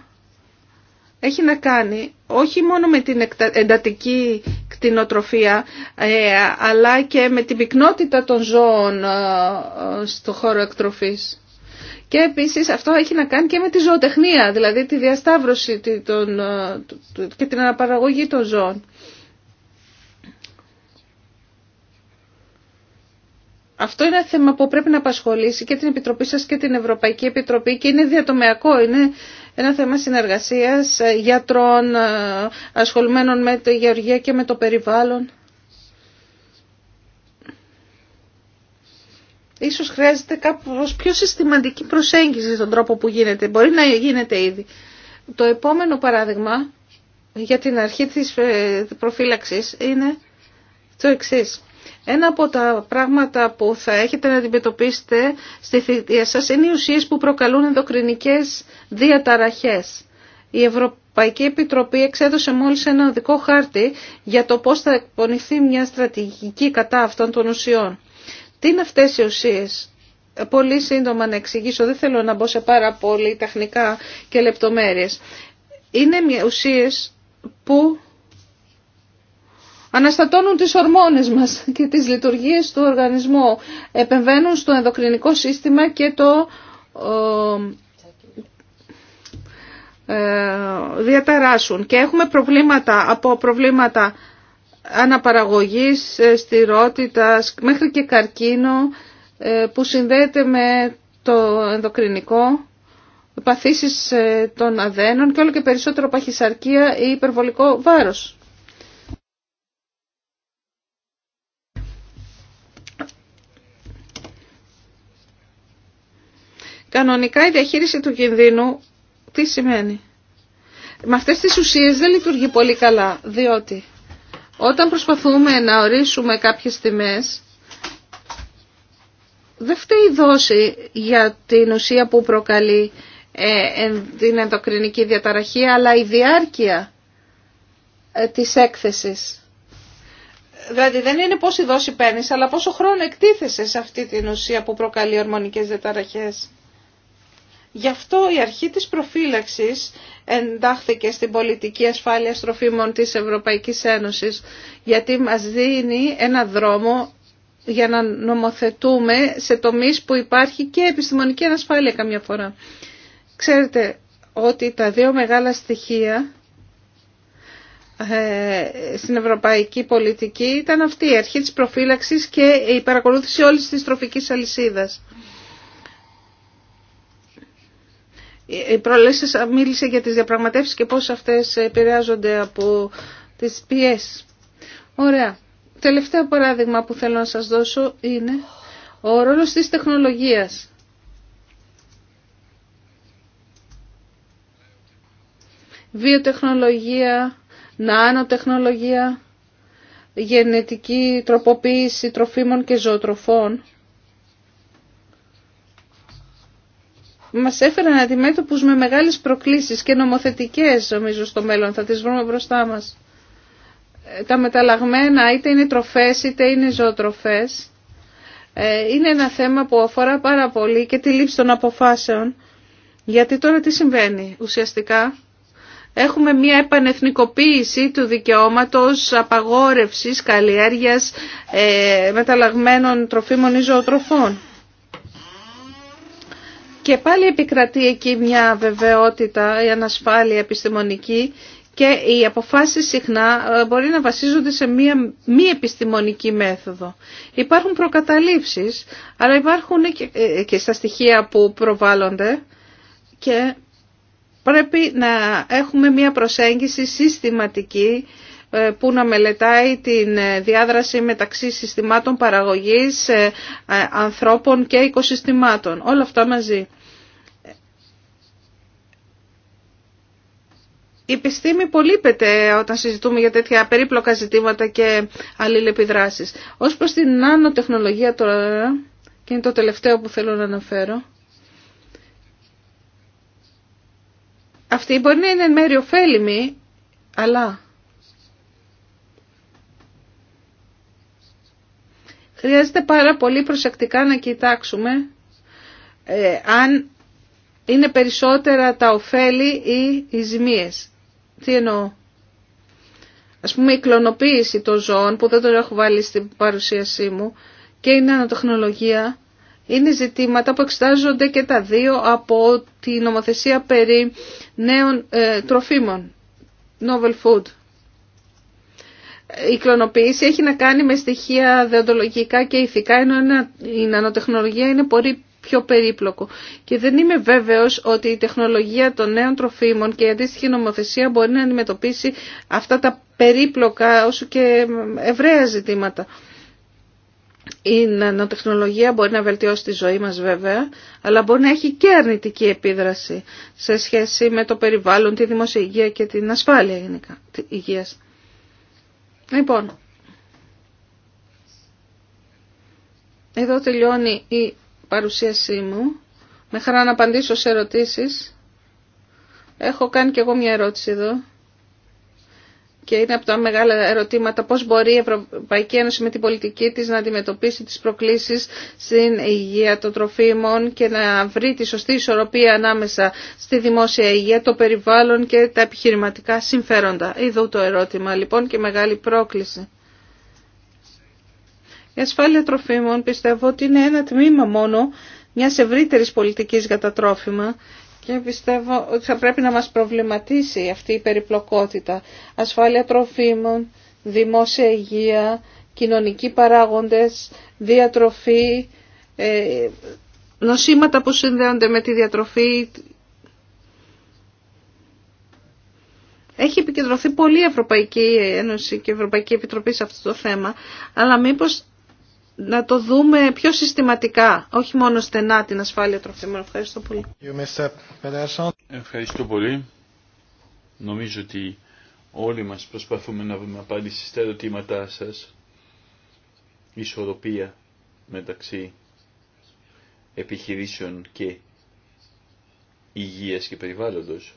έχει να κάνει όχι μόνο με την εντατική κτηνοτροφία, ε, αλλά και με την πυκνότητα των ζώων στο χώρο εκτροφής. Και επίσης αυτό έχει να κάνει και με τη ζωοτεχνία, δηλαδή τη διασταύρωση και την αναπαραγωγή των ζώων. Αυτό είναι ένα θέμα που πρέπει να απασχολήσει και την Επιτροπή σας και την Ευρωπαϊκή Επιτροπή και είναι διατομιακό, είναι ένα θέμα συνεργασίας ε, γιατρών ε, ασχολουμένων με τη γεωργία και με το περιβάλλον. Ίσως χρειάζεται κάπως πιο συστηματική προσέγγιση στον τρόπο που γίνεται. Μπορεί να γίνεται ήδη. Το επόμενο παράδειγμα για την αρχή της ε, προφύλαξης είναι το εξής. Ένα από τα πράγματα που θα έχετε να αντιμετωπίσετε στη θητεία σας είναι οι ουσίες που προκαλούν ενδοκρινικές διαταραχές. Η Ευρωπαϊκή Επιτροπή εξέδωσε μόλις ένα οδικό χάρτη για το πώς θα εκπονηθεί μια στρατηγική κατά αυτών των ουσιών. Τι είναι αυτές οι ουσίες. Πολύ σύντομα να εξηγήσω, δεν θέλω να μπω σε πάρα πολύ τεχνικά και λεπτομέρειες. Είναι ουσίες που αναστατώνουν τις ορμόνες μας και τις λειτουργίες του οργανισμού, επεμβαίνουν στο ενδοκρινικό σύστημα και το ε, ε, διαταράσουν και έχουμε προβλήματα από προβλήματα αναπαραγωγής, ε, στηρότητας μέχρι και καρκίνο που συνδέεται με το ενδοκρινικό παθήσεις των αδένων και όλο και περισσότερο παχυσαρκία ή υπερβολικό βάρος. Κανονικά η διαχείριση του κινδύνου τι σημαίνει. Με αυτές τις ουσίες δεν λειτουργεί πολύ καλά, διότι όταν προσπαθούμε να ορίσουμε κάποιες τιμές, δεν φταίει η δόση για την ουσία που προκαλεί ε, την ενδοκρινική διαταραχή, αλλά η διάρκεια ε, της έκθεσης. Δηλαδή δεν είναι πόση δόση παίρνεις, αλλά πόσο χρόνο εκτίθεσαι σε αυτή την ουσία που προκαλεί ορμονικές διαταραχές. Γι' αυτό η αρχή της προφύλαξης εντάχθηκε στην πολιτική ασφάλεια τροφίμων της Ευρωπαϊκής Ένωσης, γιατί μας δίνει ένα δρόμο για να νομοθετούμε σε τομείς που υπάρχει και επιστημονική ανασφάλεια καμιά φορά. Ξέρετε ότι τα δύο μεγάλα στοιχεία ε, στην ευρωπαϊκή πολιτική ήταν αυτή η αρχή της προφύλαξης και η παρακολούθηση όλης της τροφικής αλυσίδας. Η μίλησε για τις διαπραγματεύσεις και πώς αυτές επηρεάζονται από τις πιέσεις. Ωραία. Τελευταίο παράδειγμα που θέλω να σας δώσω είναι ο ρόλος της τεχνολογίας. Βιοτεχνολογία, νανοτεχνολογία, γενετική τροποποίηση τροφίμων και ζωοτροφών μας έφεραν αντιμέτωπους με μεγάλες προκλήσεις και νομοθετικές νομίζω στο μέλλον θα τις βρούμε μπροστά μας. Ε, τα μεταλλαγμένα είτε είναι τροφές είτε είναι ζωοτροφές ε, είναι ένα θέμα που αφορά πάρα πολύ και τη λήψη των αποφάσεων γιατί τώρα τι συμβαίνει ουσιαστικά. Έχουμε μια επανεθνικοποίηση του δικαιώματος απαγόρευσης καλλιέργειας ε, μεταλλαγμένων τροφίμων ή ζωοτροφών. Και πάλι επικρατεί εκεί μια βεβαιότητα, η ανασφάλεια επιστημονική και οι αποφάσεις συχνά ε, μπορεί να βασίζονται σε μία μη επιστημονική μέθοδο. Υπάρχουν προκαταλήψεις, αλλά υπάρχουν και ε, στα στοιχεία που προβάλλονται και πρέπει να έχουμε μία προσέγγιση συστηματική ε, που να μελετάει την διάδραση μεταξύ συστημάτων παραγωγής, ανθρώπων και οικοσυστημάτων. Όλα αυτά μαζί. η επιστήμη πολύπεται όταν συζητούμε για τέτοια περίπλοκα ζητήματα και αλληλεπιδράσεις. Ως προς την νανοτεχνολογία τώρα, και είναι το τελευταίο που θέλω να αναφέρω, αυτή μπορεί να είναι μέρη ωφέλιμη, αλλά χρειάζεται πάρα πολύ προσεκτικά να κοιτάξουμε ε, αν είναι περισσότερα τα ωφέλη ή οι ζημίες. Τι εννοώ. Ας πούμε η κλωνοποίηση των ζώων που δεν το έχω βάλει στην παρουσίασή μου και η ανατεχνολογία. είναι ζητήματα που εξετάζονται και τα δύο από τη νομοθεσία περί νέων ε, τροφίμων. Novel food. Η κλωνοποίηση έχει να κάνει με στοιχεία δεοντολογικά και ηθικά, ενώ η νανοτεχνολογία είναι πολύ πιο περίπλοκο. Και δεν είμαι βέβαιος ότι η τεχνολογία των νέων τροφίμων και η αντίστοιχη νομοθεσία μπορεί να αντιμετωπίσει αυτά τα περίπλοκα όσο και ευρέα ζητήματα. Η νανοτεχνολογία μπορεί να βελτιώσει τη ζωή μας βέβαια, αλλά μπορεί να έχει και αρνητική επίδραση σε σχέση με το περιβάλλον, τη δημόσια και την ασφάλεια γενικά υγείας. Λοιπόν, εδώ τελειώνει η παρουσίασή μου. Με χαρά να απαντήσω σε ερωτήσεις. Έχω κάνει και εγώ μια ερώτηση εδώ. Και είναι από τα μεγάλα ερωτήματα πώς μπορεί η Ευρωπαϊκή Ένωση με την πολιτική της να αντιμετωπίσει τις προκλήσεις στην υγεία των τροφίμων και να βρει τη σωστή ισορροπία ανάμεσα στη δημόσια υγεία, το περιβάλλον και τα επιχειρηματικά συμφέροντα. Εδώ το ερώτημα λοιπόν και μεγάλη πρόκληση. Η ασφάλεια τροφίμων πιστεύω ότι είναι ένα τμήμα μόνο μια ευρύτερη πολιτική για τα τρόφιμα και πιστεύω ότι θα πρέπει να μας προβληματίσει αυτή η περιπλοκότητα. Ασφάλεια τροφίμων, δημόσια υγεία, κοινωνικοί παράγοντες, διατροφή, ε, νοσήματα που συνδέονται με τη διατροφή. Έχει επικεντρωθεί πολύ η Ευρωπαϊκή Ένωση και η Ευρωπαϊκή Επιτροπή σε αυτό το θέμα, αλλά μήπως να το δούμε πιο συστηματικά, όχι μόνο στενά την ασφάλεια τροφίμων. Ευχαριστώ πολύ. Ευχαριστώ πολύ. Νομίζω ότι όλοι μας προσπαθούμε να βρούμε απάντηση στα ερωτήματά σας. Ισορροπία μεταξύ επιχειρήσεων και υγείας και περιβάλλοντος.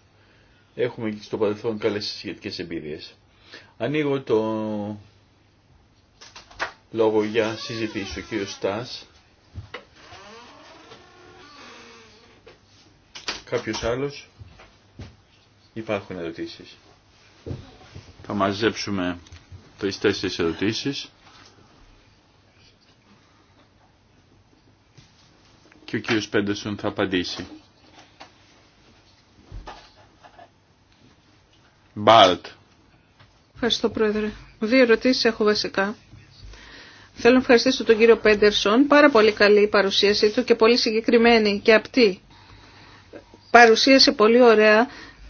Έχουμε και στο παρελθόν καλές σχετικές εμπειρίες. Ανοίγω το Λόγω για συζητήσει. Ο κύριος Στάς. Κάποιος άλλος. Υπάρχουν ερωτήσεις. Θα μαζέψουμε τις τέσσερις ερωτήσεις. Και ο κύριος Πέντεσον θα απαντήσει. Μπάρτ. Ευχαριστώ πρόεδρε. Δύο ερωτήσεις έχω βασικά. Θέλω να ευχαριστήσω τον κύριο Πέντερσον. Πάρα πολύ καλή η παρουσίασή του και πολύ συγκεκριμένη και απτή. Παρουσίασε πολύ ωραία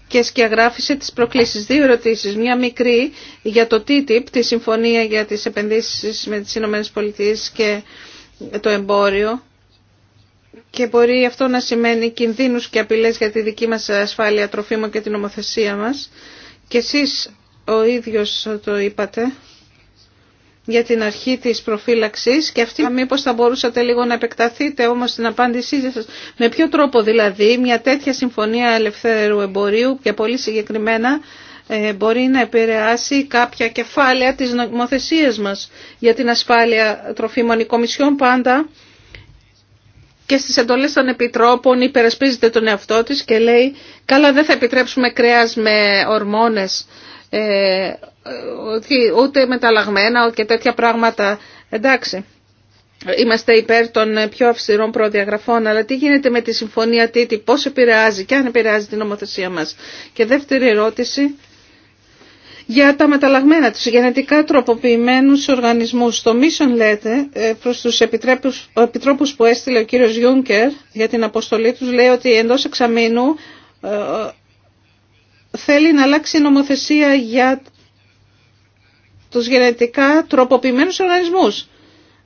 και σκιαγράφησε τις προκλήσεις. Δύο ερωτήσεις. Μια μικρή για το TTIP, τη Συμφωνία για τις Επενδύσεις με τις Ηνωμένες και το εμπόριο. Και μπορεί αυτό να σημαίνει κινδύνους και απειλές για τη δική μας ασφάλεια τροφίμων και την ομοθεσία μας. Και εσείς ο ίδιος το είπατε για την αρχή της προφύλαξης και αυτή μήπως θα μπορούσατε λίγο να επεκταθείτε όμως την απάντησή σας. Με ποιο τρόπο δηλαδή μια τέτοια συμφωνία ελευθέρου εμπορίου και πολύ συγκεκριμένα ε, μπορεί να επηρεάσει κάποια κεφάλαια της νομοθεσίας μας για την ασφάλεια τροφίμων. Η πάντα και στις εντολές των επιτρόπων υπερασπίζεται τον εαυτό της και λέει «Καλά δεν θα επιτρέψουμε κρέας με ορμόνες». Ε, ούτε μεταλλαγμένα και τέτοια πράγματα. Εντάξει, είμαστε υπέρ των πιο αυστηρών προδιαγραφών, αλλά τι γίνεται με τη συμφωνία τίτη, πώς επηρεάζει και αν επηρεάζει την νομοθεσία μας. Και δεύτερη ερώτηση, για τα μεταλλαγμένα, τους γενετικά τροποποιημένους οργανισμούς. Το Mission λέτε ε, προς τους επιτρόπους που έστειλε ο κύριος Γιούνκερ για την αποστολή τους λέει ότι εντός εξαμήνου ε, ε, θέλει να αλλάξει η νομοθεσία για τους γενετικά τροποποιημένους οργανισμούς.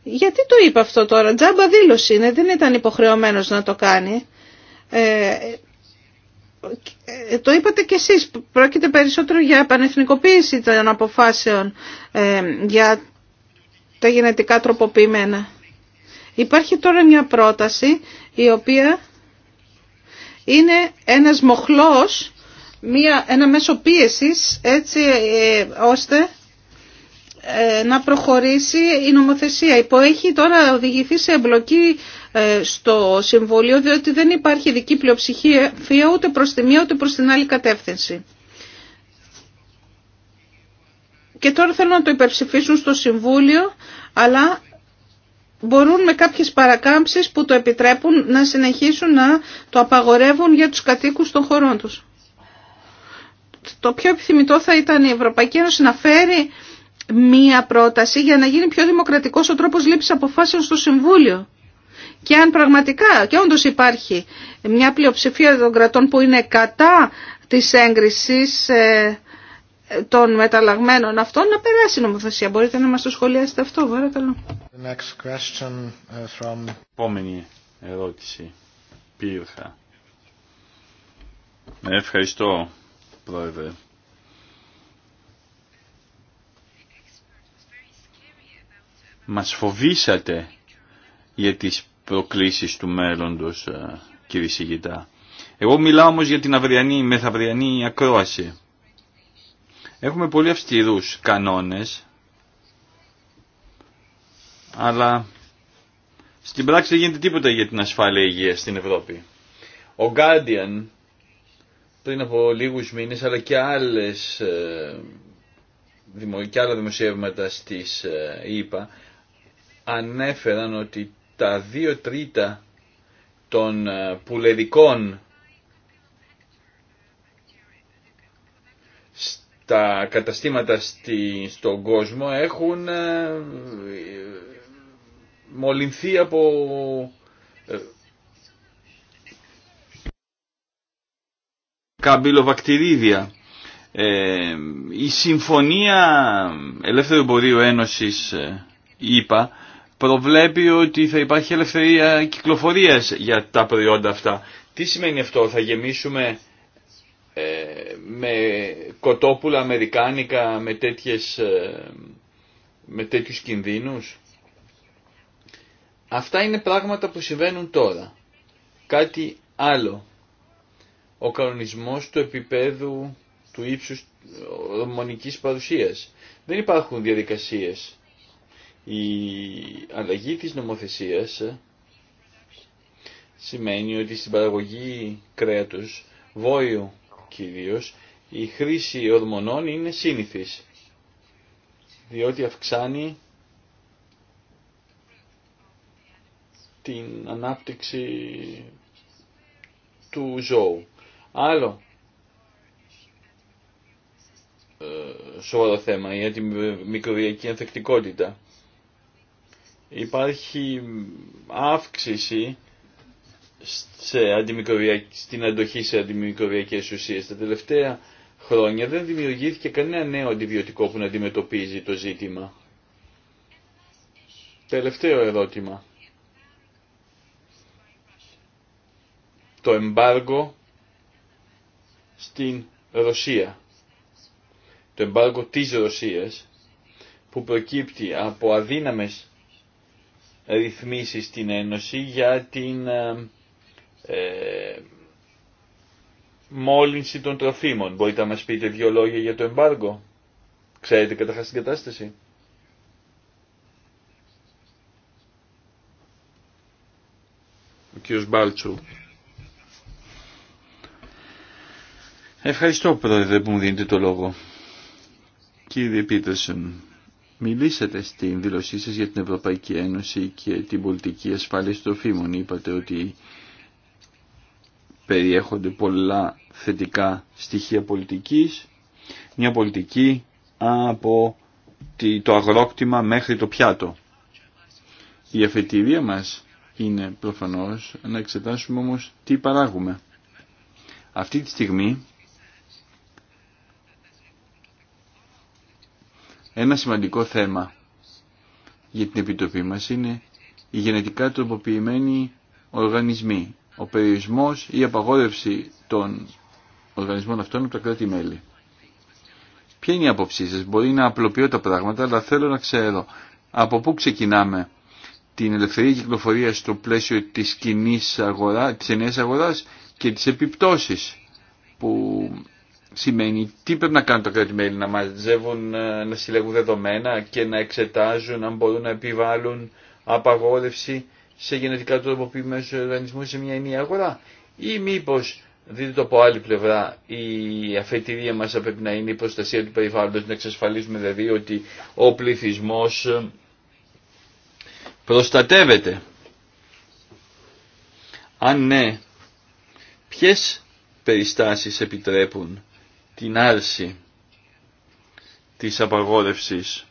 Γιατί το είπα αυτό τώρα, τζάμπα δήλωση είναι, δεν ήταν υποχρεωμένος να το κάνει. Ε, ε, το είπατε κι εσείς, πρόκειται περισσότερο για επανεθνικοποίηση των αποφάσεων ε, για τα γενετικά τροποποιημένα. Υπάρχει τώρα μια πρόταση η οποία είναι ένας μοχλός, μια, ένα μέσο πίεσης έτσι ε, ώστε ε, να προχωρήσει η νομοθεσία. που έχει τώρα οδηγηθεί σε εμπλοκή ε, στο Συμβούλιο διότι δεν υπάρχει δική πλειοψηφία ούτε προς τη μία ούτε προς την άλλη κατεύθυνση. Και τώρα θέλουν να το υπερψηφίσουν στο Συμβούλιο αλλά μπορούν με κάποιες παρακάμψεις που το επιτρέπουν να συνεχίσουν να το απαγορεύουν για τους κατοίκους των χωρών τους. Το πιο επιθυμητό θα ήταν η Ευρωπαϊκή Ένωση να φέρει μία πρόταση για να γίνει πιο δημοκρατικός ο τρόπος λήψης αποφάσεων στο Συμβούλιο. Και αν πραγματικά, και όντως υπάρχει μια πλειοψηφία των κρατών που είναι κατά της έγκρισης ε, των μεταλλαγμένων αυτών, να περάσει η νομοθεσία. Μπορείτε να μας το σχολιάσετε αυτό, παρακαλώ. Uh, Επόμενη ερώτηση, Πύρχα. Ε, ευχαριστώ, Πρόεδρε. Μας φοβήσατε για τις προκλήσεις του μέλλοντος, ε, κύριε Σιγητά. Εγώ μιλάω όμως για την αυριανή, μεθαυριανή ακρόαση. Έχουμε πολύ αυστηρούς κανόνες, αλλά στην πράξη δεν γίνεται τίποτα για την ασφάλεια υγείας στην Ευρώπη. Ο Guardian πριν από λίγους μήνες, αλλά και, άλλες, ε, και άλλα δημοσιεύματα στις ΕΙΠΑ, ανέφεραν ότι τα δύο τρίτα των ε, πουλερικών στα καταστήματα στη, στον κόσμο έχουν ε, μολυνθεί από ε, καμπυλοβακτηρίδια. Ε, η Συμφωνία Ελεύθερου Εμπορίου Ένωσης είπα προβλέπει ότι θα υπάρχει ελευθερία κυκλοφορίας για τα προϊόντα αυτά. Τι σημαίνει αυτό, θα γεμίσουμε ε, με κοτόπουλα αμερικάνικα, με, τέτοιες, ε, με τέτοιους κινδύνους. Αυτά είναι πράγματα που συμβαίνουν τώρα. Κάτι άλλο. Ο κανονισμός του επίπεδου του ύψους ορμονικής παρουσίας. Δεν υπάρχουν διαδικασίες η αλλαγή της νομοθεσίας σημαίνει ότι στην παραγωγή κρέατος, βόλιο κυρίως, η χρήση ορμονών είναι σύνηθης, διότι αυξάνει την ανάπτυξη του ζώου. Άλλο ε, σοβαρό θέμα, για τη μικροβιακή ανθεκτικότητα υπάρχει αύξηση σε στην αντοχή σε αντιμικροβιακές ουσίες. Τα τελευταία χρόνια δεν δημιουργήθηκε κανένα νέο αντιβιωτικό που να αντιμετωπίζει το ζήτημα. Τελευταίο ερώτημα. Το εμπάργο στην Ρωσία. Το εμπάργο της Ρωσίας που προκύπτει από αδύναμες ρυθμίσει στην Ένωση για την ε, ε, μόλυνση των τροφίμων. Μπορείτε να μας πείτε δύο λόγια για το εμπάργκο. Ξέρετε καταρχάς την κατάσταση. Ο κύριος Μπάλτσου. Ευχαριστώ πρόεδρε που μου δίνετε το λόγο. Κύριε Πίτερσον, Μιλήσατε στην δήλωσή σας για την Ευρωπαϊκή Ένωση και την πολιτική ασφάλεια φήμων. Είπατε ότι περιέχονται πολλά θετικά στοιχεία πολιτικής. Μια πολιτική από το αγρόκτημα μέχρι το πιάτο. Η αφετηρία μας είναι προφανώς να εξετάσουμε όμως τι παράγουμε. Αυτή τη στιγμή Ένα σημαντικό θέμα για την επιτροπή μας είναι οι γενετικά τροποποιημένοι οργανισμοί, ο περιορισμός ή η απαγόρευση των οργανισμών αυτών από τα κράτη-μέλη. Ποια είναι η άποψή σας, μπορεί να απλοποιώ τα πράγματα, αλλά θέλω να ξέρω από πού ξεκινάμε την ελευθερία κυκλοφορία στο πλαίσιο της κοινής αγορά, της ενιαίας αγοράς και τις επιπτώσεις που σημαίνει τι πρέπει να κάνουν τα κράτη-μέλη, να μαζεύουν, ε, να συλλέγουν δεδομένα και να εξετάζουν αν μπορούν να επιβάλλουν απαγόρευση σε γενετικά τροποποιημένου οργανισμού σε μια ενιαία αγορά ή μήπως δείτε το από άλλη πλευρά η αφετηρία μας θα πρέπει να είναι η προστασία του περιβαλλοντο να εξασφαλίσουμε δηλαδή ότι ο πληθυσμός προστατεύεται αν ναι ποιες περιστάσεις επιτρέπουν την άρση της απαγόρευσης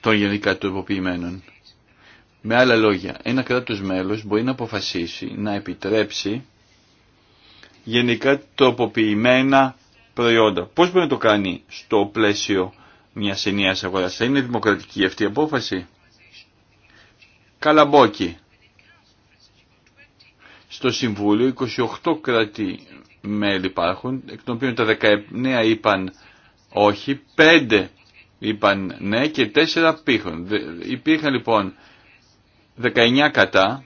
των γενικά τροποποιημένων. Με άλλα λόγια, ένα κράτος μέλος μπορεί να αποφασίσει να επιτρέψει γενικά τροποποιημένα προϊόντα. Πώς μπορεί να το κάνει στο πλαίσιο μιας ενιαίας αγοράς. Θα είναι δημοκρατική αυτή η απόφαση. Καλαμπόκι. Στο Συμβούλιο 28 κράτη μέλη υπάρχουν, εκ των οποίων τα 19 είπαν όχι, 5 είπαν ναι και 4 πήχαν. Υπήρχαν λοιπόν 19 κατά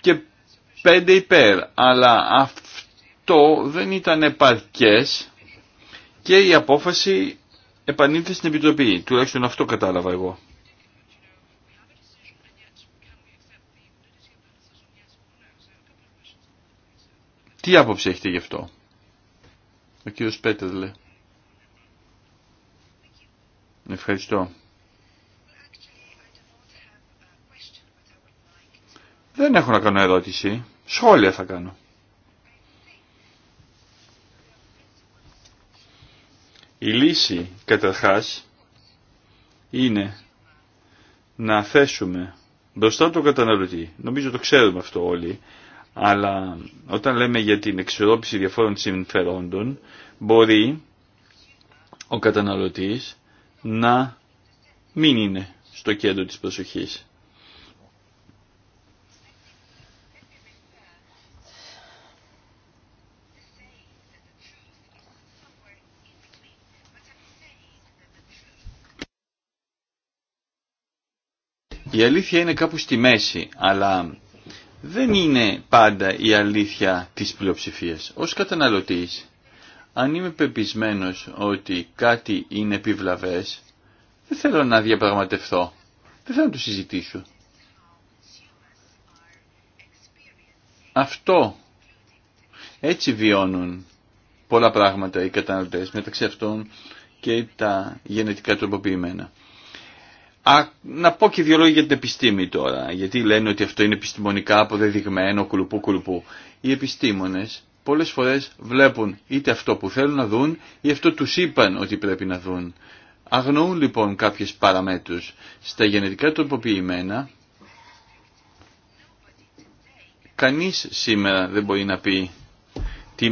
και 5 υπέρ, αλλά αυτό δεν ήταν επαρκές και η απόφαση επανήλθε στην Επιτροπή, τουλάχιστον αυτό κατάλαβα εγώ. Τι άποψη έχετε γι' αυτό. Ο κύριος Πέτερλε. Ευχαριστώ. Δεν έχω να κάνω ερώτηση. Σχόλια θα κάνω. Η λύση καταρχάς είναι να θέσουμε μπροστά του καταναλωτή, νομίζω το ξέρουμε αυτό όλοι, αλλά όταν λέμε για την εξορρόπηση διαφόρων συμφερόντων, μπορεί ο καταναλωτής να μην είναι στο κέντρο της προσοχής. Η αλήθεια είναι κάπου στη μέση, αλλά δεν είναι πάντα η αλήθεια της πλειοψηφίας. Ως καταναλωτής, αν είμαι πεπισμένος ότι κάτι είναι επιβλαβές, δεν θέλω να διαπραγματευθώ, δεν θέλω να το συζητήσω. Αυτό έτσι βιώνουν πολλά πράγματα οι καταναλωτές, μεταξύ αυτών και τα γενετικά τροποποιημένα. Α, να πω και δύο λόγια για την επιστήμη τώρα, γιατί λένε ότι αυτό είναι επιστημονικά αποδεδειγμένο, κουλουπού κουλουπού. Οι επιστήμονες πολλές φορές βλέπουν είτε αυτό που θέλουν να δουν ή αυτό τους είπαν ότι πρέπει να δουν. Αγνοούν λοιπόν κάποιες παραμέτρους. Στα γενετικά τροποποιημένα, κανείς σήμερα δεν μπορεί να πει τι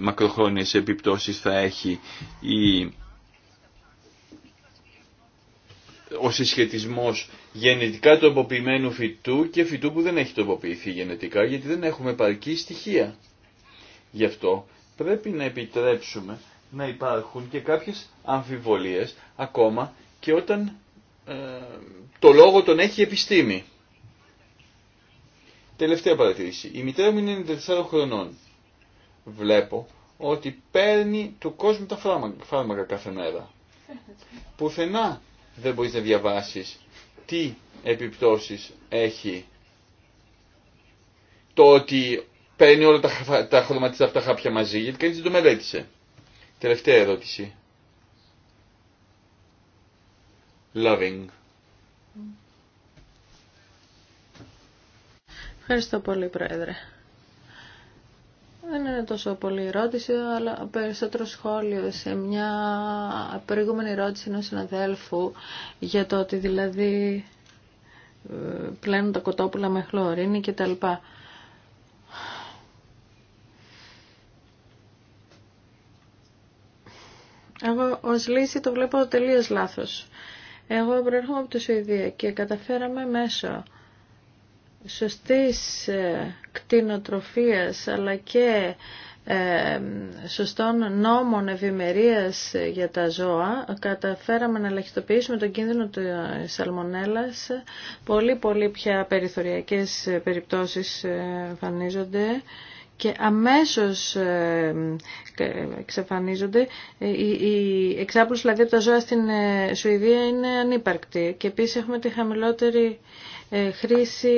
μακροχρόνιες επιπτώσεις θα έχει η ο συσχετισμός γενετικά τροποποιημένου φυτού και φυτού που δεν έχει τροποποιηθεί γενετικά γιατί δεν έχουμε επαρκή στοιχεία. Γι' αυτό πρέπει να επιτρέψουμε να υπάρχουν και κάποιες αμφιβολίες ακόμα και όταν ε, το λόγο τον έχει η επιστήμη. Τελευταία παρατηρήση. Η μητέρα μου είναι 94 χρονών. Βλέπω ότι παίρνει του κόσμου τα φάρμακα κάθε μέρα. Πουθενά δεν μπορείς να διαβάσεις τι επιπτώσεις έχει το ότι παίρνει όλα τα, τα αυτά χάπια μαζί, γιατί κανείς δεν το μελέτησε. Τελευταία ερώτηση. Loving. Ευχαριστώ πολύ, Πρόεδρε. Δεν είναι τόσο πολύ ερώτηση, αλλά περισσότερο σχόλιο σε μια προηγούμενη ερώτηση ενός συναδέλφου για το ότι δηλαδή ε, πλένουν τα κοτόπουλα με χλωρίνη κτλ. Εγώ ως λύση το βλέπω τελείως λάθος. Εγώ προέρχομαι από τη Σουηδία και καταφέραμε μέσω σωστής ε, κτηνοτροφίας αλλά και ε, σωστών νόμων ευημερία για τα ζώα καταφέραμε να ελαχιστοποιήσουμε τον κίνδυνο του σαλμονέλας πολύ πολύ πια περιθωριακές περιπτώσεις ε, εμφανίζονται και αμέσως εξαφανίζονται. Η εξάπλωση δηλαδή από τα ζώα στην Σουηδία είναι ανύπαρκτη και επίσης έχουμε τη χαμηλότερη ε, χρήση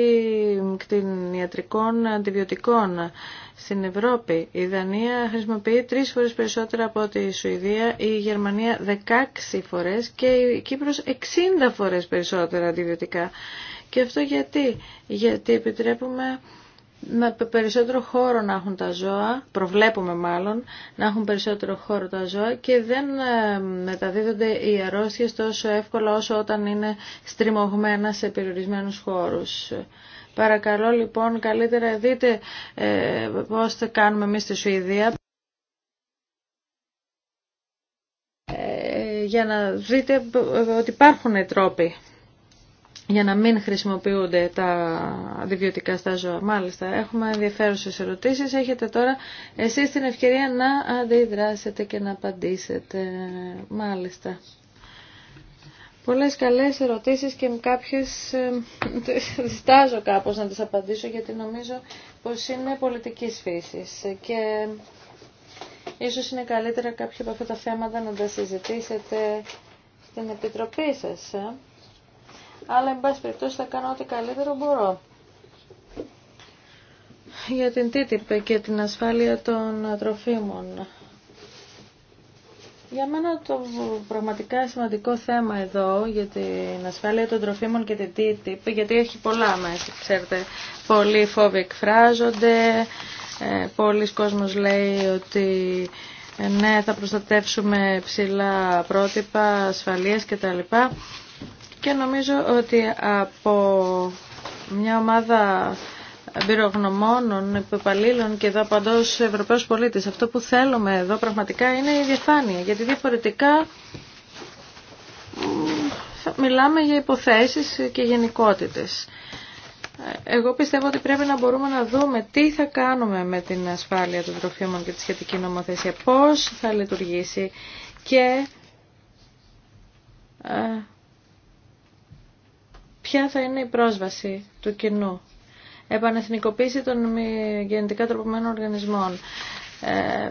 ιατρικών αντιβιωτικών στην Ευρώπη. Η Δανία χρησιμοποιεί τρεις φορές περισσότερα από τη Σουηδία, η Γερμανία 16 φορές και η Κύπρος 60 φορές περισσότερα αντιβιωτικά. Και αυτό γιατί, γιατί επιτρέπουμε με περισσότερο χώρο να έχουν τα ζώα, προβλέπουμε μάλλον, να έχουν περισσότερο χώρο τα ζώα και δεν ε, μεταδίδονται οι αρρώστιες τόσο εύκολα όσο όταν είναι στριμωγμένα σε περιορισμένους χώρους. Παρακαλώ λοιπόν καλύτερα δείτε ε, πώς θα κάνουμε εμείς στη Σουηδία. Ε, για να δείτε ε, ότι υπάρχουν τρόποι για να μην χρησιμοποιούνται τα αντιβιωτικά στα ζώα. Μάλιστα, έχουμε ενδιαφέρουσε ερωτήσεις. Έχετε τώρα εσείς την ευκαιρία να αντιδράσετε και να απαντήσετε. Μάλιστα. Πολλές καλές ερωτήσεις και κάποιες ε, διστάζω κάπως να τις απαντήσω γιατί νομίζω πως είναι πολιτικής φύσης και ίσως είναι καλύτερα κάποια από αυτά τα θέματα να τα συζητήσετε στην Επιτροπή σας. Ε αλλά εν πάση περιπτώσει θα κάνω ό,τι καλύτερο μπορώ. Για την TTIP και την ασφάλεια των τροφίμων. Για μένα το πραγματικά σημαντικό θέμα εδώ για την ασφάλεια των τροφίμων και την TTIP, γιατί έχει πολλά μέσα, ξέρετε, πολλοί φόβοι εκφράζονται, ε, πολλοί κόσμος λέει ότι ε, ναι, θα προστατεύσουμε ψηλά πρότυπα ασφαλείας κτλ και νομίζω ότι από μια ομάδα εμπειρογνωμόνων, υποπαλλήλων και εδώ παντός Ευρωπαίου πολίτης. Αυτό που θέλουμε εδώ πραγματικά είναι η διαφάνεια, γιατί διαφορετικά μιλάμε για υποθέσεις και γενικότητες. Εγώ πιστεύω ότι πρέπει να μπορούμε να δούμε τι θα κάνουμε με την ασφάλεια των τροφίμων και τη σχετική νομοθεσία, πώς θα λειτουργήσει και ε, Ποια θα είναι η πρόσβαση του κοινού. Επανεθνικοποίηση των γενετικά τροπομένων οργανισμών. Ε,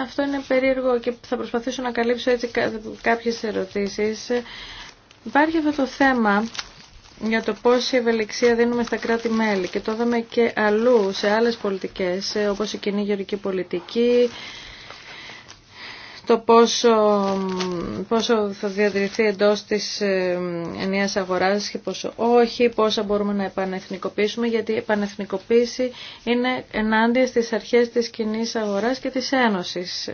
αυτό είναι περίεργο και θα προσπαθήσω να καλύψω έτσι κάποιες ερωτήσεις. Υπάρχει αυτό το θέμα για το η ευελιξία δίνουμε στα κράτη-μέλη και το δούμε και αλλού σε άλλες πολιτικές όπως η κοινή γεωρική πολιτική, το πόσο, πόσο θα διατηρηθεί εντός της ε, ενιαίας αγοράς και πόσο όχι, πόσα μπορούμε να επανεθνικοποιήσουμε, γιατί η επανεθνικοποίηση είναι ενάντια στις αρχές της κοινή αγοράς και της Ένωσης.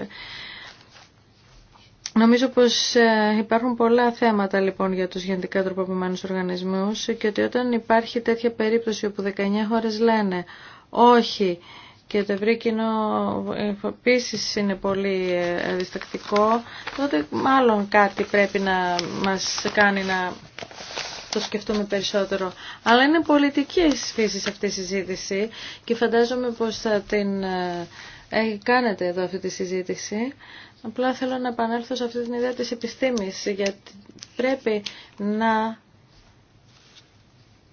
Νομίζω πως ε, υπάρχουν πολλά θέματα λοιπόν για τους γενικά τροποποιημένους οργανισμούς και ότι όταν υπάρχει τέτοια περίπτωση όπου 19 χώρες λένε όχι και το ευρύ κοινό επίση είναι πολύ ε, διστακτικό, τότε μάλλον κάτι πρέπει να μας κάνει να το σκεφτούμε περισσότερο. Αλλά είναι πολιτική φύση αυτή η συζήτηση και φαντάζομαι πως θα την ε, ε, κάνετε εδώ αυτή τη συζήτηση. Απλά θέλω να επανέλθω σε αυτή την ιδέα της επιστήμης, γιατί πρέπει να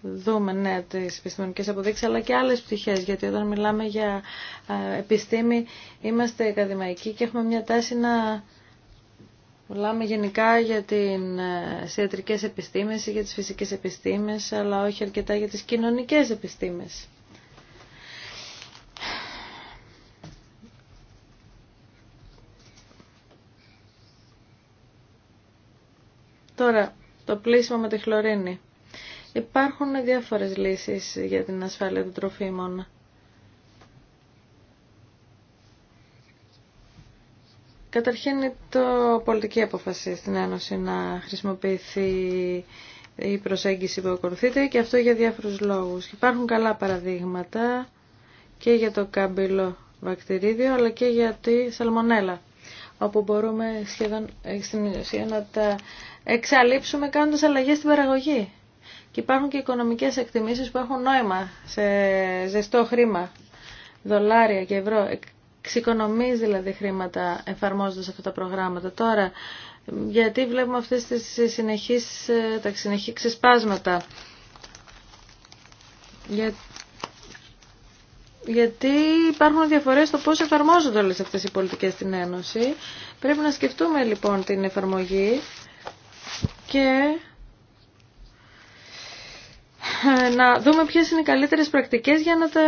δούμε ναι, τις επιστημονικές αποδείξεις αλλά και άλλες πτυχές γιατί όταν μιλάμε για επιστήμη είμαστε ακαδημαϊκοί και έχουμε μια τάση να μιλάμε γενικά για τις ε, ιατρικές επιστήμες ή για τις φυσικές επιστήμες αλλά όχι αρκετά για τις κοινωνικές επιστήμες. Τώρα, το πλήσιμο με τη χλωρίνη. Υπάρχουν διάφορες λύσεις για την ασφάλεια των τροφίμων. Καταρχήν είναι το πολιτική απόφαση στην Ένωση να χρησιμοποιηθεί η προσέγγιση που ακολουθείται και αυτό για διάφορους λόγους. Υπάρχουν καλά παραδείγματα και για το κάμπυλο βακτηρίδιο αλλά και για τη σαλμονέλα όπου μπορούμε σχεδόν στην ουσία να τα εξαλείψουμε κάνοντας αλλαγές στην παραγωγή. Και υπάρχουν και οικονομικές εκτιμήσεις που έχουν νόημα σε ζεστό χρήμα, δολάρια και ευρώ. Ξεκονομείς δηλαδή χρήματα εφαρμόζοντας αυτά τα προγράμματα. Τώρα, γιατί βλέπουμε αυτές τις συνεχείς, τα συνεχή ξεσπάσματα. Για... Γιατί υπάρχουν διαφορές στο πώς εφαρμόζονται όλες αυτές οι πολιτικές στην Ένωση. Πρέπει να σκεφτούμε λοιπόν την εφαρμογή και να δούμε ποιες είναι οι καλύτερες πρακτικές για να, τα,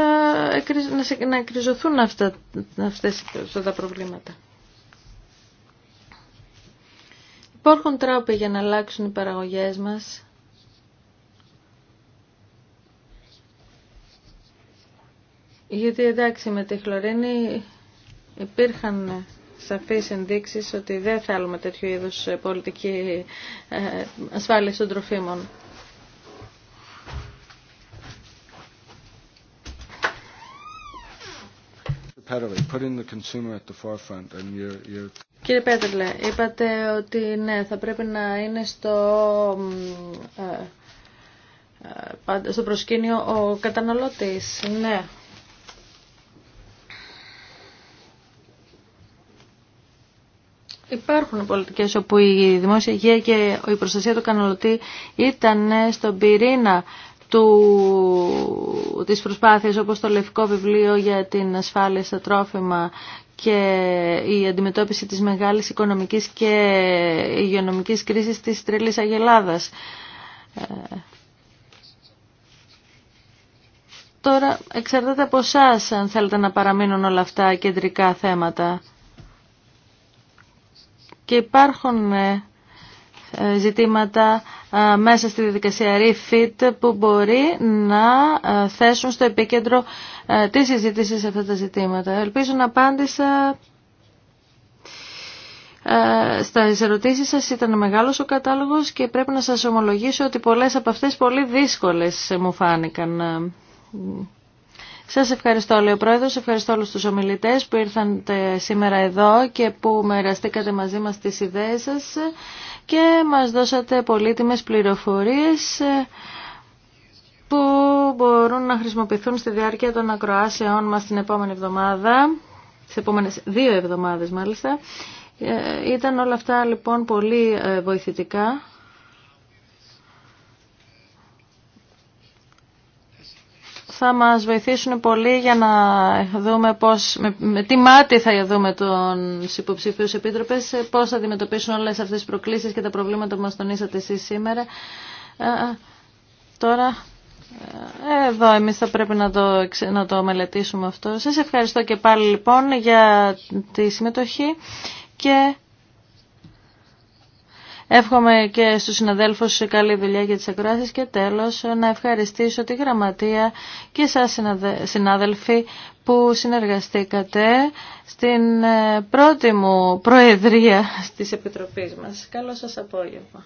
να, να αυτά, αυτές, τα προβλήματα. Υπάρχουν τρόποι για να αλλάξουν οι παραγωγές μας. Γιατί εντάξει με τη χλωρίνη υπήρχαν σαφείς ενδείξεις ότι δεν θέλουμε τέτοιου είδους πολιτική ε, ασφάλεια των τροφίμων. Κύριε Πέτρελε, είπατε ότι ναι, θα πρέπει να είναι στο, ε, ε, στο προσκήνιο ο καταναλώτης. Ναι. Υπάρχουν πολιτικές όπου η δημόσια υγεία και η προστασία του καταναλωτή ήταν στον πυρήνα του, της προσπάθειας όπως το Λευκό Βιβλίο για την ασφάλεια στα τρόφιμα και η αντιμετώπιση της μεγάλης οικονομικής και υγειονομικής κρίσης της Τρελής Αγελάδας. Τώρα εξαρτάται από εσά αν θέλετε να παραμείνουν όλα αυτά κεντρικά θέματα. Και υπάρχουν ε, ζητήματα ε, μέσα στη διαδικασία REFIT που μπορεί να ε, θέσουν στο επίκεντρο τη συζήτηση σε αυτά τα ζητήματα. Ελπίζω να απάντησα στα ερωτήσεις σας ήταν μεγάλος ο κατάλογος και πρέπει να σας ομολογήσω ότι πολλές από αυτές πολύ δύσκολες μου φάνηκαν. Σας ευχαριστώ, λέει ο Πρόεδρος, ευχαριστώ όλους τους ομιλητές που ήρθαν σήμερα εδώ και που μοιραστήκατε μαζί μας τις ιδέες σας και μας δώσατε πολύτιμες πληροφορίες ε, που μπορούν να χρησιμοποιηθούν στη διάρκεια των ακροάσεών μας την επόμενη εβδομάδα, τις επόμενες δύο εβδομάδες μάλιστα. Ε, ήταν όλα αυτά λοιπόν πολύ ε, βοηθητικά θα μας βοηθήσουν πολύ για να δούμε πώς, με, τι μάτι θα δούμε τον υποψηφίου επίτροπες, πώς θα αντιμετωπίσουν όλες αυτές τις προκλήσεις και τα προβλήματα που μας τονίσατε εσείς σήμερα. Ε, ε, τώρα ε, εδώ εμείς θα πρέπει να το, να το μελετήσουμε αυτό. Σας ευχαριστώ και πάλι λοιπόν για τη συμμετοχή και Εύχομαι και στους συναδέλφους καλή δουλειά για τις ακροάσεις και τέλος να ευχαριστήσω τη γραμματεία και σας συνάδελφοι που συνεργαστήκατε στην ε, πρώτη μου προεδρία της Επιτροπής μας. Καλό σας απόγευμα.